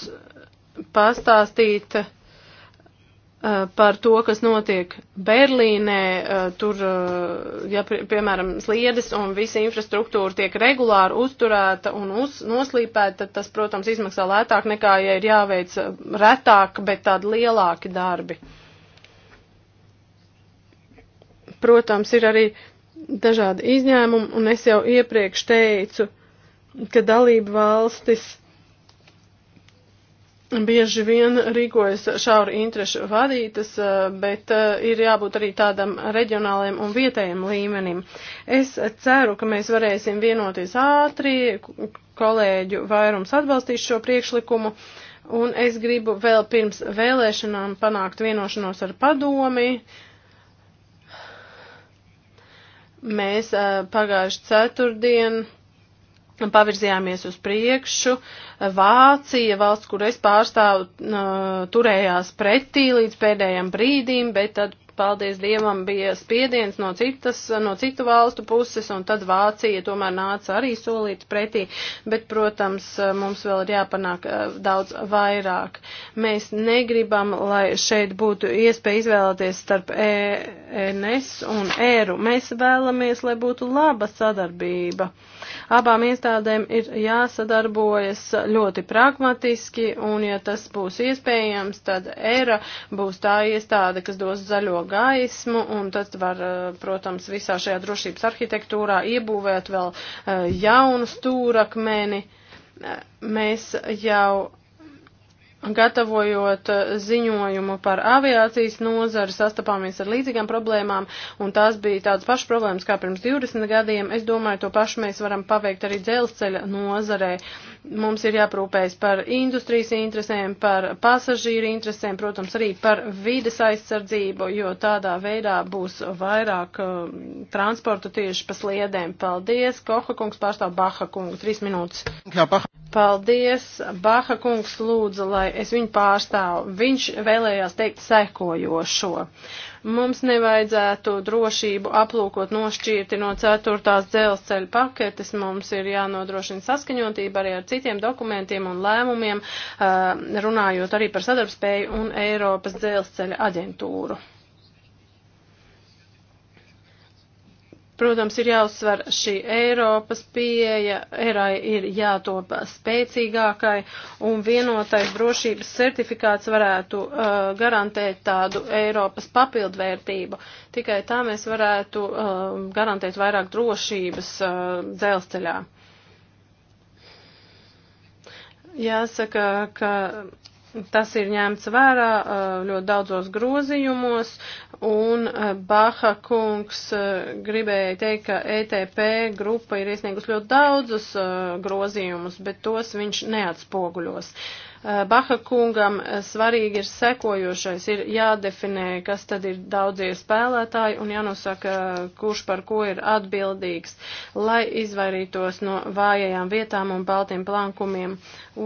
pastāstīt, uh, Eh, par to, kas notiek Berlīnē, eh, tur, eh, ja, piemēram, sliedes un visa infrastruktūra tiek regulāri uzturēta un uz, noslīpēta, tad tas, protams, izmaksā lētāk nekā, ja ir jāveic retāk, bet tādi lielāki darbi. Protams, ir arī dažādi izņēmumi, un es jau iepriekš teicu, ka dalība valstis bieži vien rīkojas šauri interešu vadītas, eh, bet eh, ir jābūt arī tādam reģionālajam un vietējam līmenim. Es ceru, ka mēs varēsim vienoties ātri, kolēģu vairums atbalstīs šo priekšlikumu, un es gribu vēl pirms vēlēšanām panākt vienošanos ar padomi, Mēs eh, pagājuši ceturtdienu pavirzījāmies uz priekšu. Vācija, valsts, kur es pārstāvu, turējās pretī līdz pēdējiem brīdīm, bet tad, paldies Dievam, bija spiediens no, citas, no citu valstu puses, un tad Vācija tomēr nāca arī solīt pretī, bet, protams, mums vēl ir jāpanāk eh, daudz vairāk. Mēs negribam, lai šeit būtu iespēja izvēlēties starp ENS un ERU. Mēs vēlamies, lai būtu laba sadarbība. Abām iestādēm ir jāsadarbojas ļoti pragmatiski, un ja tas būs iespējams, tad ERA būs tā iestāde, kas dos zaļo gaismu, un tad var, eh, protams, visā šajā drošības arhitektūrā iebūvēt vēl eh, jaunu stūrakmeni. Eh, mēs jau Gatavojot eh, ziņojumu par aviācijas nozari, sastapāmies ar līdzīgām problēmām, un tās bija tādas pašas problēmas kā pirms 20 gadiem. Es domāju, to pašu mēs varam paveikt arī dzelzceļa nozarē. Mums ir jāprūpējas par industrijas interesēm, par pasažīru interesēm, protams, arī par vides aizsardzību, jo tādā veidā būs vairāk uh, transportu tieši pa sliedēm. Paldies, Koha kungs pārstāv Baha kungu. Trīs minūtes. Jā, Baha. Paldies, Baha kungs lūdza, lai es viņu pārstāvu. Viņš vēlējās teikt sekojošo. Mums nevajadzētu drošību aplūkot nošķirti no ceturtās dzelzceļa paketes, mums ir jānodrošina saskaņotība arī ar citiem dokumentiem un lēmumiem, eh, runājot arī par sadarbspēju un Eiropas dzelzceļa aģentūru. Protams, ir jāuzsver šī Eiropas pieeja, erai ir jātop spēcīgākai, un vienotais drošības certifikāts varētu uh, garantēt tādu Eiropas papildvērtību. Tikai tā mēs varētu uh, garantēt vairāk drošības uh, dzelzceļā. Jāsaka, ka Tas ir ņemts vērā ļoti daudzos grozījumos, un Baha kungs gribēja teikt, ka ETP grupa ir iesniegus ļoti daudzus grozījumus, bet tos viņš neatspoguļos. Uh, Eh, Baha kungam eh, svarīgi ir sekojošais, ir jādefinē, kas tad ir daudzie spēlētāji un jānosaka, eh, kurš par ko ir atbildīgs, lai izvairītos no vājajām vietām un baltiem plankumiem.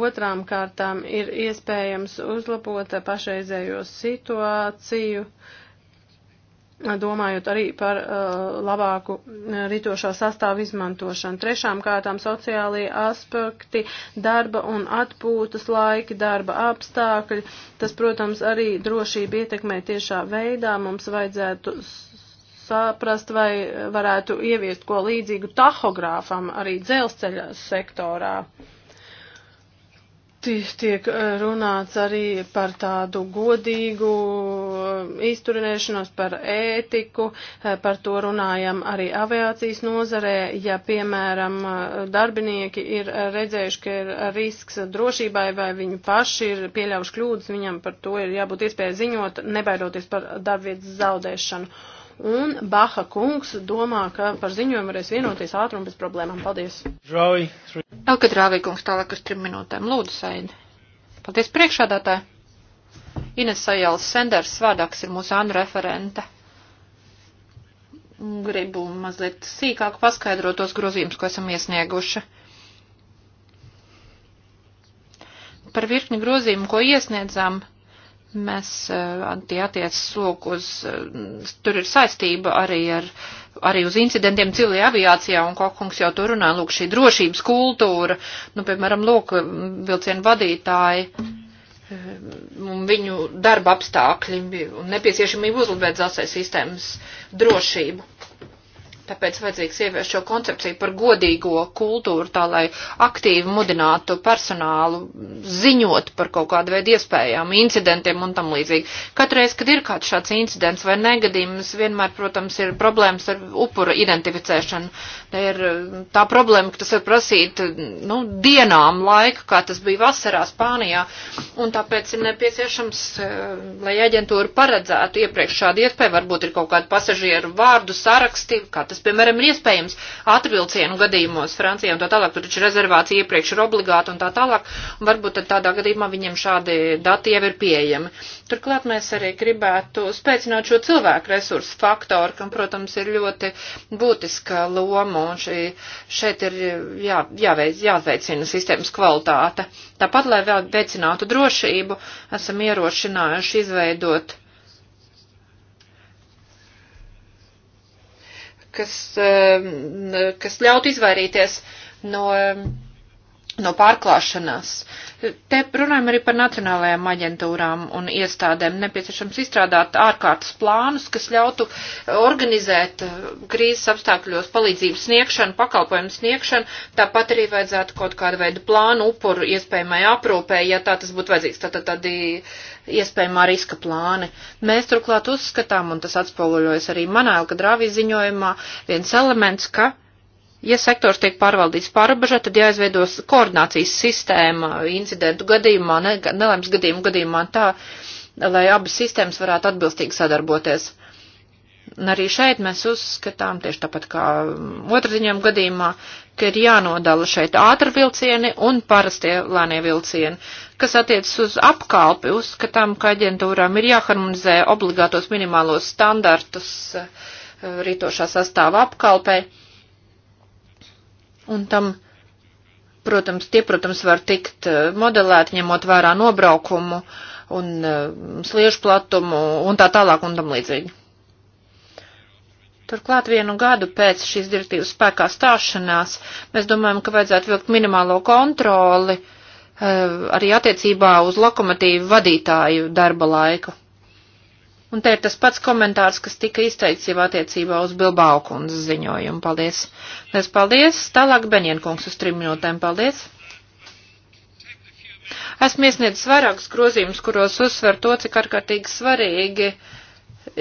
Otrām kārtām ir iespējams uzlabot pašreizējo situāciju. Uh, domājot arī par uh, labāku uh, ritošā sastāvu izmantošanu. Trešām kārtām sociālie aspekti, darba un atpūtas laiki, darba apstākļi. Tas, protams, arī drošību ietekmē tiešā veidā. Mums vajadzētu saprast, vai varētu ieviest ko līdzīgu tahogrāfam arī dzelzceļa sektorā tiek eh, runāts arī par tādu godīgu eh, izturēšanos, par ētiku, eh, par to runājam arī aviācijas nozarē. Ja, piemēram, darbinieki ir redzējuši, ka ir risks drošībai vai viņi paši ir pieļaujuši kļūdas, viņam par to ir jābūt iespēja ziņot, nebaidoties par darbvietas zaudēšanu un Baha kungs domā, ka par ziņojumu varēs vienoties ātri un bez problēmām. Paldies! Rauj! Elka Drāvī kungs tālāk uz trim minūtēm. Lūdzu, Saidi! Paldies priekšādātāji! Ines Sajāls Senders vārdāks ir mūsu ANU referente. Gribu mazliet sīkāk paskaidrot tos grozījumus, ko esam iesnieguši. Par virkni grozījumu, ko iesniedzām, Mēs, eh, tie attiecas lūk uz, eh, tur ir saistība arī ar, arī uz incidentiem cilvē aviācijā, un Kokungs jau tur runā, lūk, šī drošības kultūra, nu, piemēram, lūk, vilcienu vadītāji eh, un viņu darba apstākļi un nepieciešamība uzlabēt dzelzceļa sistēmas drošību. Tāpēc vajadzīgs ieviest šo koncepciju par godīgo kultūru, tā lai aktīvi mudinātu personālu ziņot par kaut kādu veidu iespējām, incidentiem un tam līdzīgi. Katreiz, kad ir kāds šāds incidents vai negadījums, vienmēr, protams, ir problēmas ar upura identificēšanu. Tā ir mm, tā problēma, ka tas var prasīt, nu, dienām laika, kā tas bija vasarā Spānijā, un tāpēc ir nepieciešams, eh, lai aģentūra paredzētu iepriekš šādu iespēju, varbūt ir kaut kādi pasažieru vārdu saraksti, kā tas Tas, piemēram, ir iespējams atvilcienu gadījumos Francijā un tā tālāk, tur taču rezervācija iepriekš ir obligāta un tā tālāk, un varbūt tad tādā gadījumā viņiem šādi dati jau ir pieejami. Turklāt mēs arī gribētu spēcināt šo cilvēku resursu faktoru, kam, protams, ir ļoti būtiska loma, un šī, šeit ir jā, jāveic, jāveicina sistēmas kvalitāte. Tāpat, lai vēl veicinātu drošību, esam ierošinājuši izveidot kas, um, kas ļaut izvairīties no, um, no pārklāšanās. Te runājam arī par nacionālajām aģentūrām un iestādēm. Nepieciešams izstrādāt ārkārtas plānus, kas ļautu organizēt krīzes apstākļos palīdzības sniegšanu, pakalpojumu sniegšanu. Tāpat arī vajadzētu kaut kādu veidu plānu upuru iespējamai aprūpē, ja tā tas būtu vajadzīgs. Tātad tādi iespējamā riska plāni. Mēs turklāt uzskatām, un tas atspoguļojas arī manā Elka Drāvī ziņojumā, viens elements, ka Ja sektors tiek pārvaldīts pārobežā, tad jāizveidos koordinācijas sistēma incidentu gadījumā, nelēms gadījumu gadījumā tā, lai abas sistēmas varētu atbilstīgi sadarboties. Un arī šeit mēs uzskatām, tieši tāpat kā otrziņām gadījumā, ka ir jānodala šeit ātri vilcieni un parastie lēnie vilcieni. Kas attiecas uz apkalpi, uzskatām, ka aģentūrām ir jāharmonizē obligātos minimālos standartus eh, rītošā sastāva apkalpei Un tam, protams, tie, protams, var tikt eh, modelēti, ņemot vērā nobraukumu un eh, sliežu platumu un tā tālāk un tam līdzīgi. Turklāt vienu gadu pēc šīs direktīvas spēkā stāšanās mēs domājam, ka vajadzētu vilkt minimālo kontroli eh, arī attiecībā uz lokomotīvu vadītāju darba laiku. Un te ir tas pats komentārs, kas tika izteicis jau attiecībā uz Bilbao kundzes ziņojumu. Paldies. Lies paldies. Tālāk Benienkungs uz trim minūtēm. Paldies. Esmu iesniedzis vairākus grozījumus, kuros uzsver to, cik ārkārtīgi svarīgi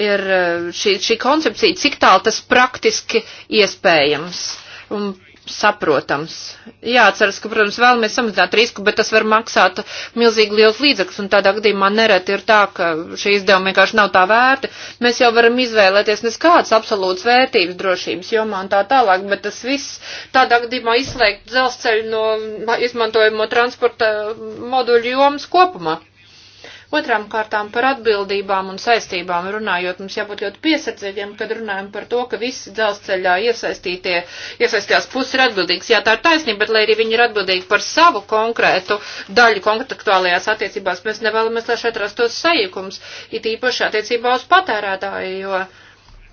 ir eh, šī, šī koncepcija, cik tālu tas praktiski iespējams. Un saprotams. Jāatceras, ka, protams, vēlamies samazināt risku, bet tas var maksāt milzīgi liels līdzekļus, un tādā gadījumā nereti ir tā, ka šī izdevuma vienkārši nav tā vērta. Mēs jau varam izvēlēties neskādas absolūtas vērtības drošības jomā un tā tālāk, bet tas viss tādā gadījumā izslēgt dzelzceļu no izmantojamo transporta moduļu jomas kopumā. Otrām kārtām par atbildībām un saistībām runājot, mums jābūt ļoti piesardzīgiem, kad runājam par to, ka visi dzelzceļā iesaistītie, iesaistītās puses ir atbildīgas. Jā, tā ir taisnība, bet lai arī viņi ir atbildīgi par savu konkrētu daļu kontraktuālajās attiecībās, mēs nevēlamies, lai šeit rastos sajukums, it īpaši attiecībā uz patērētāju, jo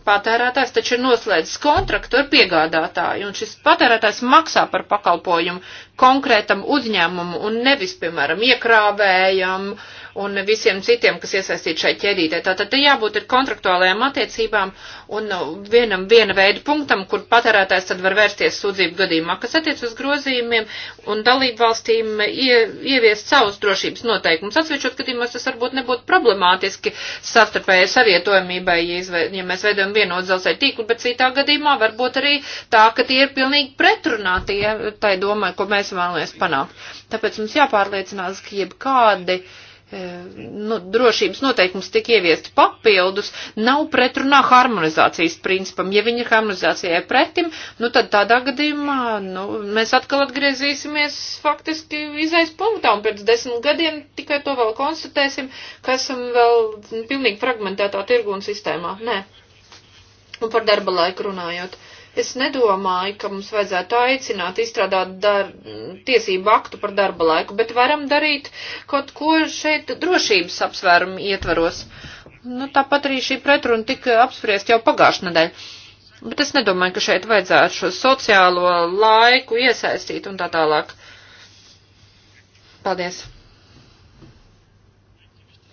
patērētājs taču ir noslēdzis kontraktu ar piegādātāju, un šis patērētājs maksā par pakalpojumu konkrētam uzņēmumu un nevis, piemēram, iekrāvējam un visiem citiem, kas iesaistīti šai ķerītē. Tātad te jābūt ir kontraktuālajām attiecībām un nu, vienam viena veida punktam, kur patērētājs tad var vērsties sūdzību gadījumā, kas attiec uz grozījumiem un dalību valstīm ie, ieviest savus drošības noteikumus. Atsevišķot gadījumos tas varbūt nebūtu problemātiski savstarpējai savietojamībai, ja, izve, ja mēs veidojam vienotu dzelzceļa tīklu, bet citā gadījumā varbūt arī tā, ka tie ir pilnīgi pretrunā tie, tai domai, ko mēs vēlamies panākt. Tāpēc mums jāpārliecinās, ka jebkādi uh, E, nu, drošības noteikums tik ieviest papildus, nav pretrunā harmonizācijas principam. Ja viņi ir harmonizācijai pretim, nu tad tādā gadījumā nu, mēs atkal atgriezīsimies faktiski izais punktā un pēc desmit gadiem tikai to vēl konstatēsim, ka esam vēl pilnīgi fragmentētā tirgu un sistēmā. Nē. Un par darba laiku runājot. Uh, Es nedomāju, ka mums vajadzētu aicināt izstrādāt dar, tiesību aktu par darba laiku, bet varam darīt kaut ko šeit drošības apsvērumu ietvaros. Nu, tāpat arī šī pretruna tika apspriest jau pagājušajā nedēļā. Bet es nedomāju, ka šeit vajadzētu šo sociālo laiku iesaistīt un tā tālāk. Paldies.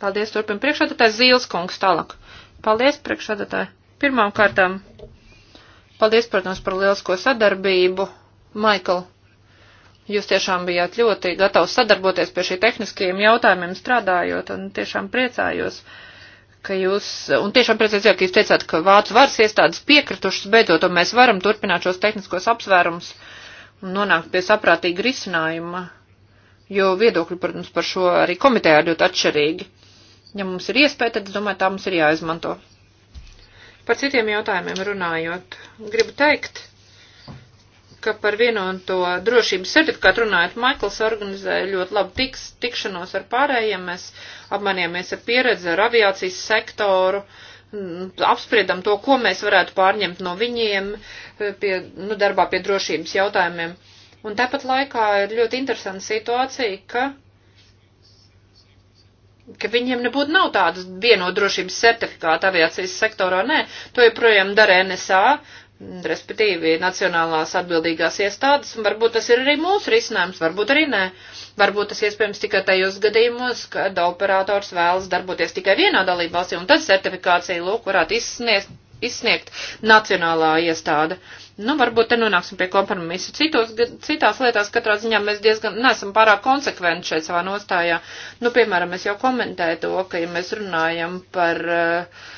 Paldies, turpin priekšādatāji Zīles kungs tālāk. Paldies, priekšādatāji. Pirmām kārtām Paldies, protams, par lielisko sadarbību, Maikl. Jūs tiešām bijāt ļoti gatavs sadarboties pie šī tehniskajiem jautājumiem strādājot, un tiešām priecājos, ka jūs, un tiešām priecājos, ka jūs teicāt, ka vācu varas iestādes piekritušas beidzot, un mēs varam turpināt šos tehniskos apsvērums un nonākt pie saprātīga risinājuma, jo viedokļi, protams, par šo arī komitejā ļoti atšķirīgi. Ja mums ir iespēja, tad, es domāju, tā mums ir jāizmanto. Par citiem jautājumiem runājot, gribu teikt, ka par vienoto drošības certifikātu runājot, Maikls organizēja ļoti labu tiks, tikšanos ar pārējiem, mēs apmanījāmies ar pieredzi, ar aviācijas sektoru, mm, apspriedam to, ko mēs varētu pārņemt no viņiem eh, pie, nu, darbā pie drošības jautājumiem. Un tāpat laikā ir ļoti interesanta situācija, ka ka viņiem nebūtu nav tādas vienodrošības certifikāta aviācijas sektorā, nē, to joprojām dara NSA, respektīvi Nacionālās atbildīgās iestādes, un varbūt tas ir arī mūsu risinājums, varbūt arī nē. Varbūt tas iespējams tikai tajos gadījumos, kad operators vēlas darboties tikai vienā dalībvalstī, un tad certifikācija, lūk, varētu izsniegt izsniegt nacionālā iestāde. Nu, varbūt te nonāksim pie kompromisa. Citos, citās lietās katrā ziņā mēs diezgan nesam pārāk konsekventi šeit savā nostājā. Nu, piemēram, es jau komentēju to, ka, ja mēs runājam par uh,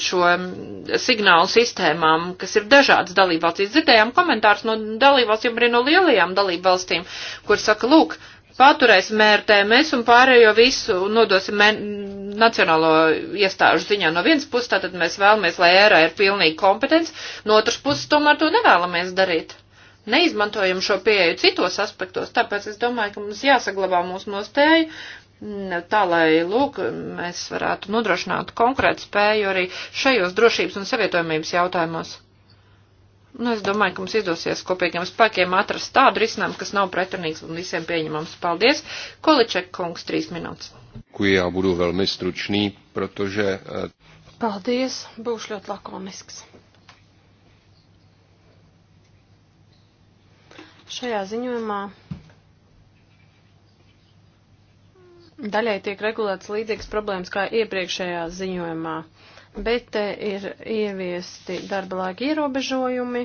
šo mm, signālu sistēmām, kas ir dažādas dalībvalstīs. Dzirdējām komentārus no dalībvalstīm, arī no lielajām dalībvalstīm, kur saka, lūk, uh, paturēsim RTMS un pārējo visu nodosim nacionālo iestāžu ziņā. No vienas puses tātad mēs vēlamies, lai ērā ir pilnīgi kompetence, no otras puses tomēr to nevēlamies darīt. Neizmantojam šo pieeju citos aspektos, tāpēc es domāju, ka mums jāsaglabā mūsu nostēju, mm, tā lai, lūk, mēs varētu nodrošināt konkrētu spēju arī šajos drošības un savietojumības jautājumos. Nu, es domāju, ka mums izdosies kopīgiem spēkiem atrast tādu risinājumu, kas nav pretrunīgs un visiem pieņemams. Paldies. Količek kungs, trīs minūtes. Kui jā, būdu velmi stručnī, protože... Eh, Paldies, būšu ļoti lakonisks. Šajā ziņojumā daļai tiek regulētas līdzīgas problēmas kā iepriekšējā ziņojumā. Uh, bet ir ieviesti darba laika ierobežojumi.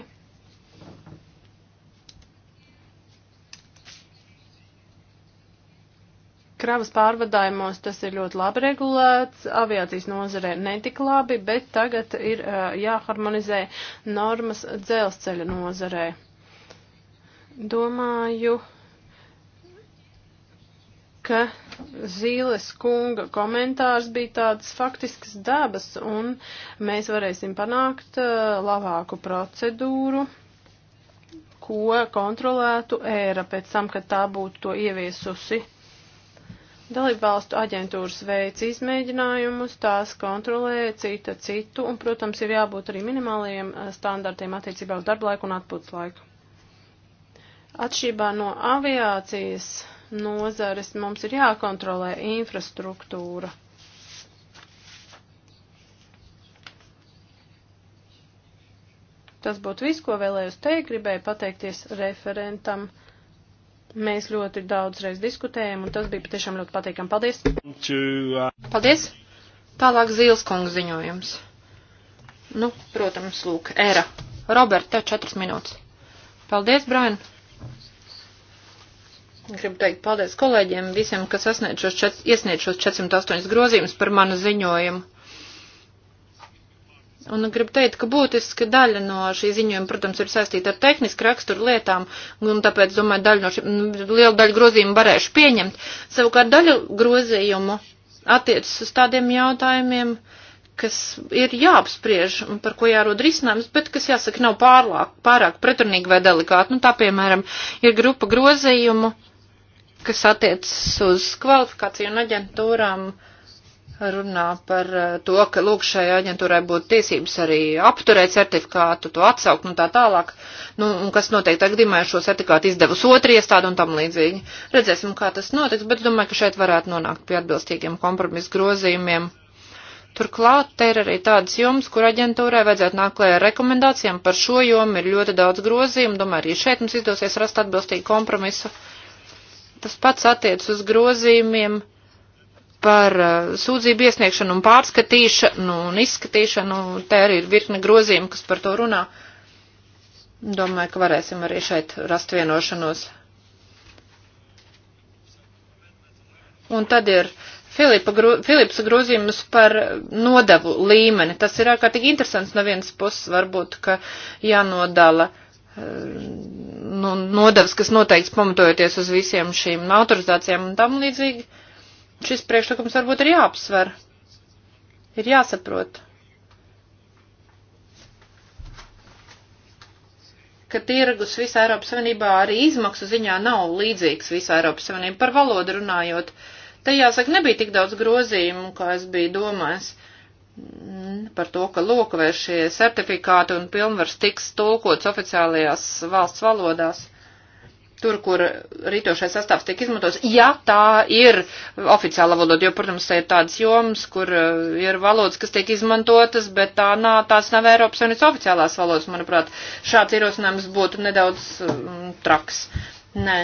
Kravas pārvadājumos tas ir ļoti labi regulēts, aviācijas nozarē netik labi, bet tagad ir jāharmonizē normas dzelzceļa nozarē. Domāju, ka Zīles kunga komentārs bija tāds faktisks dabas, un mēs varēsim panākt uh, labāku procedūru, ko kontrolētu ēra pēc tam, kad tā būtu to ieviesusi. Dalībvalstu aģentūras veids izmēģinājumus, tās kontrolē cita citu, un, protams, ir jābūt arī minimālajiem uh, standartiem attiecībā uz darba laiku un atpūtas laiku. Atšķirībā no aviācijas nozares, mums ir jākontrolē infrastruktūra. Tas būtu viss, ko vēlējos teikt. Gribēju pateikties referentam. Mēs ļoti daudz reiz diskutējam, un tas bija patiešām ļoti patīkami. Paldies! Paldies! Tālāk Zīles kungu ziņojums. Nu, protams, lūk, ēra. Roberta, tev četras minūtes. Paldies, Brian! Gribu teikt paldies kolēģiem visiem, kas šos čet, iesniedz šos 408 grozījumus par manu ziņojumu. Un gribu teikt, ka būtiska daļa no šī ziņojuma, protams, ir saistīta ar tehnisku raksturu lietām, un tāpēc, domāju, daļu no šī, nu, lielu daļu grozījumu varēšu pieņemt. Savukārt daļu grozījumu attiecas uz tādiem jautājumiem, kas ir jāapspriež un par ko jārod risinājums, bet kas jāsaka nav pārlāk, pārāk pretrunīgi vai delikāti. Nu, tā, piemēram, ir grupa grozījumu kas attiecas uz kvalifikāciju un aģentūrām, runā par eh, to, ka lūk šai aģentūrai būtu tiesības arī apturēt certifikātu, to atsaukt un tā tālāk. Nu, un kas notiek tagad, ja šo certifikātu izdevusi otra iestāde un tam līdzīgi. Redzēsim, kā tas notiks, bet domāju, ka šeit varētu nonākt pie atbilstīgiem kompromisu grozījumiem. Turklāt te ir arī tādas jomas, kur aģentūrai vajadzētu nākt klajā ar rekomendācijām. Par šo jomu ir ļoti daudz grozījumu. Domāju, arī šeit mums izdosies rast atbilstīgu kompromisu. Uh, Tas pats attiec uz grozījumiem par uh, sūdzību iesniegšanu un pārskatīšanu un izskatīšanu. Te arī ir virkne grozījumu, kas par to runā. Domāju, ka varēsim arī šeit rast vienošanos. Un tad ir Filipa, gro, Filips grozījums par nodevu līmeni. Tas ir ārkārtīgi interesants no vienas puses, varbūt, ka jānodala. Uh, nu, nodevs, kas noteikts pamatojoties uz visiem šīm autorizācijām un tam līdzīgi, šis priekšlikums varbūt ir jāapsver, ir jāsaprot. ka tirgus visā Eiropas Savienībā arī izmaksu ziņā nav līdzīgs visā Eiropas Savienībā par valodu runājot. Te jāsaka, nebija tik daudz grozījumu, kā es biju domājis. Mm, par to, ka lūk, vai šie certifikāti un pilnvars tiks tulkots oficiālajās valsts valodās, tur, kur rītošais sastāvs tiek izmantos, ja tā ir oficiāla valoda, jo, protams, ir tādas jomas, kur eh, ir valodas, kas tiek izmantotas, bet tā nav, tās nav Eiropas Savienības oficiālās valodas, manuprāt, šāds ierosinājums būtu nedaudz um, traks. Uh, Nē,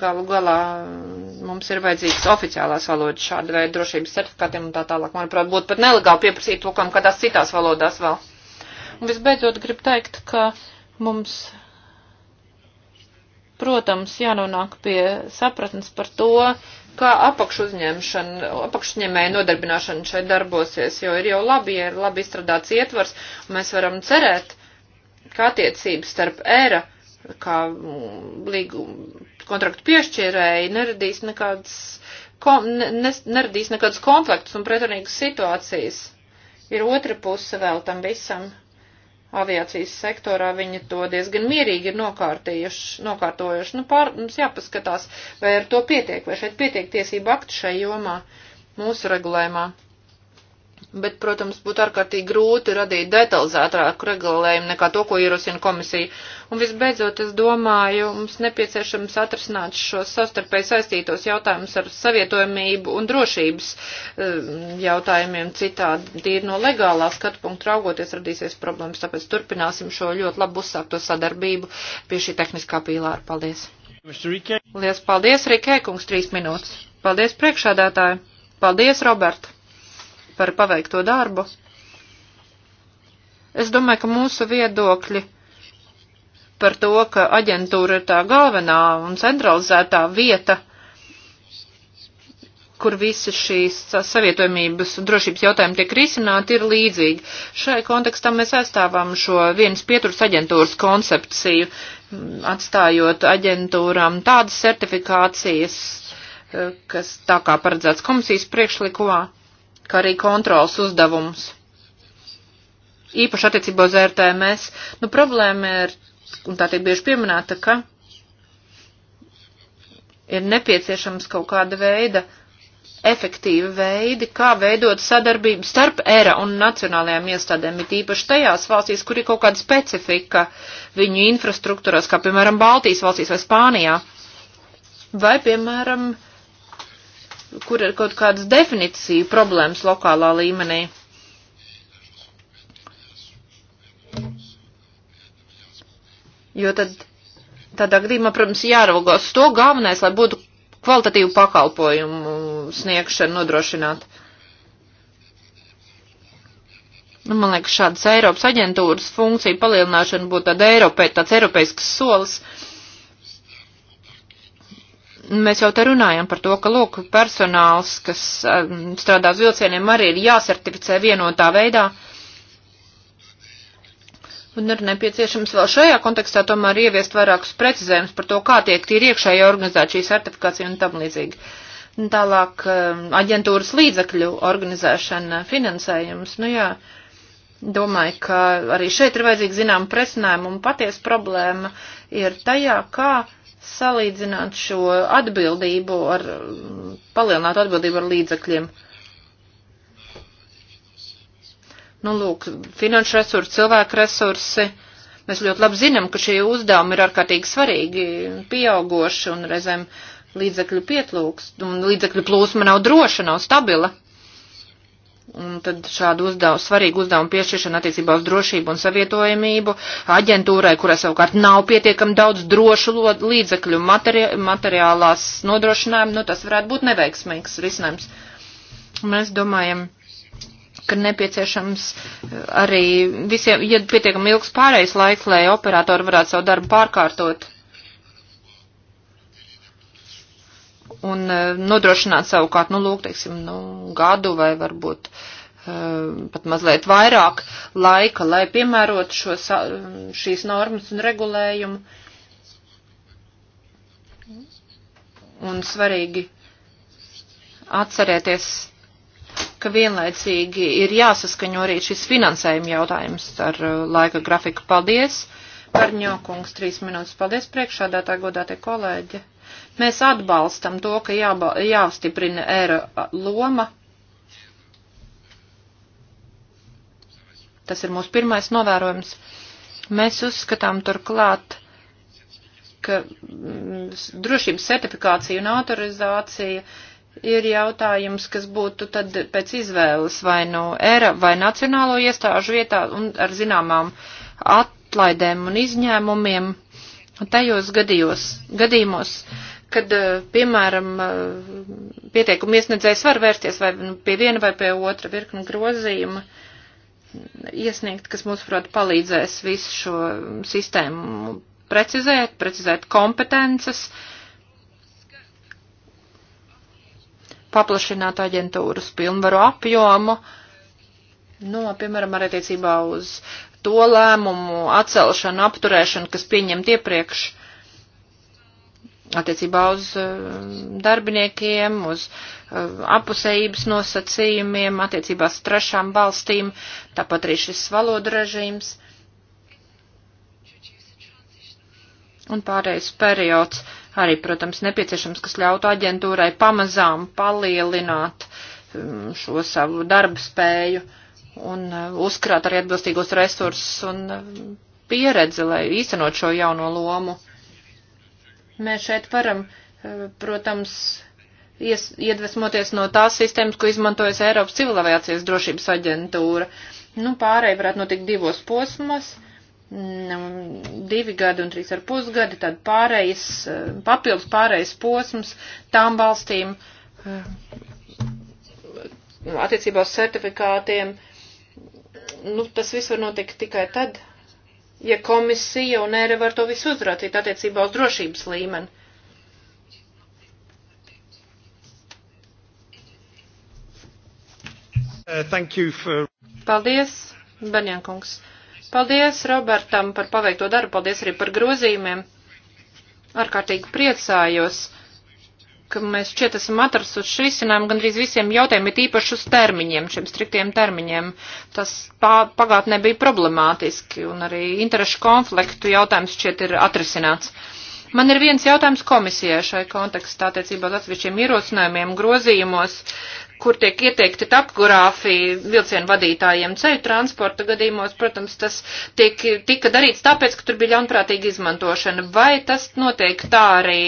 galu galā mm, mums ir vajadzīgs oficiālās valodas šāda veida drošības certifikātiem un tā tālāk. Manuprāt, būtu pat nelegāli pieprasīt to, kam kādās citās valodās vēl. Un visbeidzot, gribu teikt, ka mums, protams, jānonāk pie sapratnes par to, kā apakšuzņēmēja nodarbināšana šeit darbosies, jo ir jau labi, ja ir labi izstrādāts ietvars, un mēs varam cerēt, kā attiecības starp ēra kā mm, līguma kontraktu piešķirēji neradīs nekādas, kom, ne, neradīs nekādas konfliktus un pretrunīgas situācijas. Ir otra puse vēl tam visam. Aviācijas sektorā viņi to diezgan mierīgi ir nokārtojuši. Nu, pār, mums jāpaskatās, vai ar to pietiek, vai šeit pietiek tiesību aktu šai jomā mūsu regulējumā. Bet, protams, būtu ārkārtīgi grūti radīt detalizētāku regulējumu nekā to, ko ierosina komisija. Un visbeidzot, es domāju, mums nepieciešams atrasināt šos savstarpēji saistītos jautājumus ar savietojamību un drošības eh, jautājumiem citādi. Tīri no legālā skatu punktu raugoties radīsies problēmas, tāpēc turpināsim šo ļoti labu uzsākto sadarbību pie šī tehniskā pīlāra. Paldies! Lielas paldies, Rikē, kungs, trīs minūtes. Paldies, priekšādātāji! Paldies, Roberta! par paveikto darbu. Es domāju, ka mūsu viedokļi par to, ka aģentūra ir tā galvenā un centralizētā vieta, kur visi šīs savietojumības un drošības jautājumi tiek risināti, ir līdzīgi. Šai kontekstā mēs aizstāvām šo vienas pieturas aģentūras koncepciju, atstājot aģentūram tādas certifikācijas, eh, kas tā kā paredzēts komisijas priekšlikumā kā arī kontrols uzdevumus. Īpaši attiecībā uz RTMS, nu problēma ir, un tā tiek bieži pieminēta, ka ir nepieciešams kaut kāda veida efektīvi veidi, kā veidot sadarbību starp ERA un nacionālajām iestādēm, it īpaši tajās valstīs, kur ir kaut kāda specifika viņu infrastruktūrās, kā piemēram Baltijas valstīs vai Spānijā. Vai, piemēram, uh, kur ir kaut kādas definīcija problēmas lokālā līmenī. Jo tad tādā gadījumā, protams, jāraugās to galvenais, lai būtu kvalitatīvu pakalpojumu sniegšanu nodrošināt. Nu, man liekas, šādas Eiropas aģentūras funkcija palielināšana būtu tāda Eiropē, tāds eiropeisks solis. Uh, mēs jau te runājam par to, ka, lūk, personāls, kas um, strādā uz vilcieniem, arī ir jāsertificē vienotā veidā. Un ir nepieciešams vēl šajā kontekstā tomēr ieviest vairākus precizējumus par to, kā tiek tīri iekšēji organizēta šī sertifikācija un tam līdzīgi. Un tālāk um, aģentūras līdzekļu organizēšana, finansējums, nu jā, domāju, ka arī šeit ir vajadzīgi zinām presinājumi un paties problēma ir tajā, kā. Ka salīdzināt šo atbildību ar, palielināt atbildību ar līdzakļiem. Nu, lūk, finanšu resursi, cilvēku resursi. Mēs ļoti labi zinām, ka šie uzdevumi ir ārkārtīgi svarīgi, pieaugoši un reizēm līdzekļu pietlūks, un līdzekļu plūsma nav droša, nav stabila. Un tad šādu uzdevu, svarīgu uzdevumu piešķiršanu attiecībā uz drošību un savietojamību aģentūrai, kurai savukārt nav pietiekam daudz drošu līdzekļu materi materiālās nodrošinājumu, nu tas varētu būt neveiksmīgs risinājums. Mēs domājam, ka nepieciešams eh, arī visiem, ja pietiekam ilgs pārējais laiks, lai operatori varētu savu darbu pārkārtot un e, nodrošināt savukārt, nu, lūk, teiksim, nu, gadu vai varbūt e, pat mazliet vairāk laika, lai piemērotu šos, šīs normas un regulējumu. Un svarīgi atcerēties, ka vienlaicīgi ir jāsaskaņo arī šis finansējuma jautājums ar e, laika grafiku. Paldies! Parņokungs, trīs minūtes. Paldies priekšādā tā godātie kolēģi! Mēs atbalstam to, ka jāba, jāstiprina ēra loma. Tas ir mūsu pirmais novērojums. Mēs uzskatām turklāt, ka mm, drošības certifikācija un autorizācija ir jautājums, kas būtu tad pēc izvēles vai no nu ERA vai nacionālo iestāžu vietā un ar zināmām atlaidēm un izņēmumiem. Tajos gadījos, gadījumos, kad, eh, piemēram, eh, pieteikuma iesniedzējs var vērsties vai nu, pie viena vai pie otra virkni grozījuma iesniegt, kas mums, protams, palīdzēs visu šo sistēmu precizēt, precizēt kompetences, paplašināt aģentūras pilnvaru apjomu, nu, piemēram, arī attiecībā uz to lēmumu atcelšanu, apturēšanu, kas pieņemt iepriekš attiecībā uz eh, darbiniekiem, uz eh, apusējības nosacījumiem, attiecībās trešām valstīm, tāpat arī šis valodu režīms. Un pārējais periods arī, protams, nepieciešams, kas ļautu aģentūrai pamazām palielināt mm, šo savu darbu spēju un eh, uzkrāt arī atbilstīgos resursus un pieredzi, lai īstenot šo jauno lomu. Mēs šeit varam, eh, protams, ies, iedvesmoties no tās sistēmas, ko izmantojas Eiropas civilaviācijas drošības aģentūra. Nu, pārēj varētu notikt divos posmos mm, divi gadi un trīs ar pusgadi, tad pārējais, eh, papildus pārējais posms tām valstīm eh, attiecībā uz certifikātiem. Nu, tas viss var notikt tikai tad, ja komisija un ēra var to visu uzraucīt attiecībā uz drošības līmeni. Uh, for... Paldies, Benjankungs. Paldies Robertam par paveikto darbu, paldies arī par grozījumiem. Ārkārtīgi priecājos ka mēs šķiet esam atrasuši risinājumu gandrīz visiem jautājumiem, ir īpaši uz termiņiem, šiem striktiem termiņiem. Tas pā, pagātnē bija problemātiski un arī interešu konfliktu jautājums šķiet ir atrisināts. Man ir viens jautājums komisijai šai kontekstā attiecībā uz atsevišķiem ierosinājumiem, grozījumos, kur tiek ieteikti tapgrāfi vilcienu vadītājiem ceļu transporta gadījumos, protams, tas tiek, tika darīts tāpēc, ka tur bija ļaunprātīga izmantošana. Vai tas notiek tā arī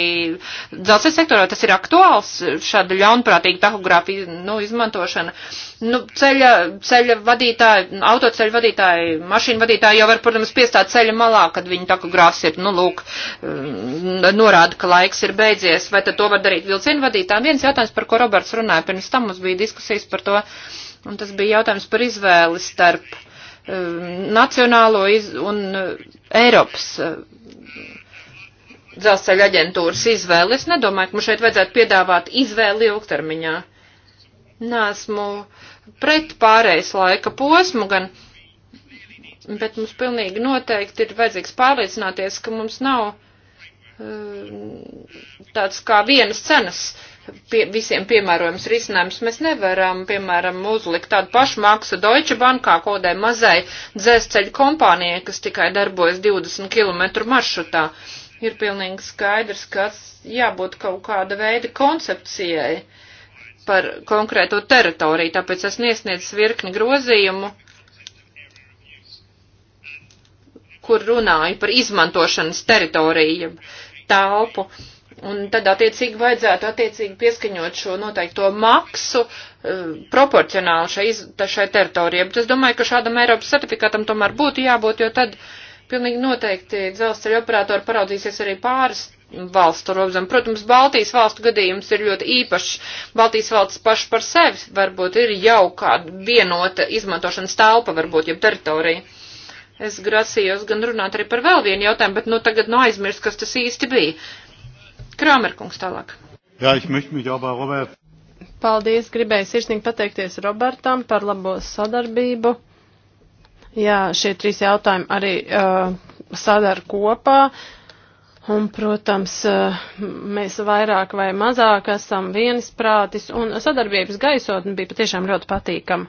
dzelzceļa sektorā, tas ir aktuāls, šāda ļaunprātīga tahogrāfa nu, izmantošana? Uh, Nu, ceļa, ceļa vadītāji, autoceļa vadītāji, mašīnu vadītāji jau var, protams, piestāt ceļa malā, kad viņi tā kā grāfs ir, nu, lūk, mm, norāda, ka laiks ir beidzies. Vai tad to var darīt vilcienu vadītājiem? Viens jautājums, par ko Roberts runāja, pirms tam mums bija diskusijas par to, un tas bija jautājums par izvēli starp uh, nacionālo iz un uh, Eiropas. Uh, dzelzceļa aģentūras izvēli. Es nedomāju, ka mums šeit vajadzētu piedāvāt izvēli ilgtermiņā. Nāsmu uh, pret pārējais laika posmu, gan, bet mums pilnīgi noteikti ir vajadzīgs pārliecināties, ka mums nav eh, tāds kā vienas cenas pie, visiem piemērojams risinājums. Mēs nevaram, piemēram, uzlikt tādu pašu maksu Deutsche Bankā kodai mazai dzēsceļu kompānijai, kas tikai darbojas 20 km maršrutā. Ir pilnīgi skaidrs, ka jābūt kaut kāda veida koncepcijai. Uh, par konkrēto teritoriju, tāpēc esmu iesniedzis virkni grozījumu, kur runāju par izmantošanas teritoriju telpu. Un tad attiecīgi vajadzētu attiecīgi pieskaņot šo noteikto maksu uh, proporcionāli šai, šai teritorijai. Bet es domāju, ka šādam Eiropas certifikātam tomēr būtu jābūt, jo tad pilnīgi noteikti dzelzceļa operatori paraudzīsies arī pāris valstu robežām. Protams, Baltijas valstu gadījums ir ļoti īpašs. Baltijas valsts paši par sevi varbūt ir jau kāda vienota izmantošanas telpa, varbūt jau teritorija. Es grasījos gan runāt arī par vēl vienu jautājumu, bet nu tagad nu aizmirst, kas tas īsti bija. Krāmerkungs tālāk. Jā, ich möchte mich aber, Robert. Paldies, gribēju sirsnīgi pateikties Robertam par labo sadarbību. Jā, šie trīs jautājumi arī uh, sadar kopā. Uh, Un, protams, mēs vairāk vai mazāk esam viensprātis, un sadarbības gaisotne bija patiešām ļoti patīkama.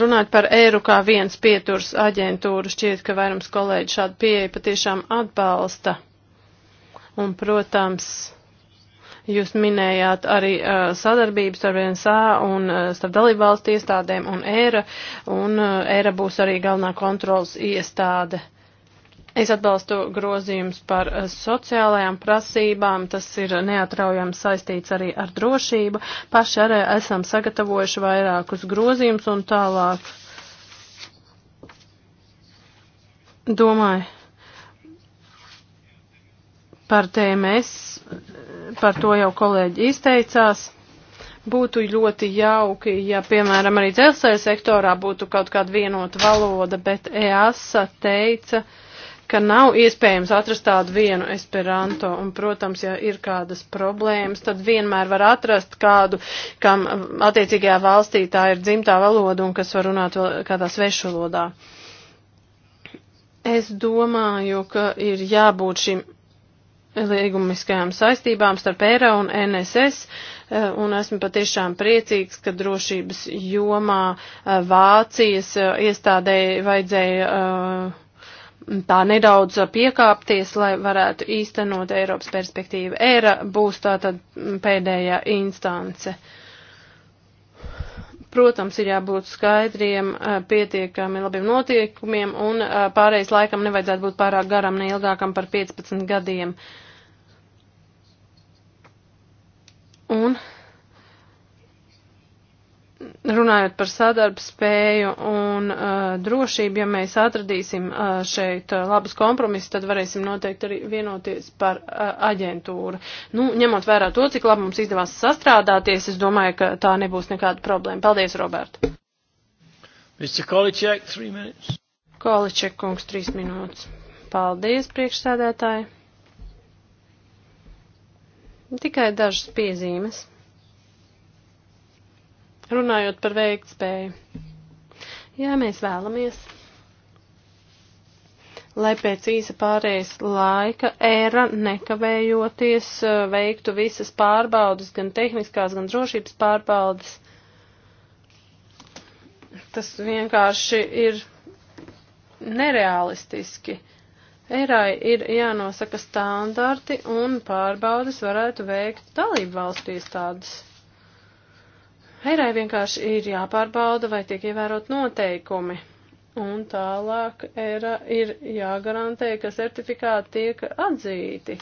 Runājot par eiro kā viens pieturs aģentūru, šķiet, ka vairums kolēģi šādu pieeju patiešām atbalsta. Un, protams, jūs minējāt arī uh, sadarbības ar VNSA un uh, starp dalībvalstu iestādēm un ERA, un uh, ERA būs arī galvenā kontrolas iestāde. Uh, Es atbalstu grozījums par eh, sociālajām prasībām, tas ir neatraujami saistīts arī ar drošību. Paši arī esam sagatavojuši vairākus grozījumus un tālāk. Domāju par TMS, par to jau kolēģi izteicās būtu ļoti jauki, ja, piemēram, arī dzelzceļa sektorā būtu kaut kāda vienota valoda, bet EASA teica, uh, ka nav iespējams atrast tādu vienu esperanto, un, protams, ja ir kādas problēmas, tad vienmēr var atrast kādu, kam uh, attiecīgajā valstī tā ir dzimtā valoda un kas var runāt vēl kādā svešvalodā. Es domāju, ka ir jābūt šim līgumiskajām saistībām starp ERA un NSS, uh, un esmu patiešām priecīgs, ka drošības jomā uh, Vācijas iestādēji vajadzēja uh, tā nedaudz piekāpties, lai varētu īstenot Eiropas perspektīvu. Eira būs tā tad pēdējā instance. Protams, ir jābūt skaidriem, pietiekami labiem notiekumiem un pārējais laikam nevajadzētu būt pārāk garam, ne ilgākam par 15 gadiem. Un runājot par sadarbu spēju un uh, drošību, ja mēs atradīsim uh, šeit uh, labus kompromisus, tad varēsim noteikti arī vienoties par uh, aģentūru. Nu, ņemot vērā to, cik labi mums izdevās sastrādāties, es domāju, ka tā nebūs nekāda problēma. Paldies, Robert! Mr. Količek, three minutes. Količek, kungs, trīs minūtes. Paldies, priekšsēdētāji. Tikai dažas piezīmes. Runājot par veiktspēju. Jā, mēs vēlamies, lai pēc īsa pārējais laika ēra nekavējoties eh, veiktu visas pārbaudas, gan tehniskās, gan drošības pārbaudas. Tas vienkārši ir nereālistiski. Eirai ir jānosaka standarti un pārbaudas varētu veikt dalību valstu iestādes. Eirai vienkārši ir jāpārbauda, vai tiek ievērot noteikumi. Un tālāk era ir jāgarantē, ka certifikāti tiek atzīti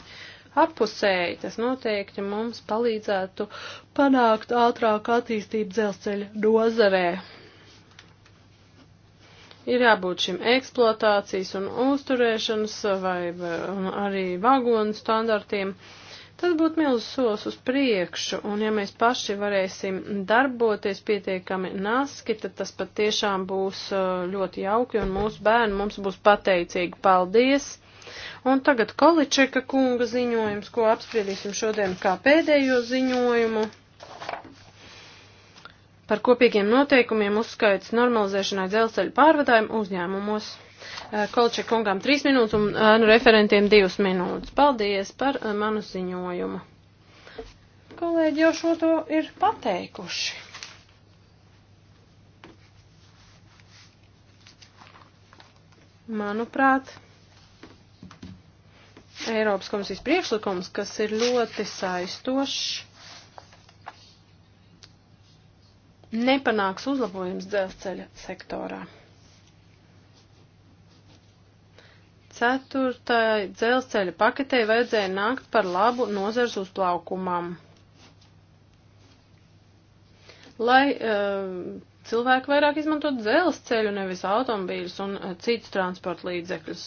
apusēji. Tas noteikti mums palīdzētu panākt ātrāku attīstību dzelzceļa nozarē. Ir jābūt šim eksploatācijas un uzturēšanas vai arī vagonu standartiem. Uh, tad būtu milz solis uz priekšu, un ja mēs paši varēsim darboties pietiekami naski, tad tas pat tiešām būs uh, ļoti jauki, un mūsu bērni mums būs pateicīgi. Paldies! Un tagad Količeka kunga ziņojums, ko apspriedīsim šodien kā pēdējo ziņojumu par kopīgiem noteikumiem uzskaits normalizēšanai dzelzceļa pārvadājumu uzņēmumos. Eh, Kolča kungām trīs minūtes un nu, referentiem divas minūtes. Paldies par eh, manu ziņojumu. Kolēģi jau šo to ir pateikuši. Manuprāt, Eiropas komisijas priekšlikums, kas ir ļoti saistošs, nepanāks uzlabojums dzelzceļa sektorā. Ceturtai dzelzceļa paketei vajadzēja nākt par labu nozars uzplaukumam. Lai uh, cilvēki vairāk izmantot dzelzceļu, nevis automobīļus un uh, citus transporta līdzekļus.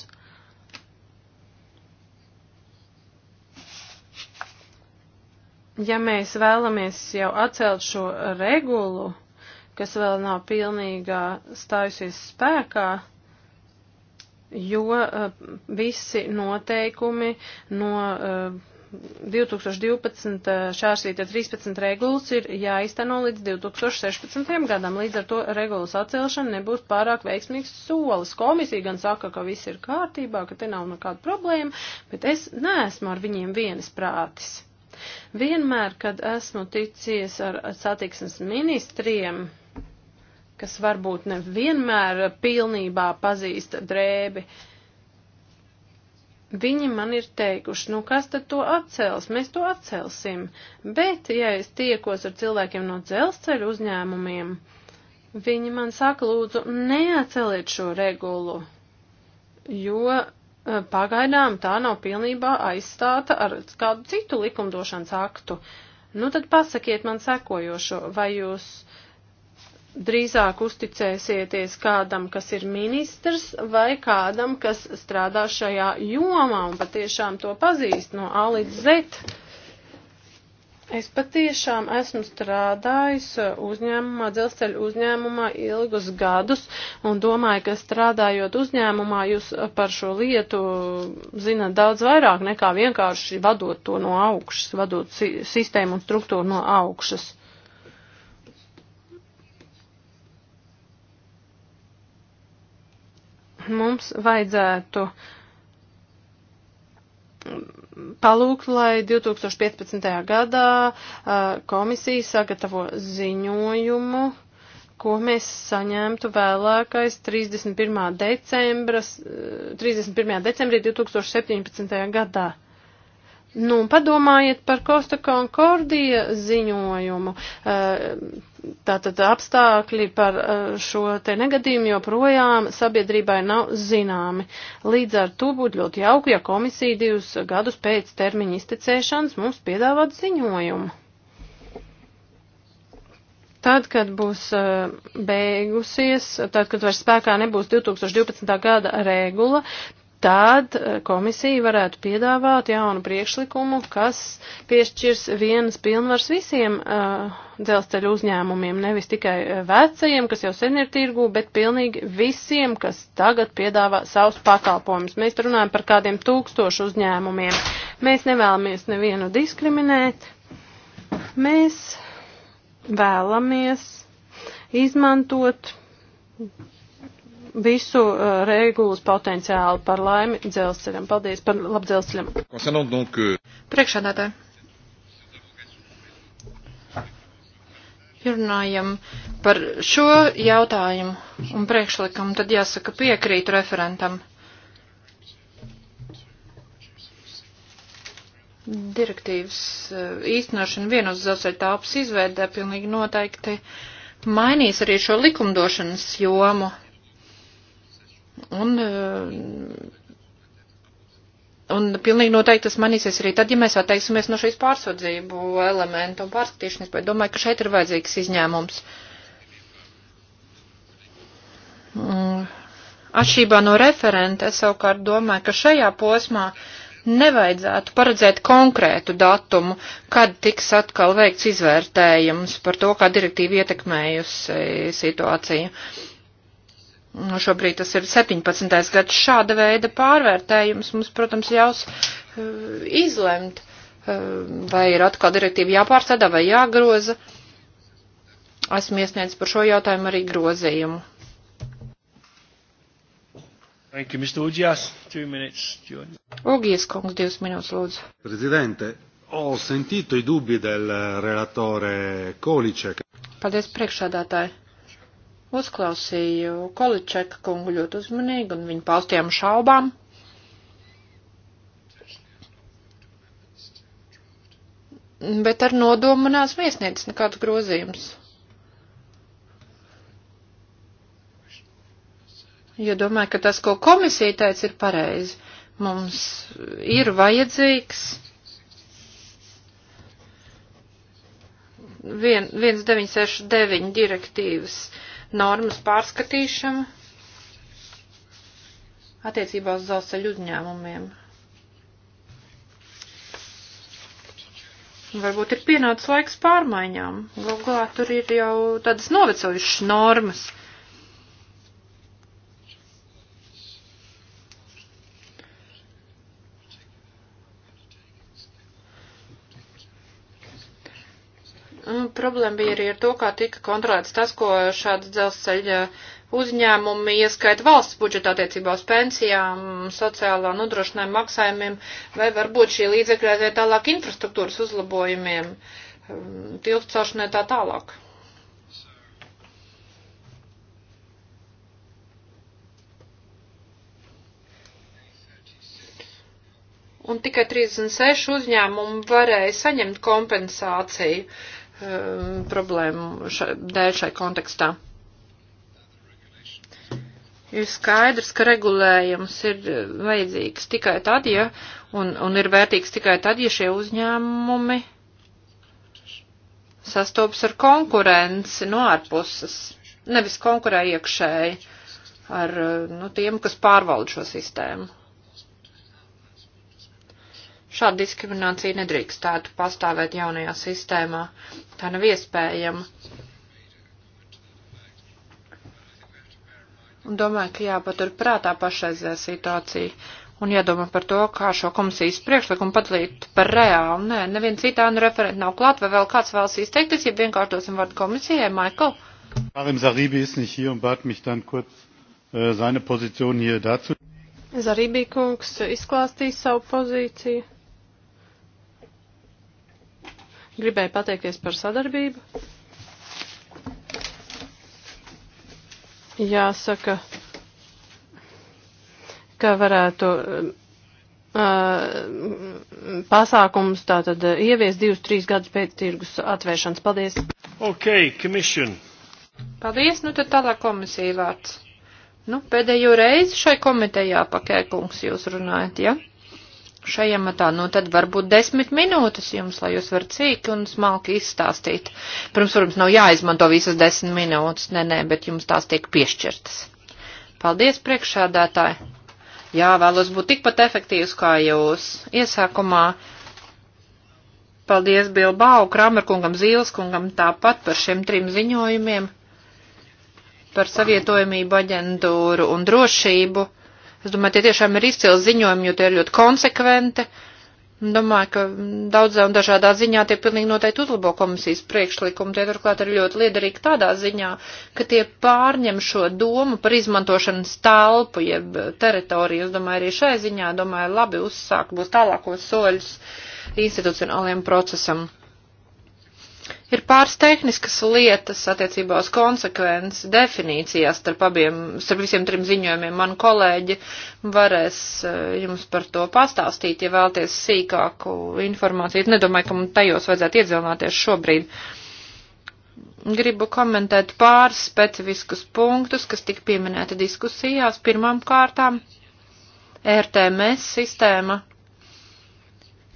Ja mēs vēlamies jau atcelt šo regulu, kas vēl nav pilnīgā stājusies spēkā, jo eh, visi noteikumi no 2012. šārsvīta 13 regulas ir jāizteno līdz 2016. gadam, līdz ar to regulas atcelšana nebūs pārāk veiksmīgs solis. Komisija gan saka, ka viss ir kārtībā, ka te nav nekāda problēma, bet es neesmu ar viņiem vienas prātis. Vienmēr, kad esmu ticies ar satiksmes ministriem, kas varbūt nevienmēr pilnībā pazīst drēbi. Viņi man ir teikuši, nu kas tad to atcels, mēs to atcelsim, bet ja es tiekos ar cilvēkiem no dzelzceļa uzņēmumiem, viņi man saka, lūdzu, neatceliet šo regulu, jo eh, pagaidām tā nav pilnībā aizstāta ar kādu citu likumdošanas aktu. Nu tad pasakiet man sekojošo, vai jūs drīzāk uzticēsieties kādam, kas ir ministrs, vai kādam, kas strādā šajā jomā un patiešām to pazīst no A līdz Z. Es patiešām esmu strādājis uzņēmumā, dzelzceļu uzņēmumā ilgus gadus un domāju, ka strādājot uzņēmumā jūs par šo lietu zinat daudz vairāk nekā vienkārši vadot to no augšas, vadot sistēmu un struktūru no augšas. mums vajadzētu palūgt, lai 2015. gadā komisija sagatavo ziņojumu, ko mēs saņemtu vēlākais 31. decembras, 31. decembrī 2017. gadā. Nu, padomājiet par Costa Concordia ziņojumu. Eh, tātad apstākļi par eh, šo te negadījumu joprojām sabiedrībai nav zināmi. Līdz ar to būtu ļoti jauki, ja komisija divus gadus pēc termiņa izticēšanas mums piedāvātu ziņojumu. Tad, kad būs eh, beigusies, tad, kad vairs spēkā nebūs 2012. gada regula, tad eh, komisija varētu piedāvāt jaunu priekšlikumu, kas piešķirs vienas pilnvars visiem uh, eh, dzelzceļu uzņēmumiem, nevis tikai eh, vecajiem, kas jau sen ir tirgū, bet pilnīgi visiem, kas tagad piedāvā savus pakalpojumus. Mēs runājam par kādiem tūkstošu uzņēmumiem. Mēs nevēlamies nevienu diskriminēt. Mēs vēlamies izmantot visu uh, regulas potenciālu par laimi dzelzceļam. Paldies par labu dzelzceļam. Euh, Priekšādātāji. Runājam par šo jautājumu un priekšlikumu, tad jāsaka piekrītu referentam. direktīvas uh, īstenošana vienos dzelzceļa tāpas izveidē pilnīgi noteikti mainīs arī šo likumdošanas jomu. Un, eh, un pilnīgi noteikti tas manīsies arī tad, ja mēs atteiksimies no šīs pārsūdzību elementu un pārskatīšanas, bet domāju, ka šeit ir vajadzīgs izņēmums. Mm. Atšķībā no referenta, es savukārt domāju, ka šajā posmā nevajadzētu paredzēt konkrētu datumu, kad tiks atkal veikts izvērtējums par to, kā direktīva ietekmējusi situāciju. Nu, šobrīd tas ir 17. gads. Šāda veida pārvērtējums mums, protams, ļaus eh, izlemt, eh, vai ir atkal direktīva jāpārstādā vai jāgroza. Esmu iesniedzis par šo jautājumu arī grozījumu. Thank you, Mr. Uģijas. Two minutes, John. Uģijas kungs, divas minūtes, lūdzu. Prezidente, ho sentito i dubbi del relatore Kolicek. Paldies, priekšādātāji. Uzklausīju Količeka kungu ļoti uzmanīgi un viņa paustiem šaubām. Bet ar nodomu manās viesniecis nekāds grozījums. Jo domāju, ka tas, ko komisija teica, ir pareizi. Mums ir vajadzīgs 1969 direktīvas uh, normas pārskatīšana attiecībā uz dzelzceļu uzņēmumiem. Varbūt ir pienācis laiks pārmaiņām. Galu galā tur ir jau tādas novecojušas normas. Mm, problēma bija arī ar to, kā tika kontrolēts tas, ko šāds dzelzceļa uzņēmumi ieskaita valsts budžetā attiecībā uz pensijām, sociālā nodrošinājuma maksājumiem, vai varbūt šī līdzekļa aiziet tālāk infrastruktūras uzlabojumiem, mm, tilpcelšanai tā tālāk. Un tikai 36 uzņēmumi varēja saņemt kompensāciju. Uh, um, problēmu šai, dēļ šai kontekstā. Ir skaidrs, ka regulējums ir vajadzīgs tikai tad, ja, un, un ir vērtīgs tikai tad, ja šie uzņēmumi sastopas ar konkurenci no ārpuses, nevis konkurē iekšēji ar nu, tiem, kas pārvalda šo sistēmu. Šāda diskriminācija nedrīkstētu pastāvēt jaunajā sistēmā. Tā nav iespējama. Un domāju, ka jāpatur prātā pašreizējā situācija un jādomā par to, kā šo komisijas priekšlikumu padalīt par reālu. Nē, neviens citā nu referenti nav klāt, vai vēl kāds vēlas izteikties, ja vienkārši dosim vārdu komisijai, Michael. Karim Zarībi ist nicht hier un bat mich dann kurz uh, seine Position hier dazu. Zarībī kungs izklāstīs savu pozīciju. Gribēju pateikties par sadarbību. Jāsaka, ka varētu uh, pasākums tātad ievies divus, trīs gadus pēc tirgus atvēršanas. Paldies! Ok, commission! Paldies, nu tad tālāk komisija vārds. Nu, pēdējo reizi šai komitejā pakēkungs jūs runājat, ja? šajā matā, nu tad varbūt desmit minūtes jums, lai jūs varat cīki un smalki izstāstīt. Pirms, protams, nav jāizmanto visas desmit minūtes, nē, nē, bet jums tās tiek piešķirtas. Paldies, priekšādātāji! Jā, vēlos būt tikpat efektīvs kā jūs. Iesākumā paldies Bilbao, Kramerkungam, Zīleskungam tāpat par šiem trim ziņojumiem par savietojamību aģentūru un drošību Es domāju, tie tiešām ir izcili ziņojumi, jo tie ir ļoti konsekventi. Domāju, ka daudzā un dažādā ziņā tie pilnīgi noteikti uzlabo komisijas priekšlikumu. Tie turklāt ir ļoti liederīgi tādā ziņā, ka tie pārņem šo domu par izmantošanas telpu, jeb teritoriju. Es domāju, arī šai ziņā, domāju, labi uzsākt būs tālākos soļus institucionāliem procesam. Ir pāris tehniskas lietas attiecībā uz konsekvences definīcijās starp abiem, starp visiem trim ziņojumiem. Man kolēģi varēs eh, jums par to pastāstīt, ja vēlties sīkāku informāciju. Es nedomāju, ka man tajos vajadzētu iedzināties šobrīd. Gribu komentēt pāris specifiskus punktus, kas tika pieminēti diskusijās. Pirmām kārtām RTMS sistēma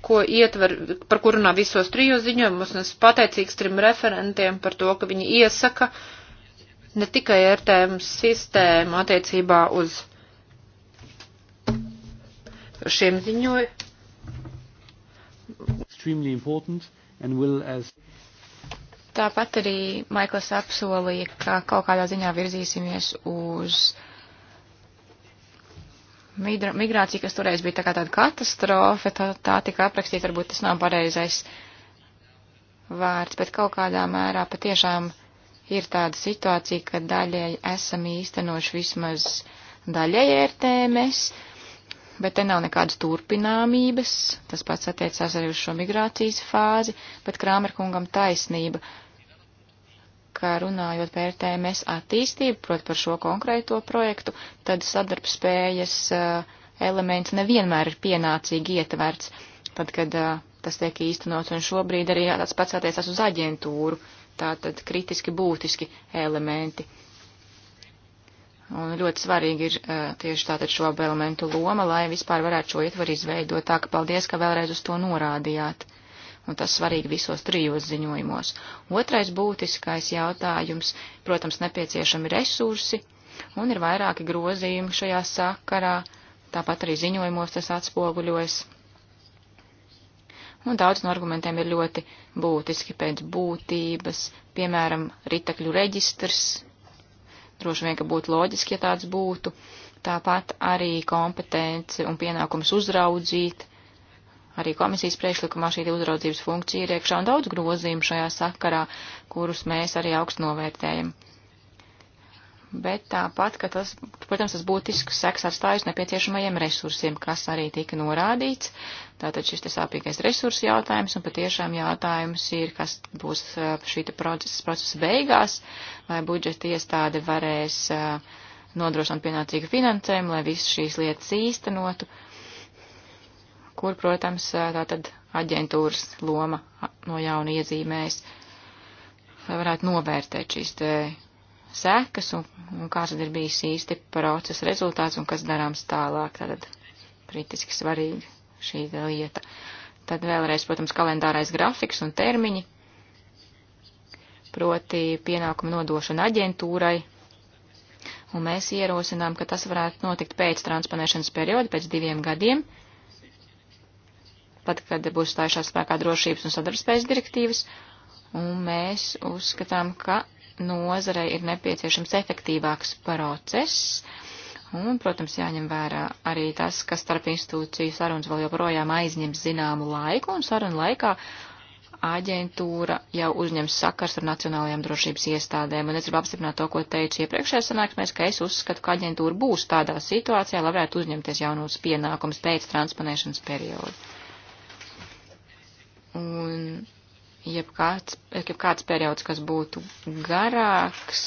ko ietver, par kur runā visos trijos ziņojumos, un es pateicīgs trim referentiem par to, ka viņi iesaka ne tikai RTM sistēmu attiecībā uz šiem ziņojumiem. Tāpat arī Maikls apsolīja, ka kaut kādā ziņā virzīsimies uz uh, migrācija, kas toreiz bija tā kā tāda katastrofa, tā, tā tika aprakstīta, varbūt tas nav pareizais vārds, bet kaut kādā mērā patiešām ir tāda situācija, ka daļai esam īstenoši vismaz daļai ērtēmēs, bet te nav nekādas turpināmības, tas pats attiecās arī uz šo migrācijas fāzi, bet Krāmerkungam taisnība, ka runājot par RTMS attīstību, proti par šo konkrēto projektu, tad sadarbspējas eh, elements nevienmēr ir pienācīgi ietverts, tad, kad eh, tas tiek īstenots, un šobrīd arī tāds pats attiecas uz aģentūru, tātad kritiski būtiski elementi. Un ļoti svarīgi ir eh, tieši tātad šo elementu loma, lai vispār varētu šo ietvaru izveidot. Tā ka paldies, ka vēlreiz uz to norādījāt un tas svarīgi visos trijos ziņojumos. Otrais būtiskais jautājums, protams, nepieciešami resursi, un ir vairāki grozījumi šajā sakarā, tāpat arī ziņojumos tas atspoguļojas. Un daudz no argumentiem ir ļoti būtiski pēc būtības, piemēram, ritakļu reģistrs, droši vien, ka būtu loģiski, ja tāds būtu, tāpat arī kompetence un pienākums uzraudzīt Arī komisijas priekšlikumā šī uzraudzības funkcija ir iekšā un daudz grozījumu šajā sakarā, kurus mēs arī augstu novērtējam. Bet tāpat, ka tas, protams, tas būtisks seks atstājus nepieciešamajiem resursiem, kas arī tika norādīts. Tātad šis te sāpīgais resursu jautājums un patiešām jautājums ir, kas būs šī procesa, procesa beigās, vai budžeta iestāde varēs nodrošināt pienācīgu finansējumu, lai visas šīs lietas īstenotu. Uh, kur, protams, tātad aģentūras loma no jauna iezīmēs, lai varētu novērtēt šīs te sekas un, un kāds tad ir bijis īsti procesa rezultāts un kas darāms tālāk. Tātad kritiski svarīga šī lieta. Tad vēlreiz, protams, kalendārais grafiks un termiņi, proti pienākumu nodošana aģentūrai, un mēs ierosinām, ka tas varētu notikt pēc transponēšanas perioda, pēc diviem gadiem tad, kad būs stājušās spēkā drošības un sadarbspējas direktīvas, un mēs uzskatām, ka nozarei ir nepieciešams efektīvāks process, un, protams, jāņem vērā arī tas, ka starp institūciju sarunas vēl joprojām aizņem zināmu laiku, un sarunu laikā aģentūra jau uzņems sakars ar nacionālajām drošības iestādēm, un es gribu apstiprināt to, ko teicu iepriekšējā sanāksmēs, ka es uzskatu, ka aģentūra būs tādā situācijā, lai varētu uzņemties jaunos pienākumus pēc transponēšanas perioda. Un jebkāds, jebkāds periods, kas būtu garāks,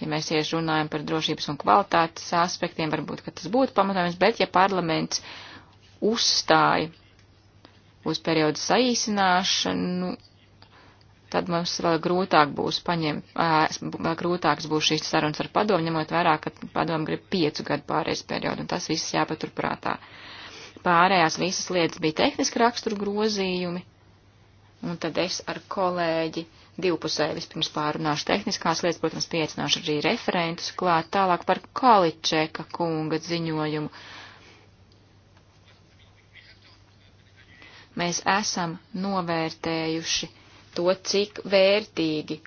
ja mēs tieši runājam par drošības un kvalitātes aspektiem, varbūt, ka tas būtu pamatojums, bet ja parlaments uzstāja uz periodu saīsināšanu, tad mums vēl grūtāk būs paņemt, vēl grūtāks būs šīs sarunas ar padomu, ņemot vērā, ka padomu grib piecu gadu pārējais periodu, un tas viss jāpaturprātā. prātā. Pārējās visas lietas bija tehniski raksturu grozījumi, un tad es ar kolēģi divpusēji vispirms pārunāšu tehniskās lietas, protams, pieicināšu arī referentus klāt tālāk par Kaličeka kunga ziņojumu. Mēs esam novērtējuši to, cik vērtīgi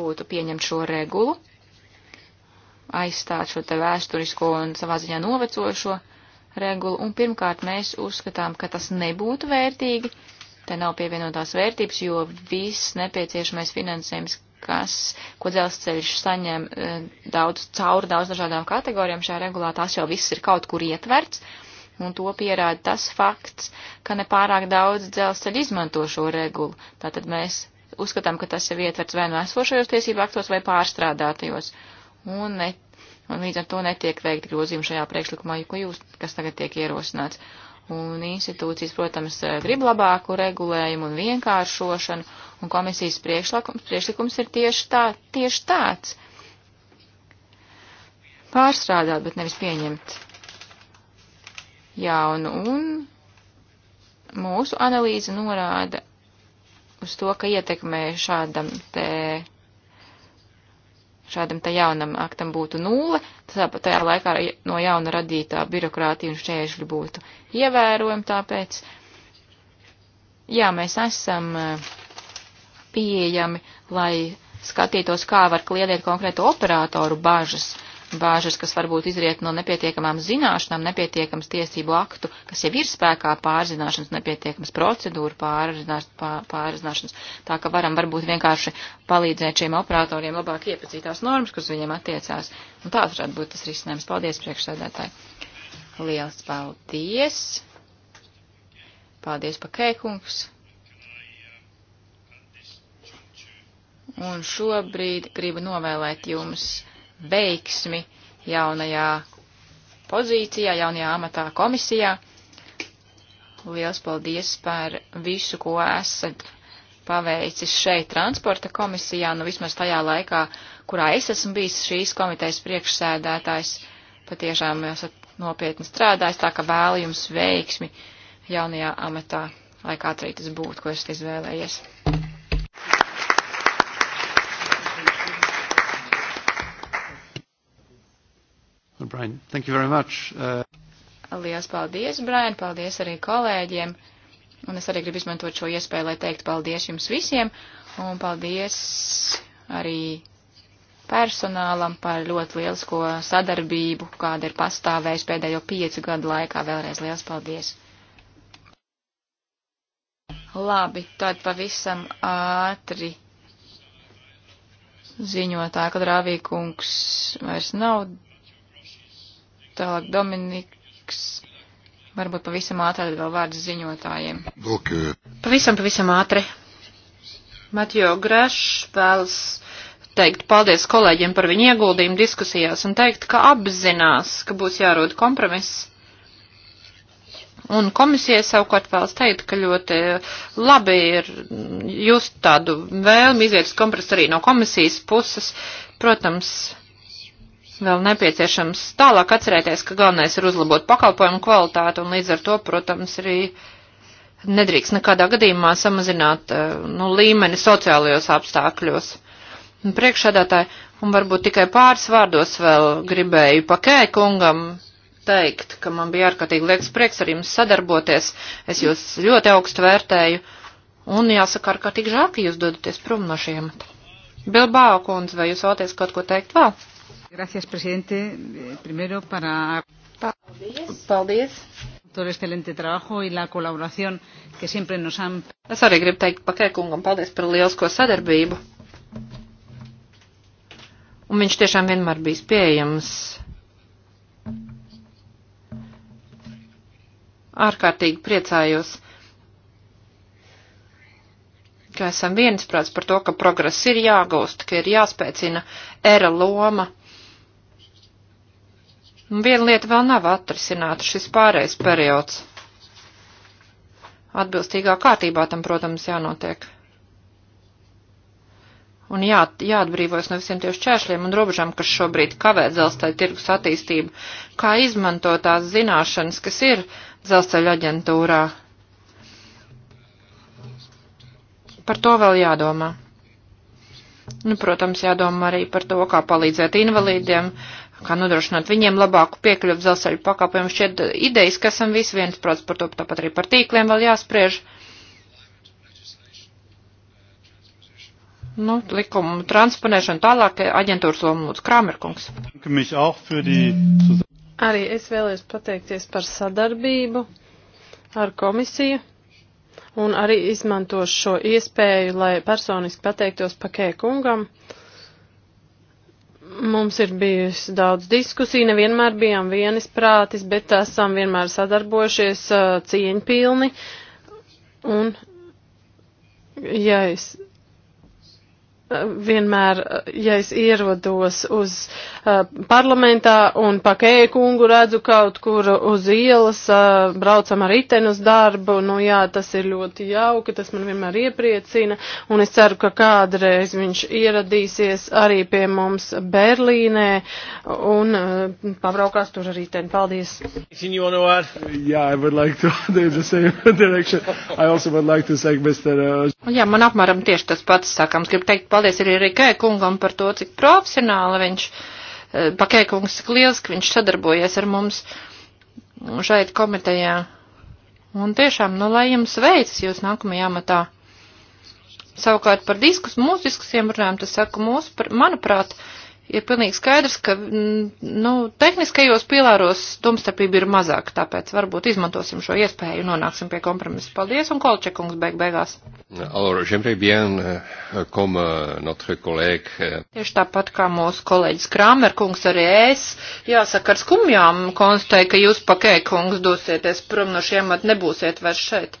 būtu pieņemt šo regulu, aizstāt šo te vēsturisko un savā ziņā novecošo regulu, un pirmkārt mēs uzskatām, ka tas nebūtu vērtīgi, te nav pievienotās vērtības, jo viss nepieciešamais finansējums, kas, ko dzelzceļš saņem e, daudz, cauri daudz dažādām kategorijām šajā regulā, tas jau viss ir kaut kur ietverts, un to pierāda tas fakts, ka nepārāk daudz dzelzceļa izmanto šo regulu. Tātad mēs uzskatām, ka tas ir ietverts vai no nu esošajos tiesību aktos vai pārstrādātajos. Un ne un līdz ar to netiek veikti grozījumi šajā priekšlikumā, ko jūs, kas tagad tiek ierosināts. Un institūcijas, protams, eh, grib labāku regulējumu un vienkāršošanu, un komisijas priekšlikums ir tieši, tā, tieši tāds. Pārstrādāt, bet nevis pieņemt jaunu, un mūsu analīze norāda uz to, ka ietekmē šādam te šādam te jaunam aktam būtu nulle, tāpat tajā laikā no jauna radītā birokrātija un šķēršļi būtu ievērojami, tāpēc, jā, mēs esam e, pieejami, lai skatītos, kā var kliedēt konkrētu operātoru bažas. Uh, bāžas, kas varbūt izriet no nepietiekamām zināšanām, nepietiekams tiesību aktu, kas jau ir spēkā pārzināšanas, nepietiekams procedūru pārzināšanas, tā ka varam varbūt vienkārši palīdzēt šiem operatoriem labāk iepazītās normas, kas viņiem attiecās. Un tāds varētu būt tas risinājums. Paldies, priekšsēdētāji. Liels paldies. Paldies, pakeikungs. Un šobrīd gribu novēlēt jums veiksmi jaunajā pozīcijā, jaunajā amatā komisijā. Liels paldies par visu, ko esat paveicis šeit transporta komisijā, nu vismaz tajā laikā, kurā es esmu bijis šīs komitejas priekšsēdētājs. Patiešām esat nopietni strādājis, tā ka vēlu jums veiksmi jaunajā amatā, lai kā arī tas būtu, ko esat izvēlējies. Brian, thank you very much. Uh... Lielas paldies, Brian, paldies arī kolēģiem. Un es arī gribu izmantot šo iespēju, lai teikt paldies jums visiem un paldies arī personālam par ļoti lielisko sadarbību, kāda ir pastāvējusi pēdējo piecu gadu laikā. Vēlreiz liels paldies! Labi, tad pavisam ātri ziņotāja, ka Rāvīkungs vairs nav Tālāk Dominiks, varbūt pavisam ātri vēl vārds ziņotājiem. Okay. Pavisam, pavisam ātri. Matjo Grešs vēlas teikt paldies kolēģiem par viņu ieguldījumu diskusijās un teikt, ka apzinās, ka būs jārod kompromiss. Un komisija savukārt vēlas teikt, ka ļoti labi ir just tādu vēlmi iziet kompromisu arī no komisijas puses. Protams, Vēl nepieciešams tālāk atcerēties, ka galvenais ir uzlabot pakalpojumu kvalitāti un līdz ar to, protams, arī nedrīkst nekādā gadījumā samazināt eh, nu, līmeni sociālajos apstākļos. Priekšādātāji, un varbūt tikai pāris vārdos vēl gribēju pakē kungam teikt, ka man bija ārkārtīgi liels prieks ar jums sadarboties, es jūs ļoti augstu vērtēju, un jāsaka ārkārtīgi žēl, ka jūs dodaties prom no šiem. Bilbao kundze, vai jūs vēlaties kaut ko teikt vēl? Gracias, presidente. Eh, primero para. Paldies. Paldies. Tur excelente trabajo y la colaboración que siempre nos han. Es arī gribu teikt pakēkungam paldies par lielisko sadarbību. Un viņš tiešām vienmēr bijis pieejams. Ārkārtīgi priecājos ka esam viensprāts par to, ka progress ir jāgūst, ka ir jāspēcina era loma Un viena lieta vēl nav atrisināta šis pārējais periods. Atbilstīgā kārtībā tam, protams, jānotiek. Un jā, jāatbrīvojas no visiem tieši čēršļiem un robežām, kas šobrīd kavē dzelzceļa tirgus attīstību, kā izmantot tās zināšanas, kas ir dzelzceļa aģentūrā. Par to vēl jādomā. Nu, protams, jādomā arī par to, kā palīdzēt invalīdiem, kā nodrošināt viņiem labāku piekļuvu dzelzceļu pakāpojumu. Šķiet idejas, ka esam visi viens prots par to, tāpat arī par tīkliem vēl jāspriež. Nu, likumu transponēšana tālāk aģentūras lomu lūdzu Krāmerkungs. Arī es vēlējos pateikties par sadarbību ar komisiju un arī izmantošu šo iespēju, lai personiski pateiktos pakē kungam. Uh, Mums ir bijusi daudz diskusiju, nevienmēr bijām vienis prātis, bet esam vienmēr sadarbojušies cieņpilni. Un, ja es vienmēr, ja es ierodos uz uh, parlamentā un pakēju kungu redzu kaut kur uz ielas, uh, braucam ar riteni uz darbu, nu jā, tas ir ļoti jauki, tas man vienmēr iepriecina, un es ceru, ka kādreiz viņš ieradīsies arī pie mums Berlīnē un uh, pavraukās tur ar riteni. Paldies! Yeah, I would like to do the same direction. I also would like to thank Mr. Uh... Jā, man apmēram tieši tas pats sakams. Gribu teikt, paldies paldies arī Rikē kungam par to, cik profesionāli viņš, eh, Pakē kungs, cik liels, ka viņš sadarbojies ar mums šeit komitejā. Un tiešām, nu, lai jums veicas jūs nākamajā matā. Savukārt par diskus, mūsu diskusiem runājam, tas saka, mūsu, par, manuprāt, uh, ir pilnīgi skaidrs, ka mm, nu, tehniskajos pilāros domstarpība ir mazāk, tāpēc varbūt izmantosim šo iespēju un nonāksim pie kompromisa. Paldies, un Kolčekungs beig beigās. Alors, bien, euh, comme euh, notre collègue... Euh, Tieši tāpat kā mūsu kolēģis Krāmerkungs arī es, jāsaka, ar skumjām konstatēju, ka jūs pakēkungs dosieties prom no šiem, nebūsiet vairs šeit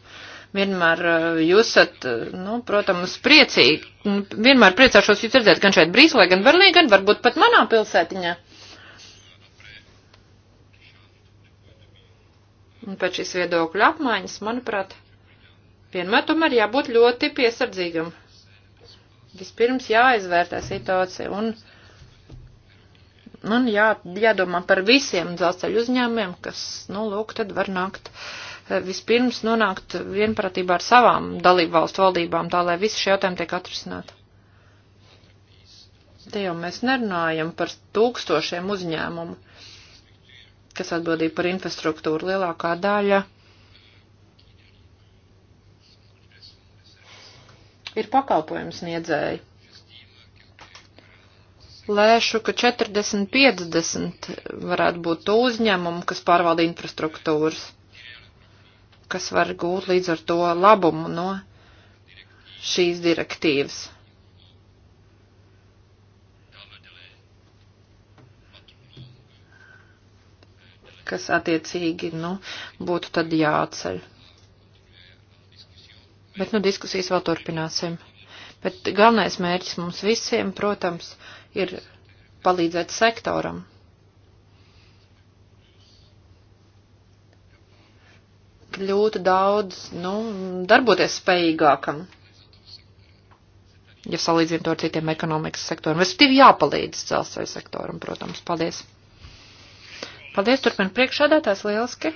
vienmēr eh, jūs esat, eh, nu, protams, priecīgi. Nu, vienmēr priecāšos jūs redzēt gan šeit Brīselē, gan Berlīnē, gan varbūt pat manā pilsētiņā. Un pēc šīs viedokļa apmaiņas, manuprāt, vienmēr tomēr jābūt ļoti piesardzīgam. Vispirms jāizvērtē situācija un, un jā, jādomā par visiem dzelzceļu uzņēmumiem, kas, nu, lūk, tad var nākt. Uh, vispirms nonākt vienpratībā ar savām dalību valstu valdībām, tā lai visi šie jautājumi tiek atrisināti. Te jau mēs nerunājam par tūkstošiem uzņēmumu, kas atbildīja par infrastruktūru lielākā daļa. Ir pakalpojums niedzēji lēšu, ka 40-50 varētu būt to uzņēmumu, kas pārvalda infrastruktūras kas var gūt līdz ar to labumu no šīs direktīvas. kas attiecīgi, nu, būtu tad jāceļ. Bet, nu, diskusijas vēl turpināsim. Bet galvenais mērķis mums visiem, protams, ir palīdzēt sektoram, kļūtu daudz, nu, darboties spējīgākam, ja salīdzinām to ar citiem ekonomikas sektoriem. Respektīvi jāpalīdz dzelzceļa sektoram, protams. Paldies. Paldies, turpina priekšādātājs lieliski.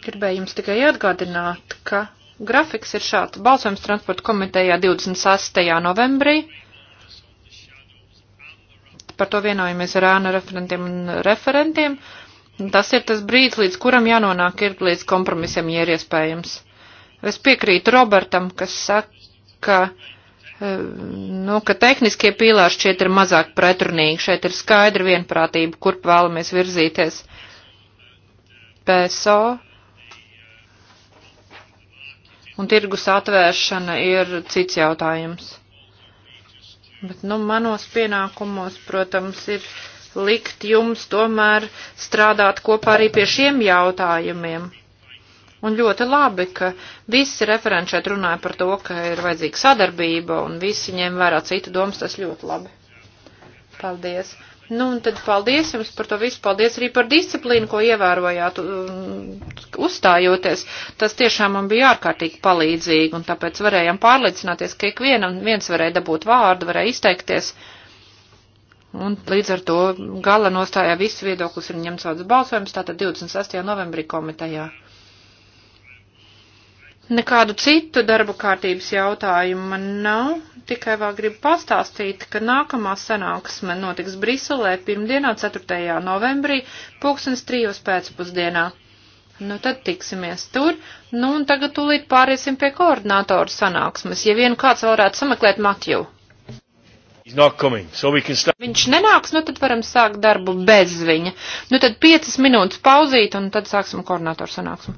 Gribēju jums tikai atgādināt, ka grafiks ir šāds. Balsojums transporta komitejā 26. novembrī. Par to vienojamies ar ēnu referentiem un referentiem. Tas ir tas brīdis, līdz kuram jānonāk ir līdz kompromisam, ja ir iespējams. Es piekrītu Robertam, kas saka, ka, eh, nu, ka tehniskie pīlāri šķiet ir mazāk pretrunīgi. Šeit ir skaidra vienprātība, kurp vēlamies virzīties. PSO un tirgus atvēršana ir cits jautājums. Bet, nu, manos pienākumos, protams, ir likt jums tomēr strādāt kopā arī pie šiem jautājumiem. Un ļoti labi, ka visi referenti šeit runāja par to, ka ir vajadzīga sadarbība un visi ņem vērā citu domas, tas ļoti labi. Paldies. Nu, un tad paldies jums par to visu. Paldies arī par disciplīnu, ko ievērojāt uzstājoties. Tas tiešām man bija ārkārtīgi palīdzīgi, un tāpēc varējām pārliecināties, ka ik vienam viens varēja dabūt vārdu, varēja izteikties. Uh, Un līdz ar to gala nostājā viss viedoklis ir ņemts vārds balsojums, tātad 26. novembrī komitejā. Nekādu citu darba kārtības jautājumu man nav, tikai vēl gribu pastāstīt, ka nākamā sanāksme notiks Briselē pirmdienā 4. novembrī, pulkstens 3. pēcpusdienā. Nu, tad tiksimies tur. Nu, un tagad tūlīt pāriesim pie koordinātoru sanāksmes, ja vien kāds varētu sameklēt Matju. Coming, so start... Viņš nenāks, nu tad varam sākt darbu bez viņa. Nu tad piecas minūtes pauzīt un tad sāksim koordinātoru sanāksmu.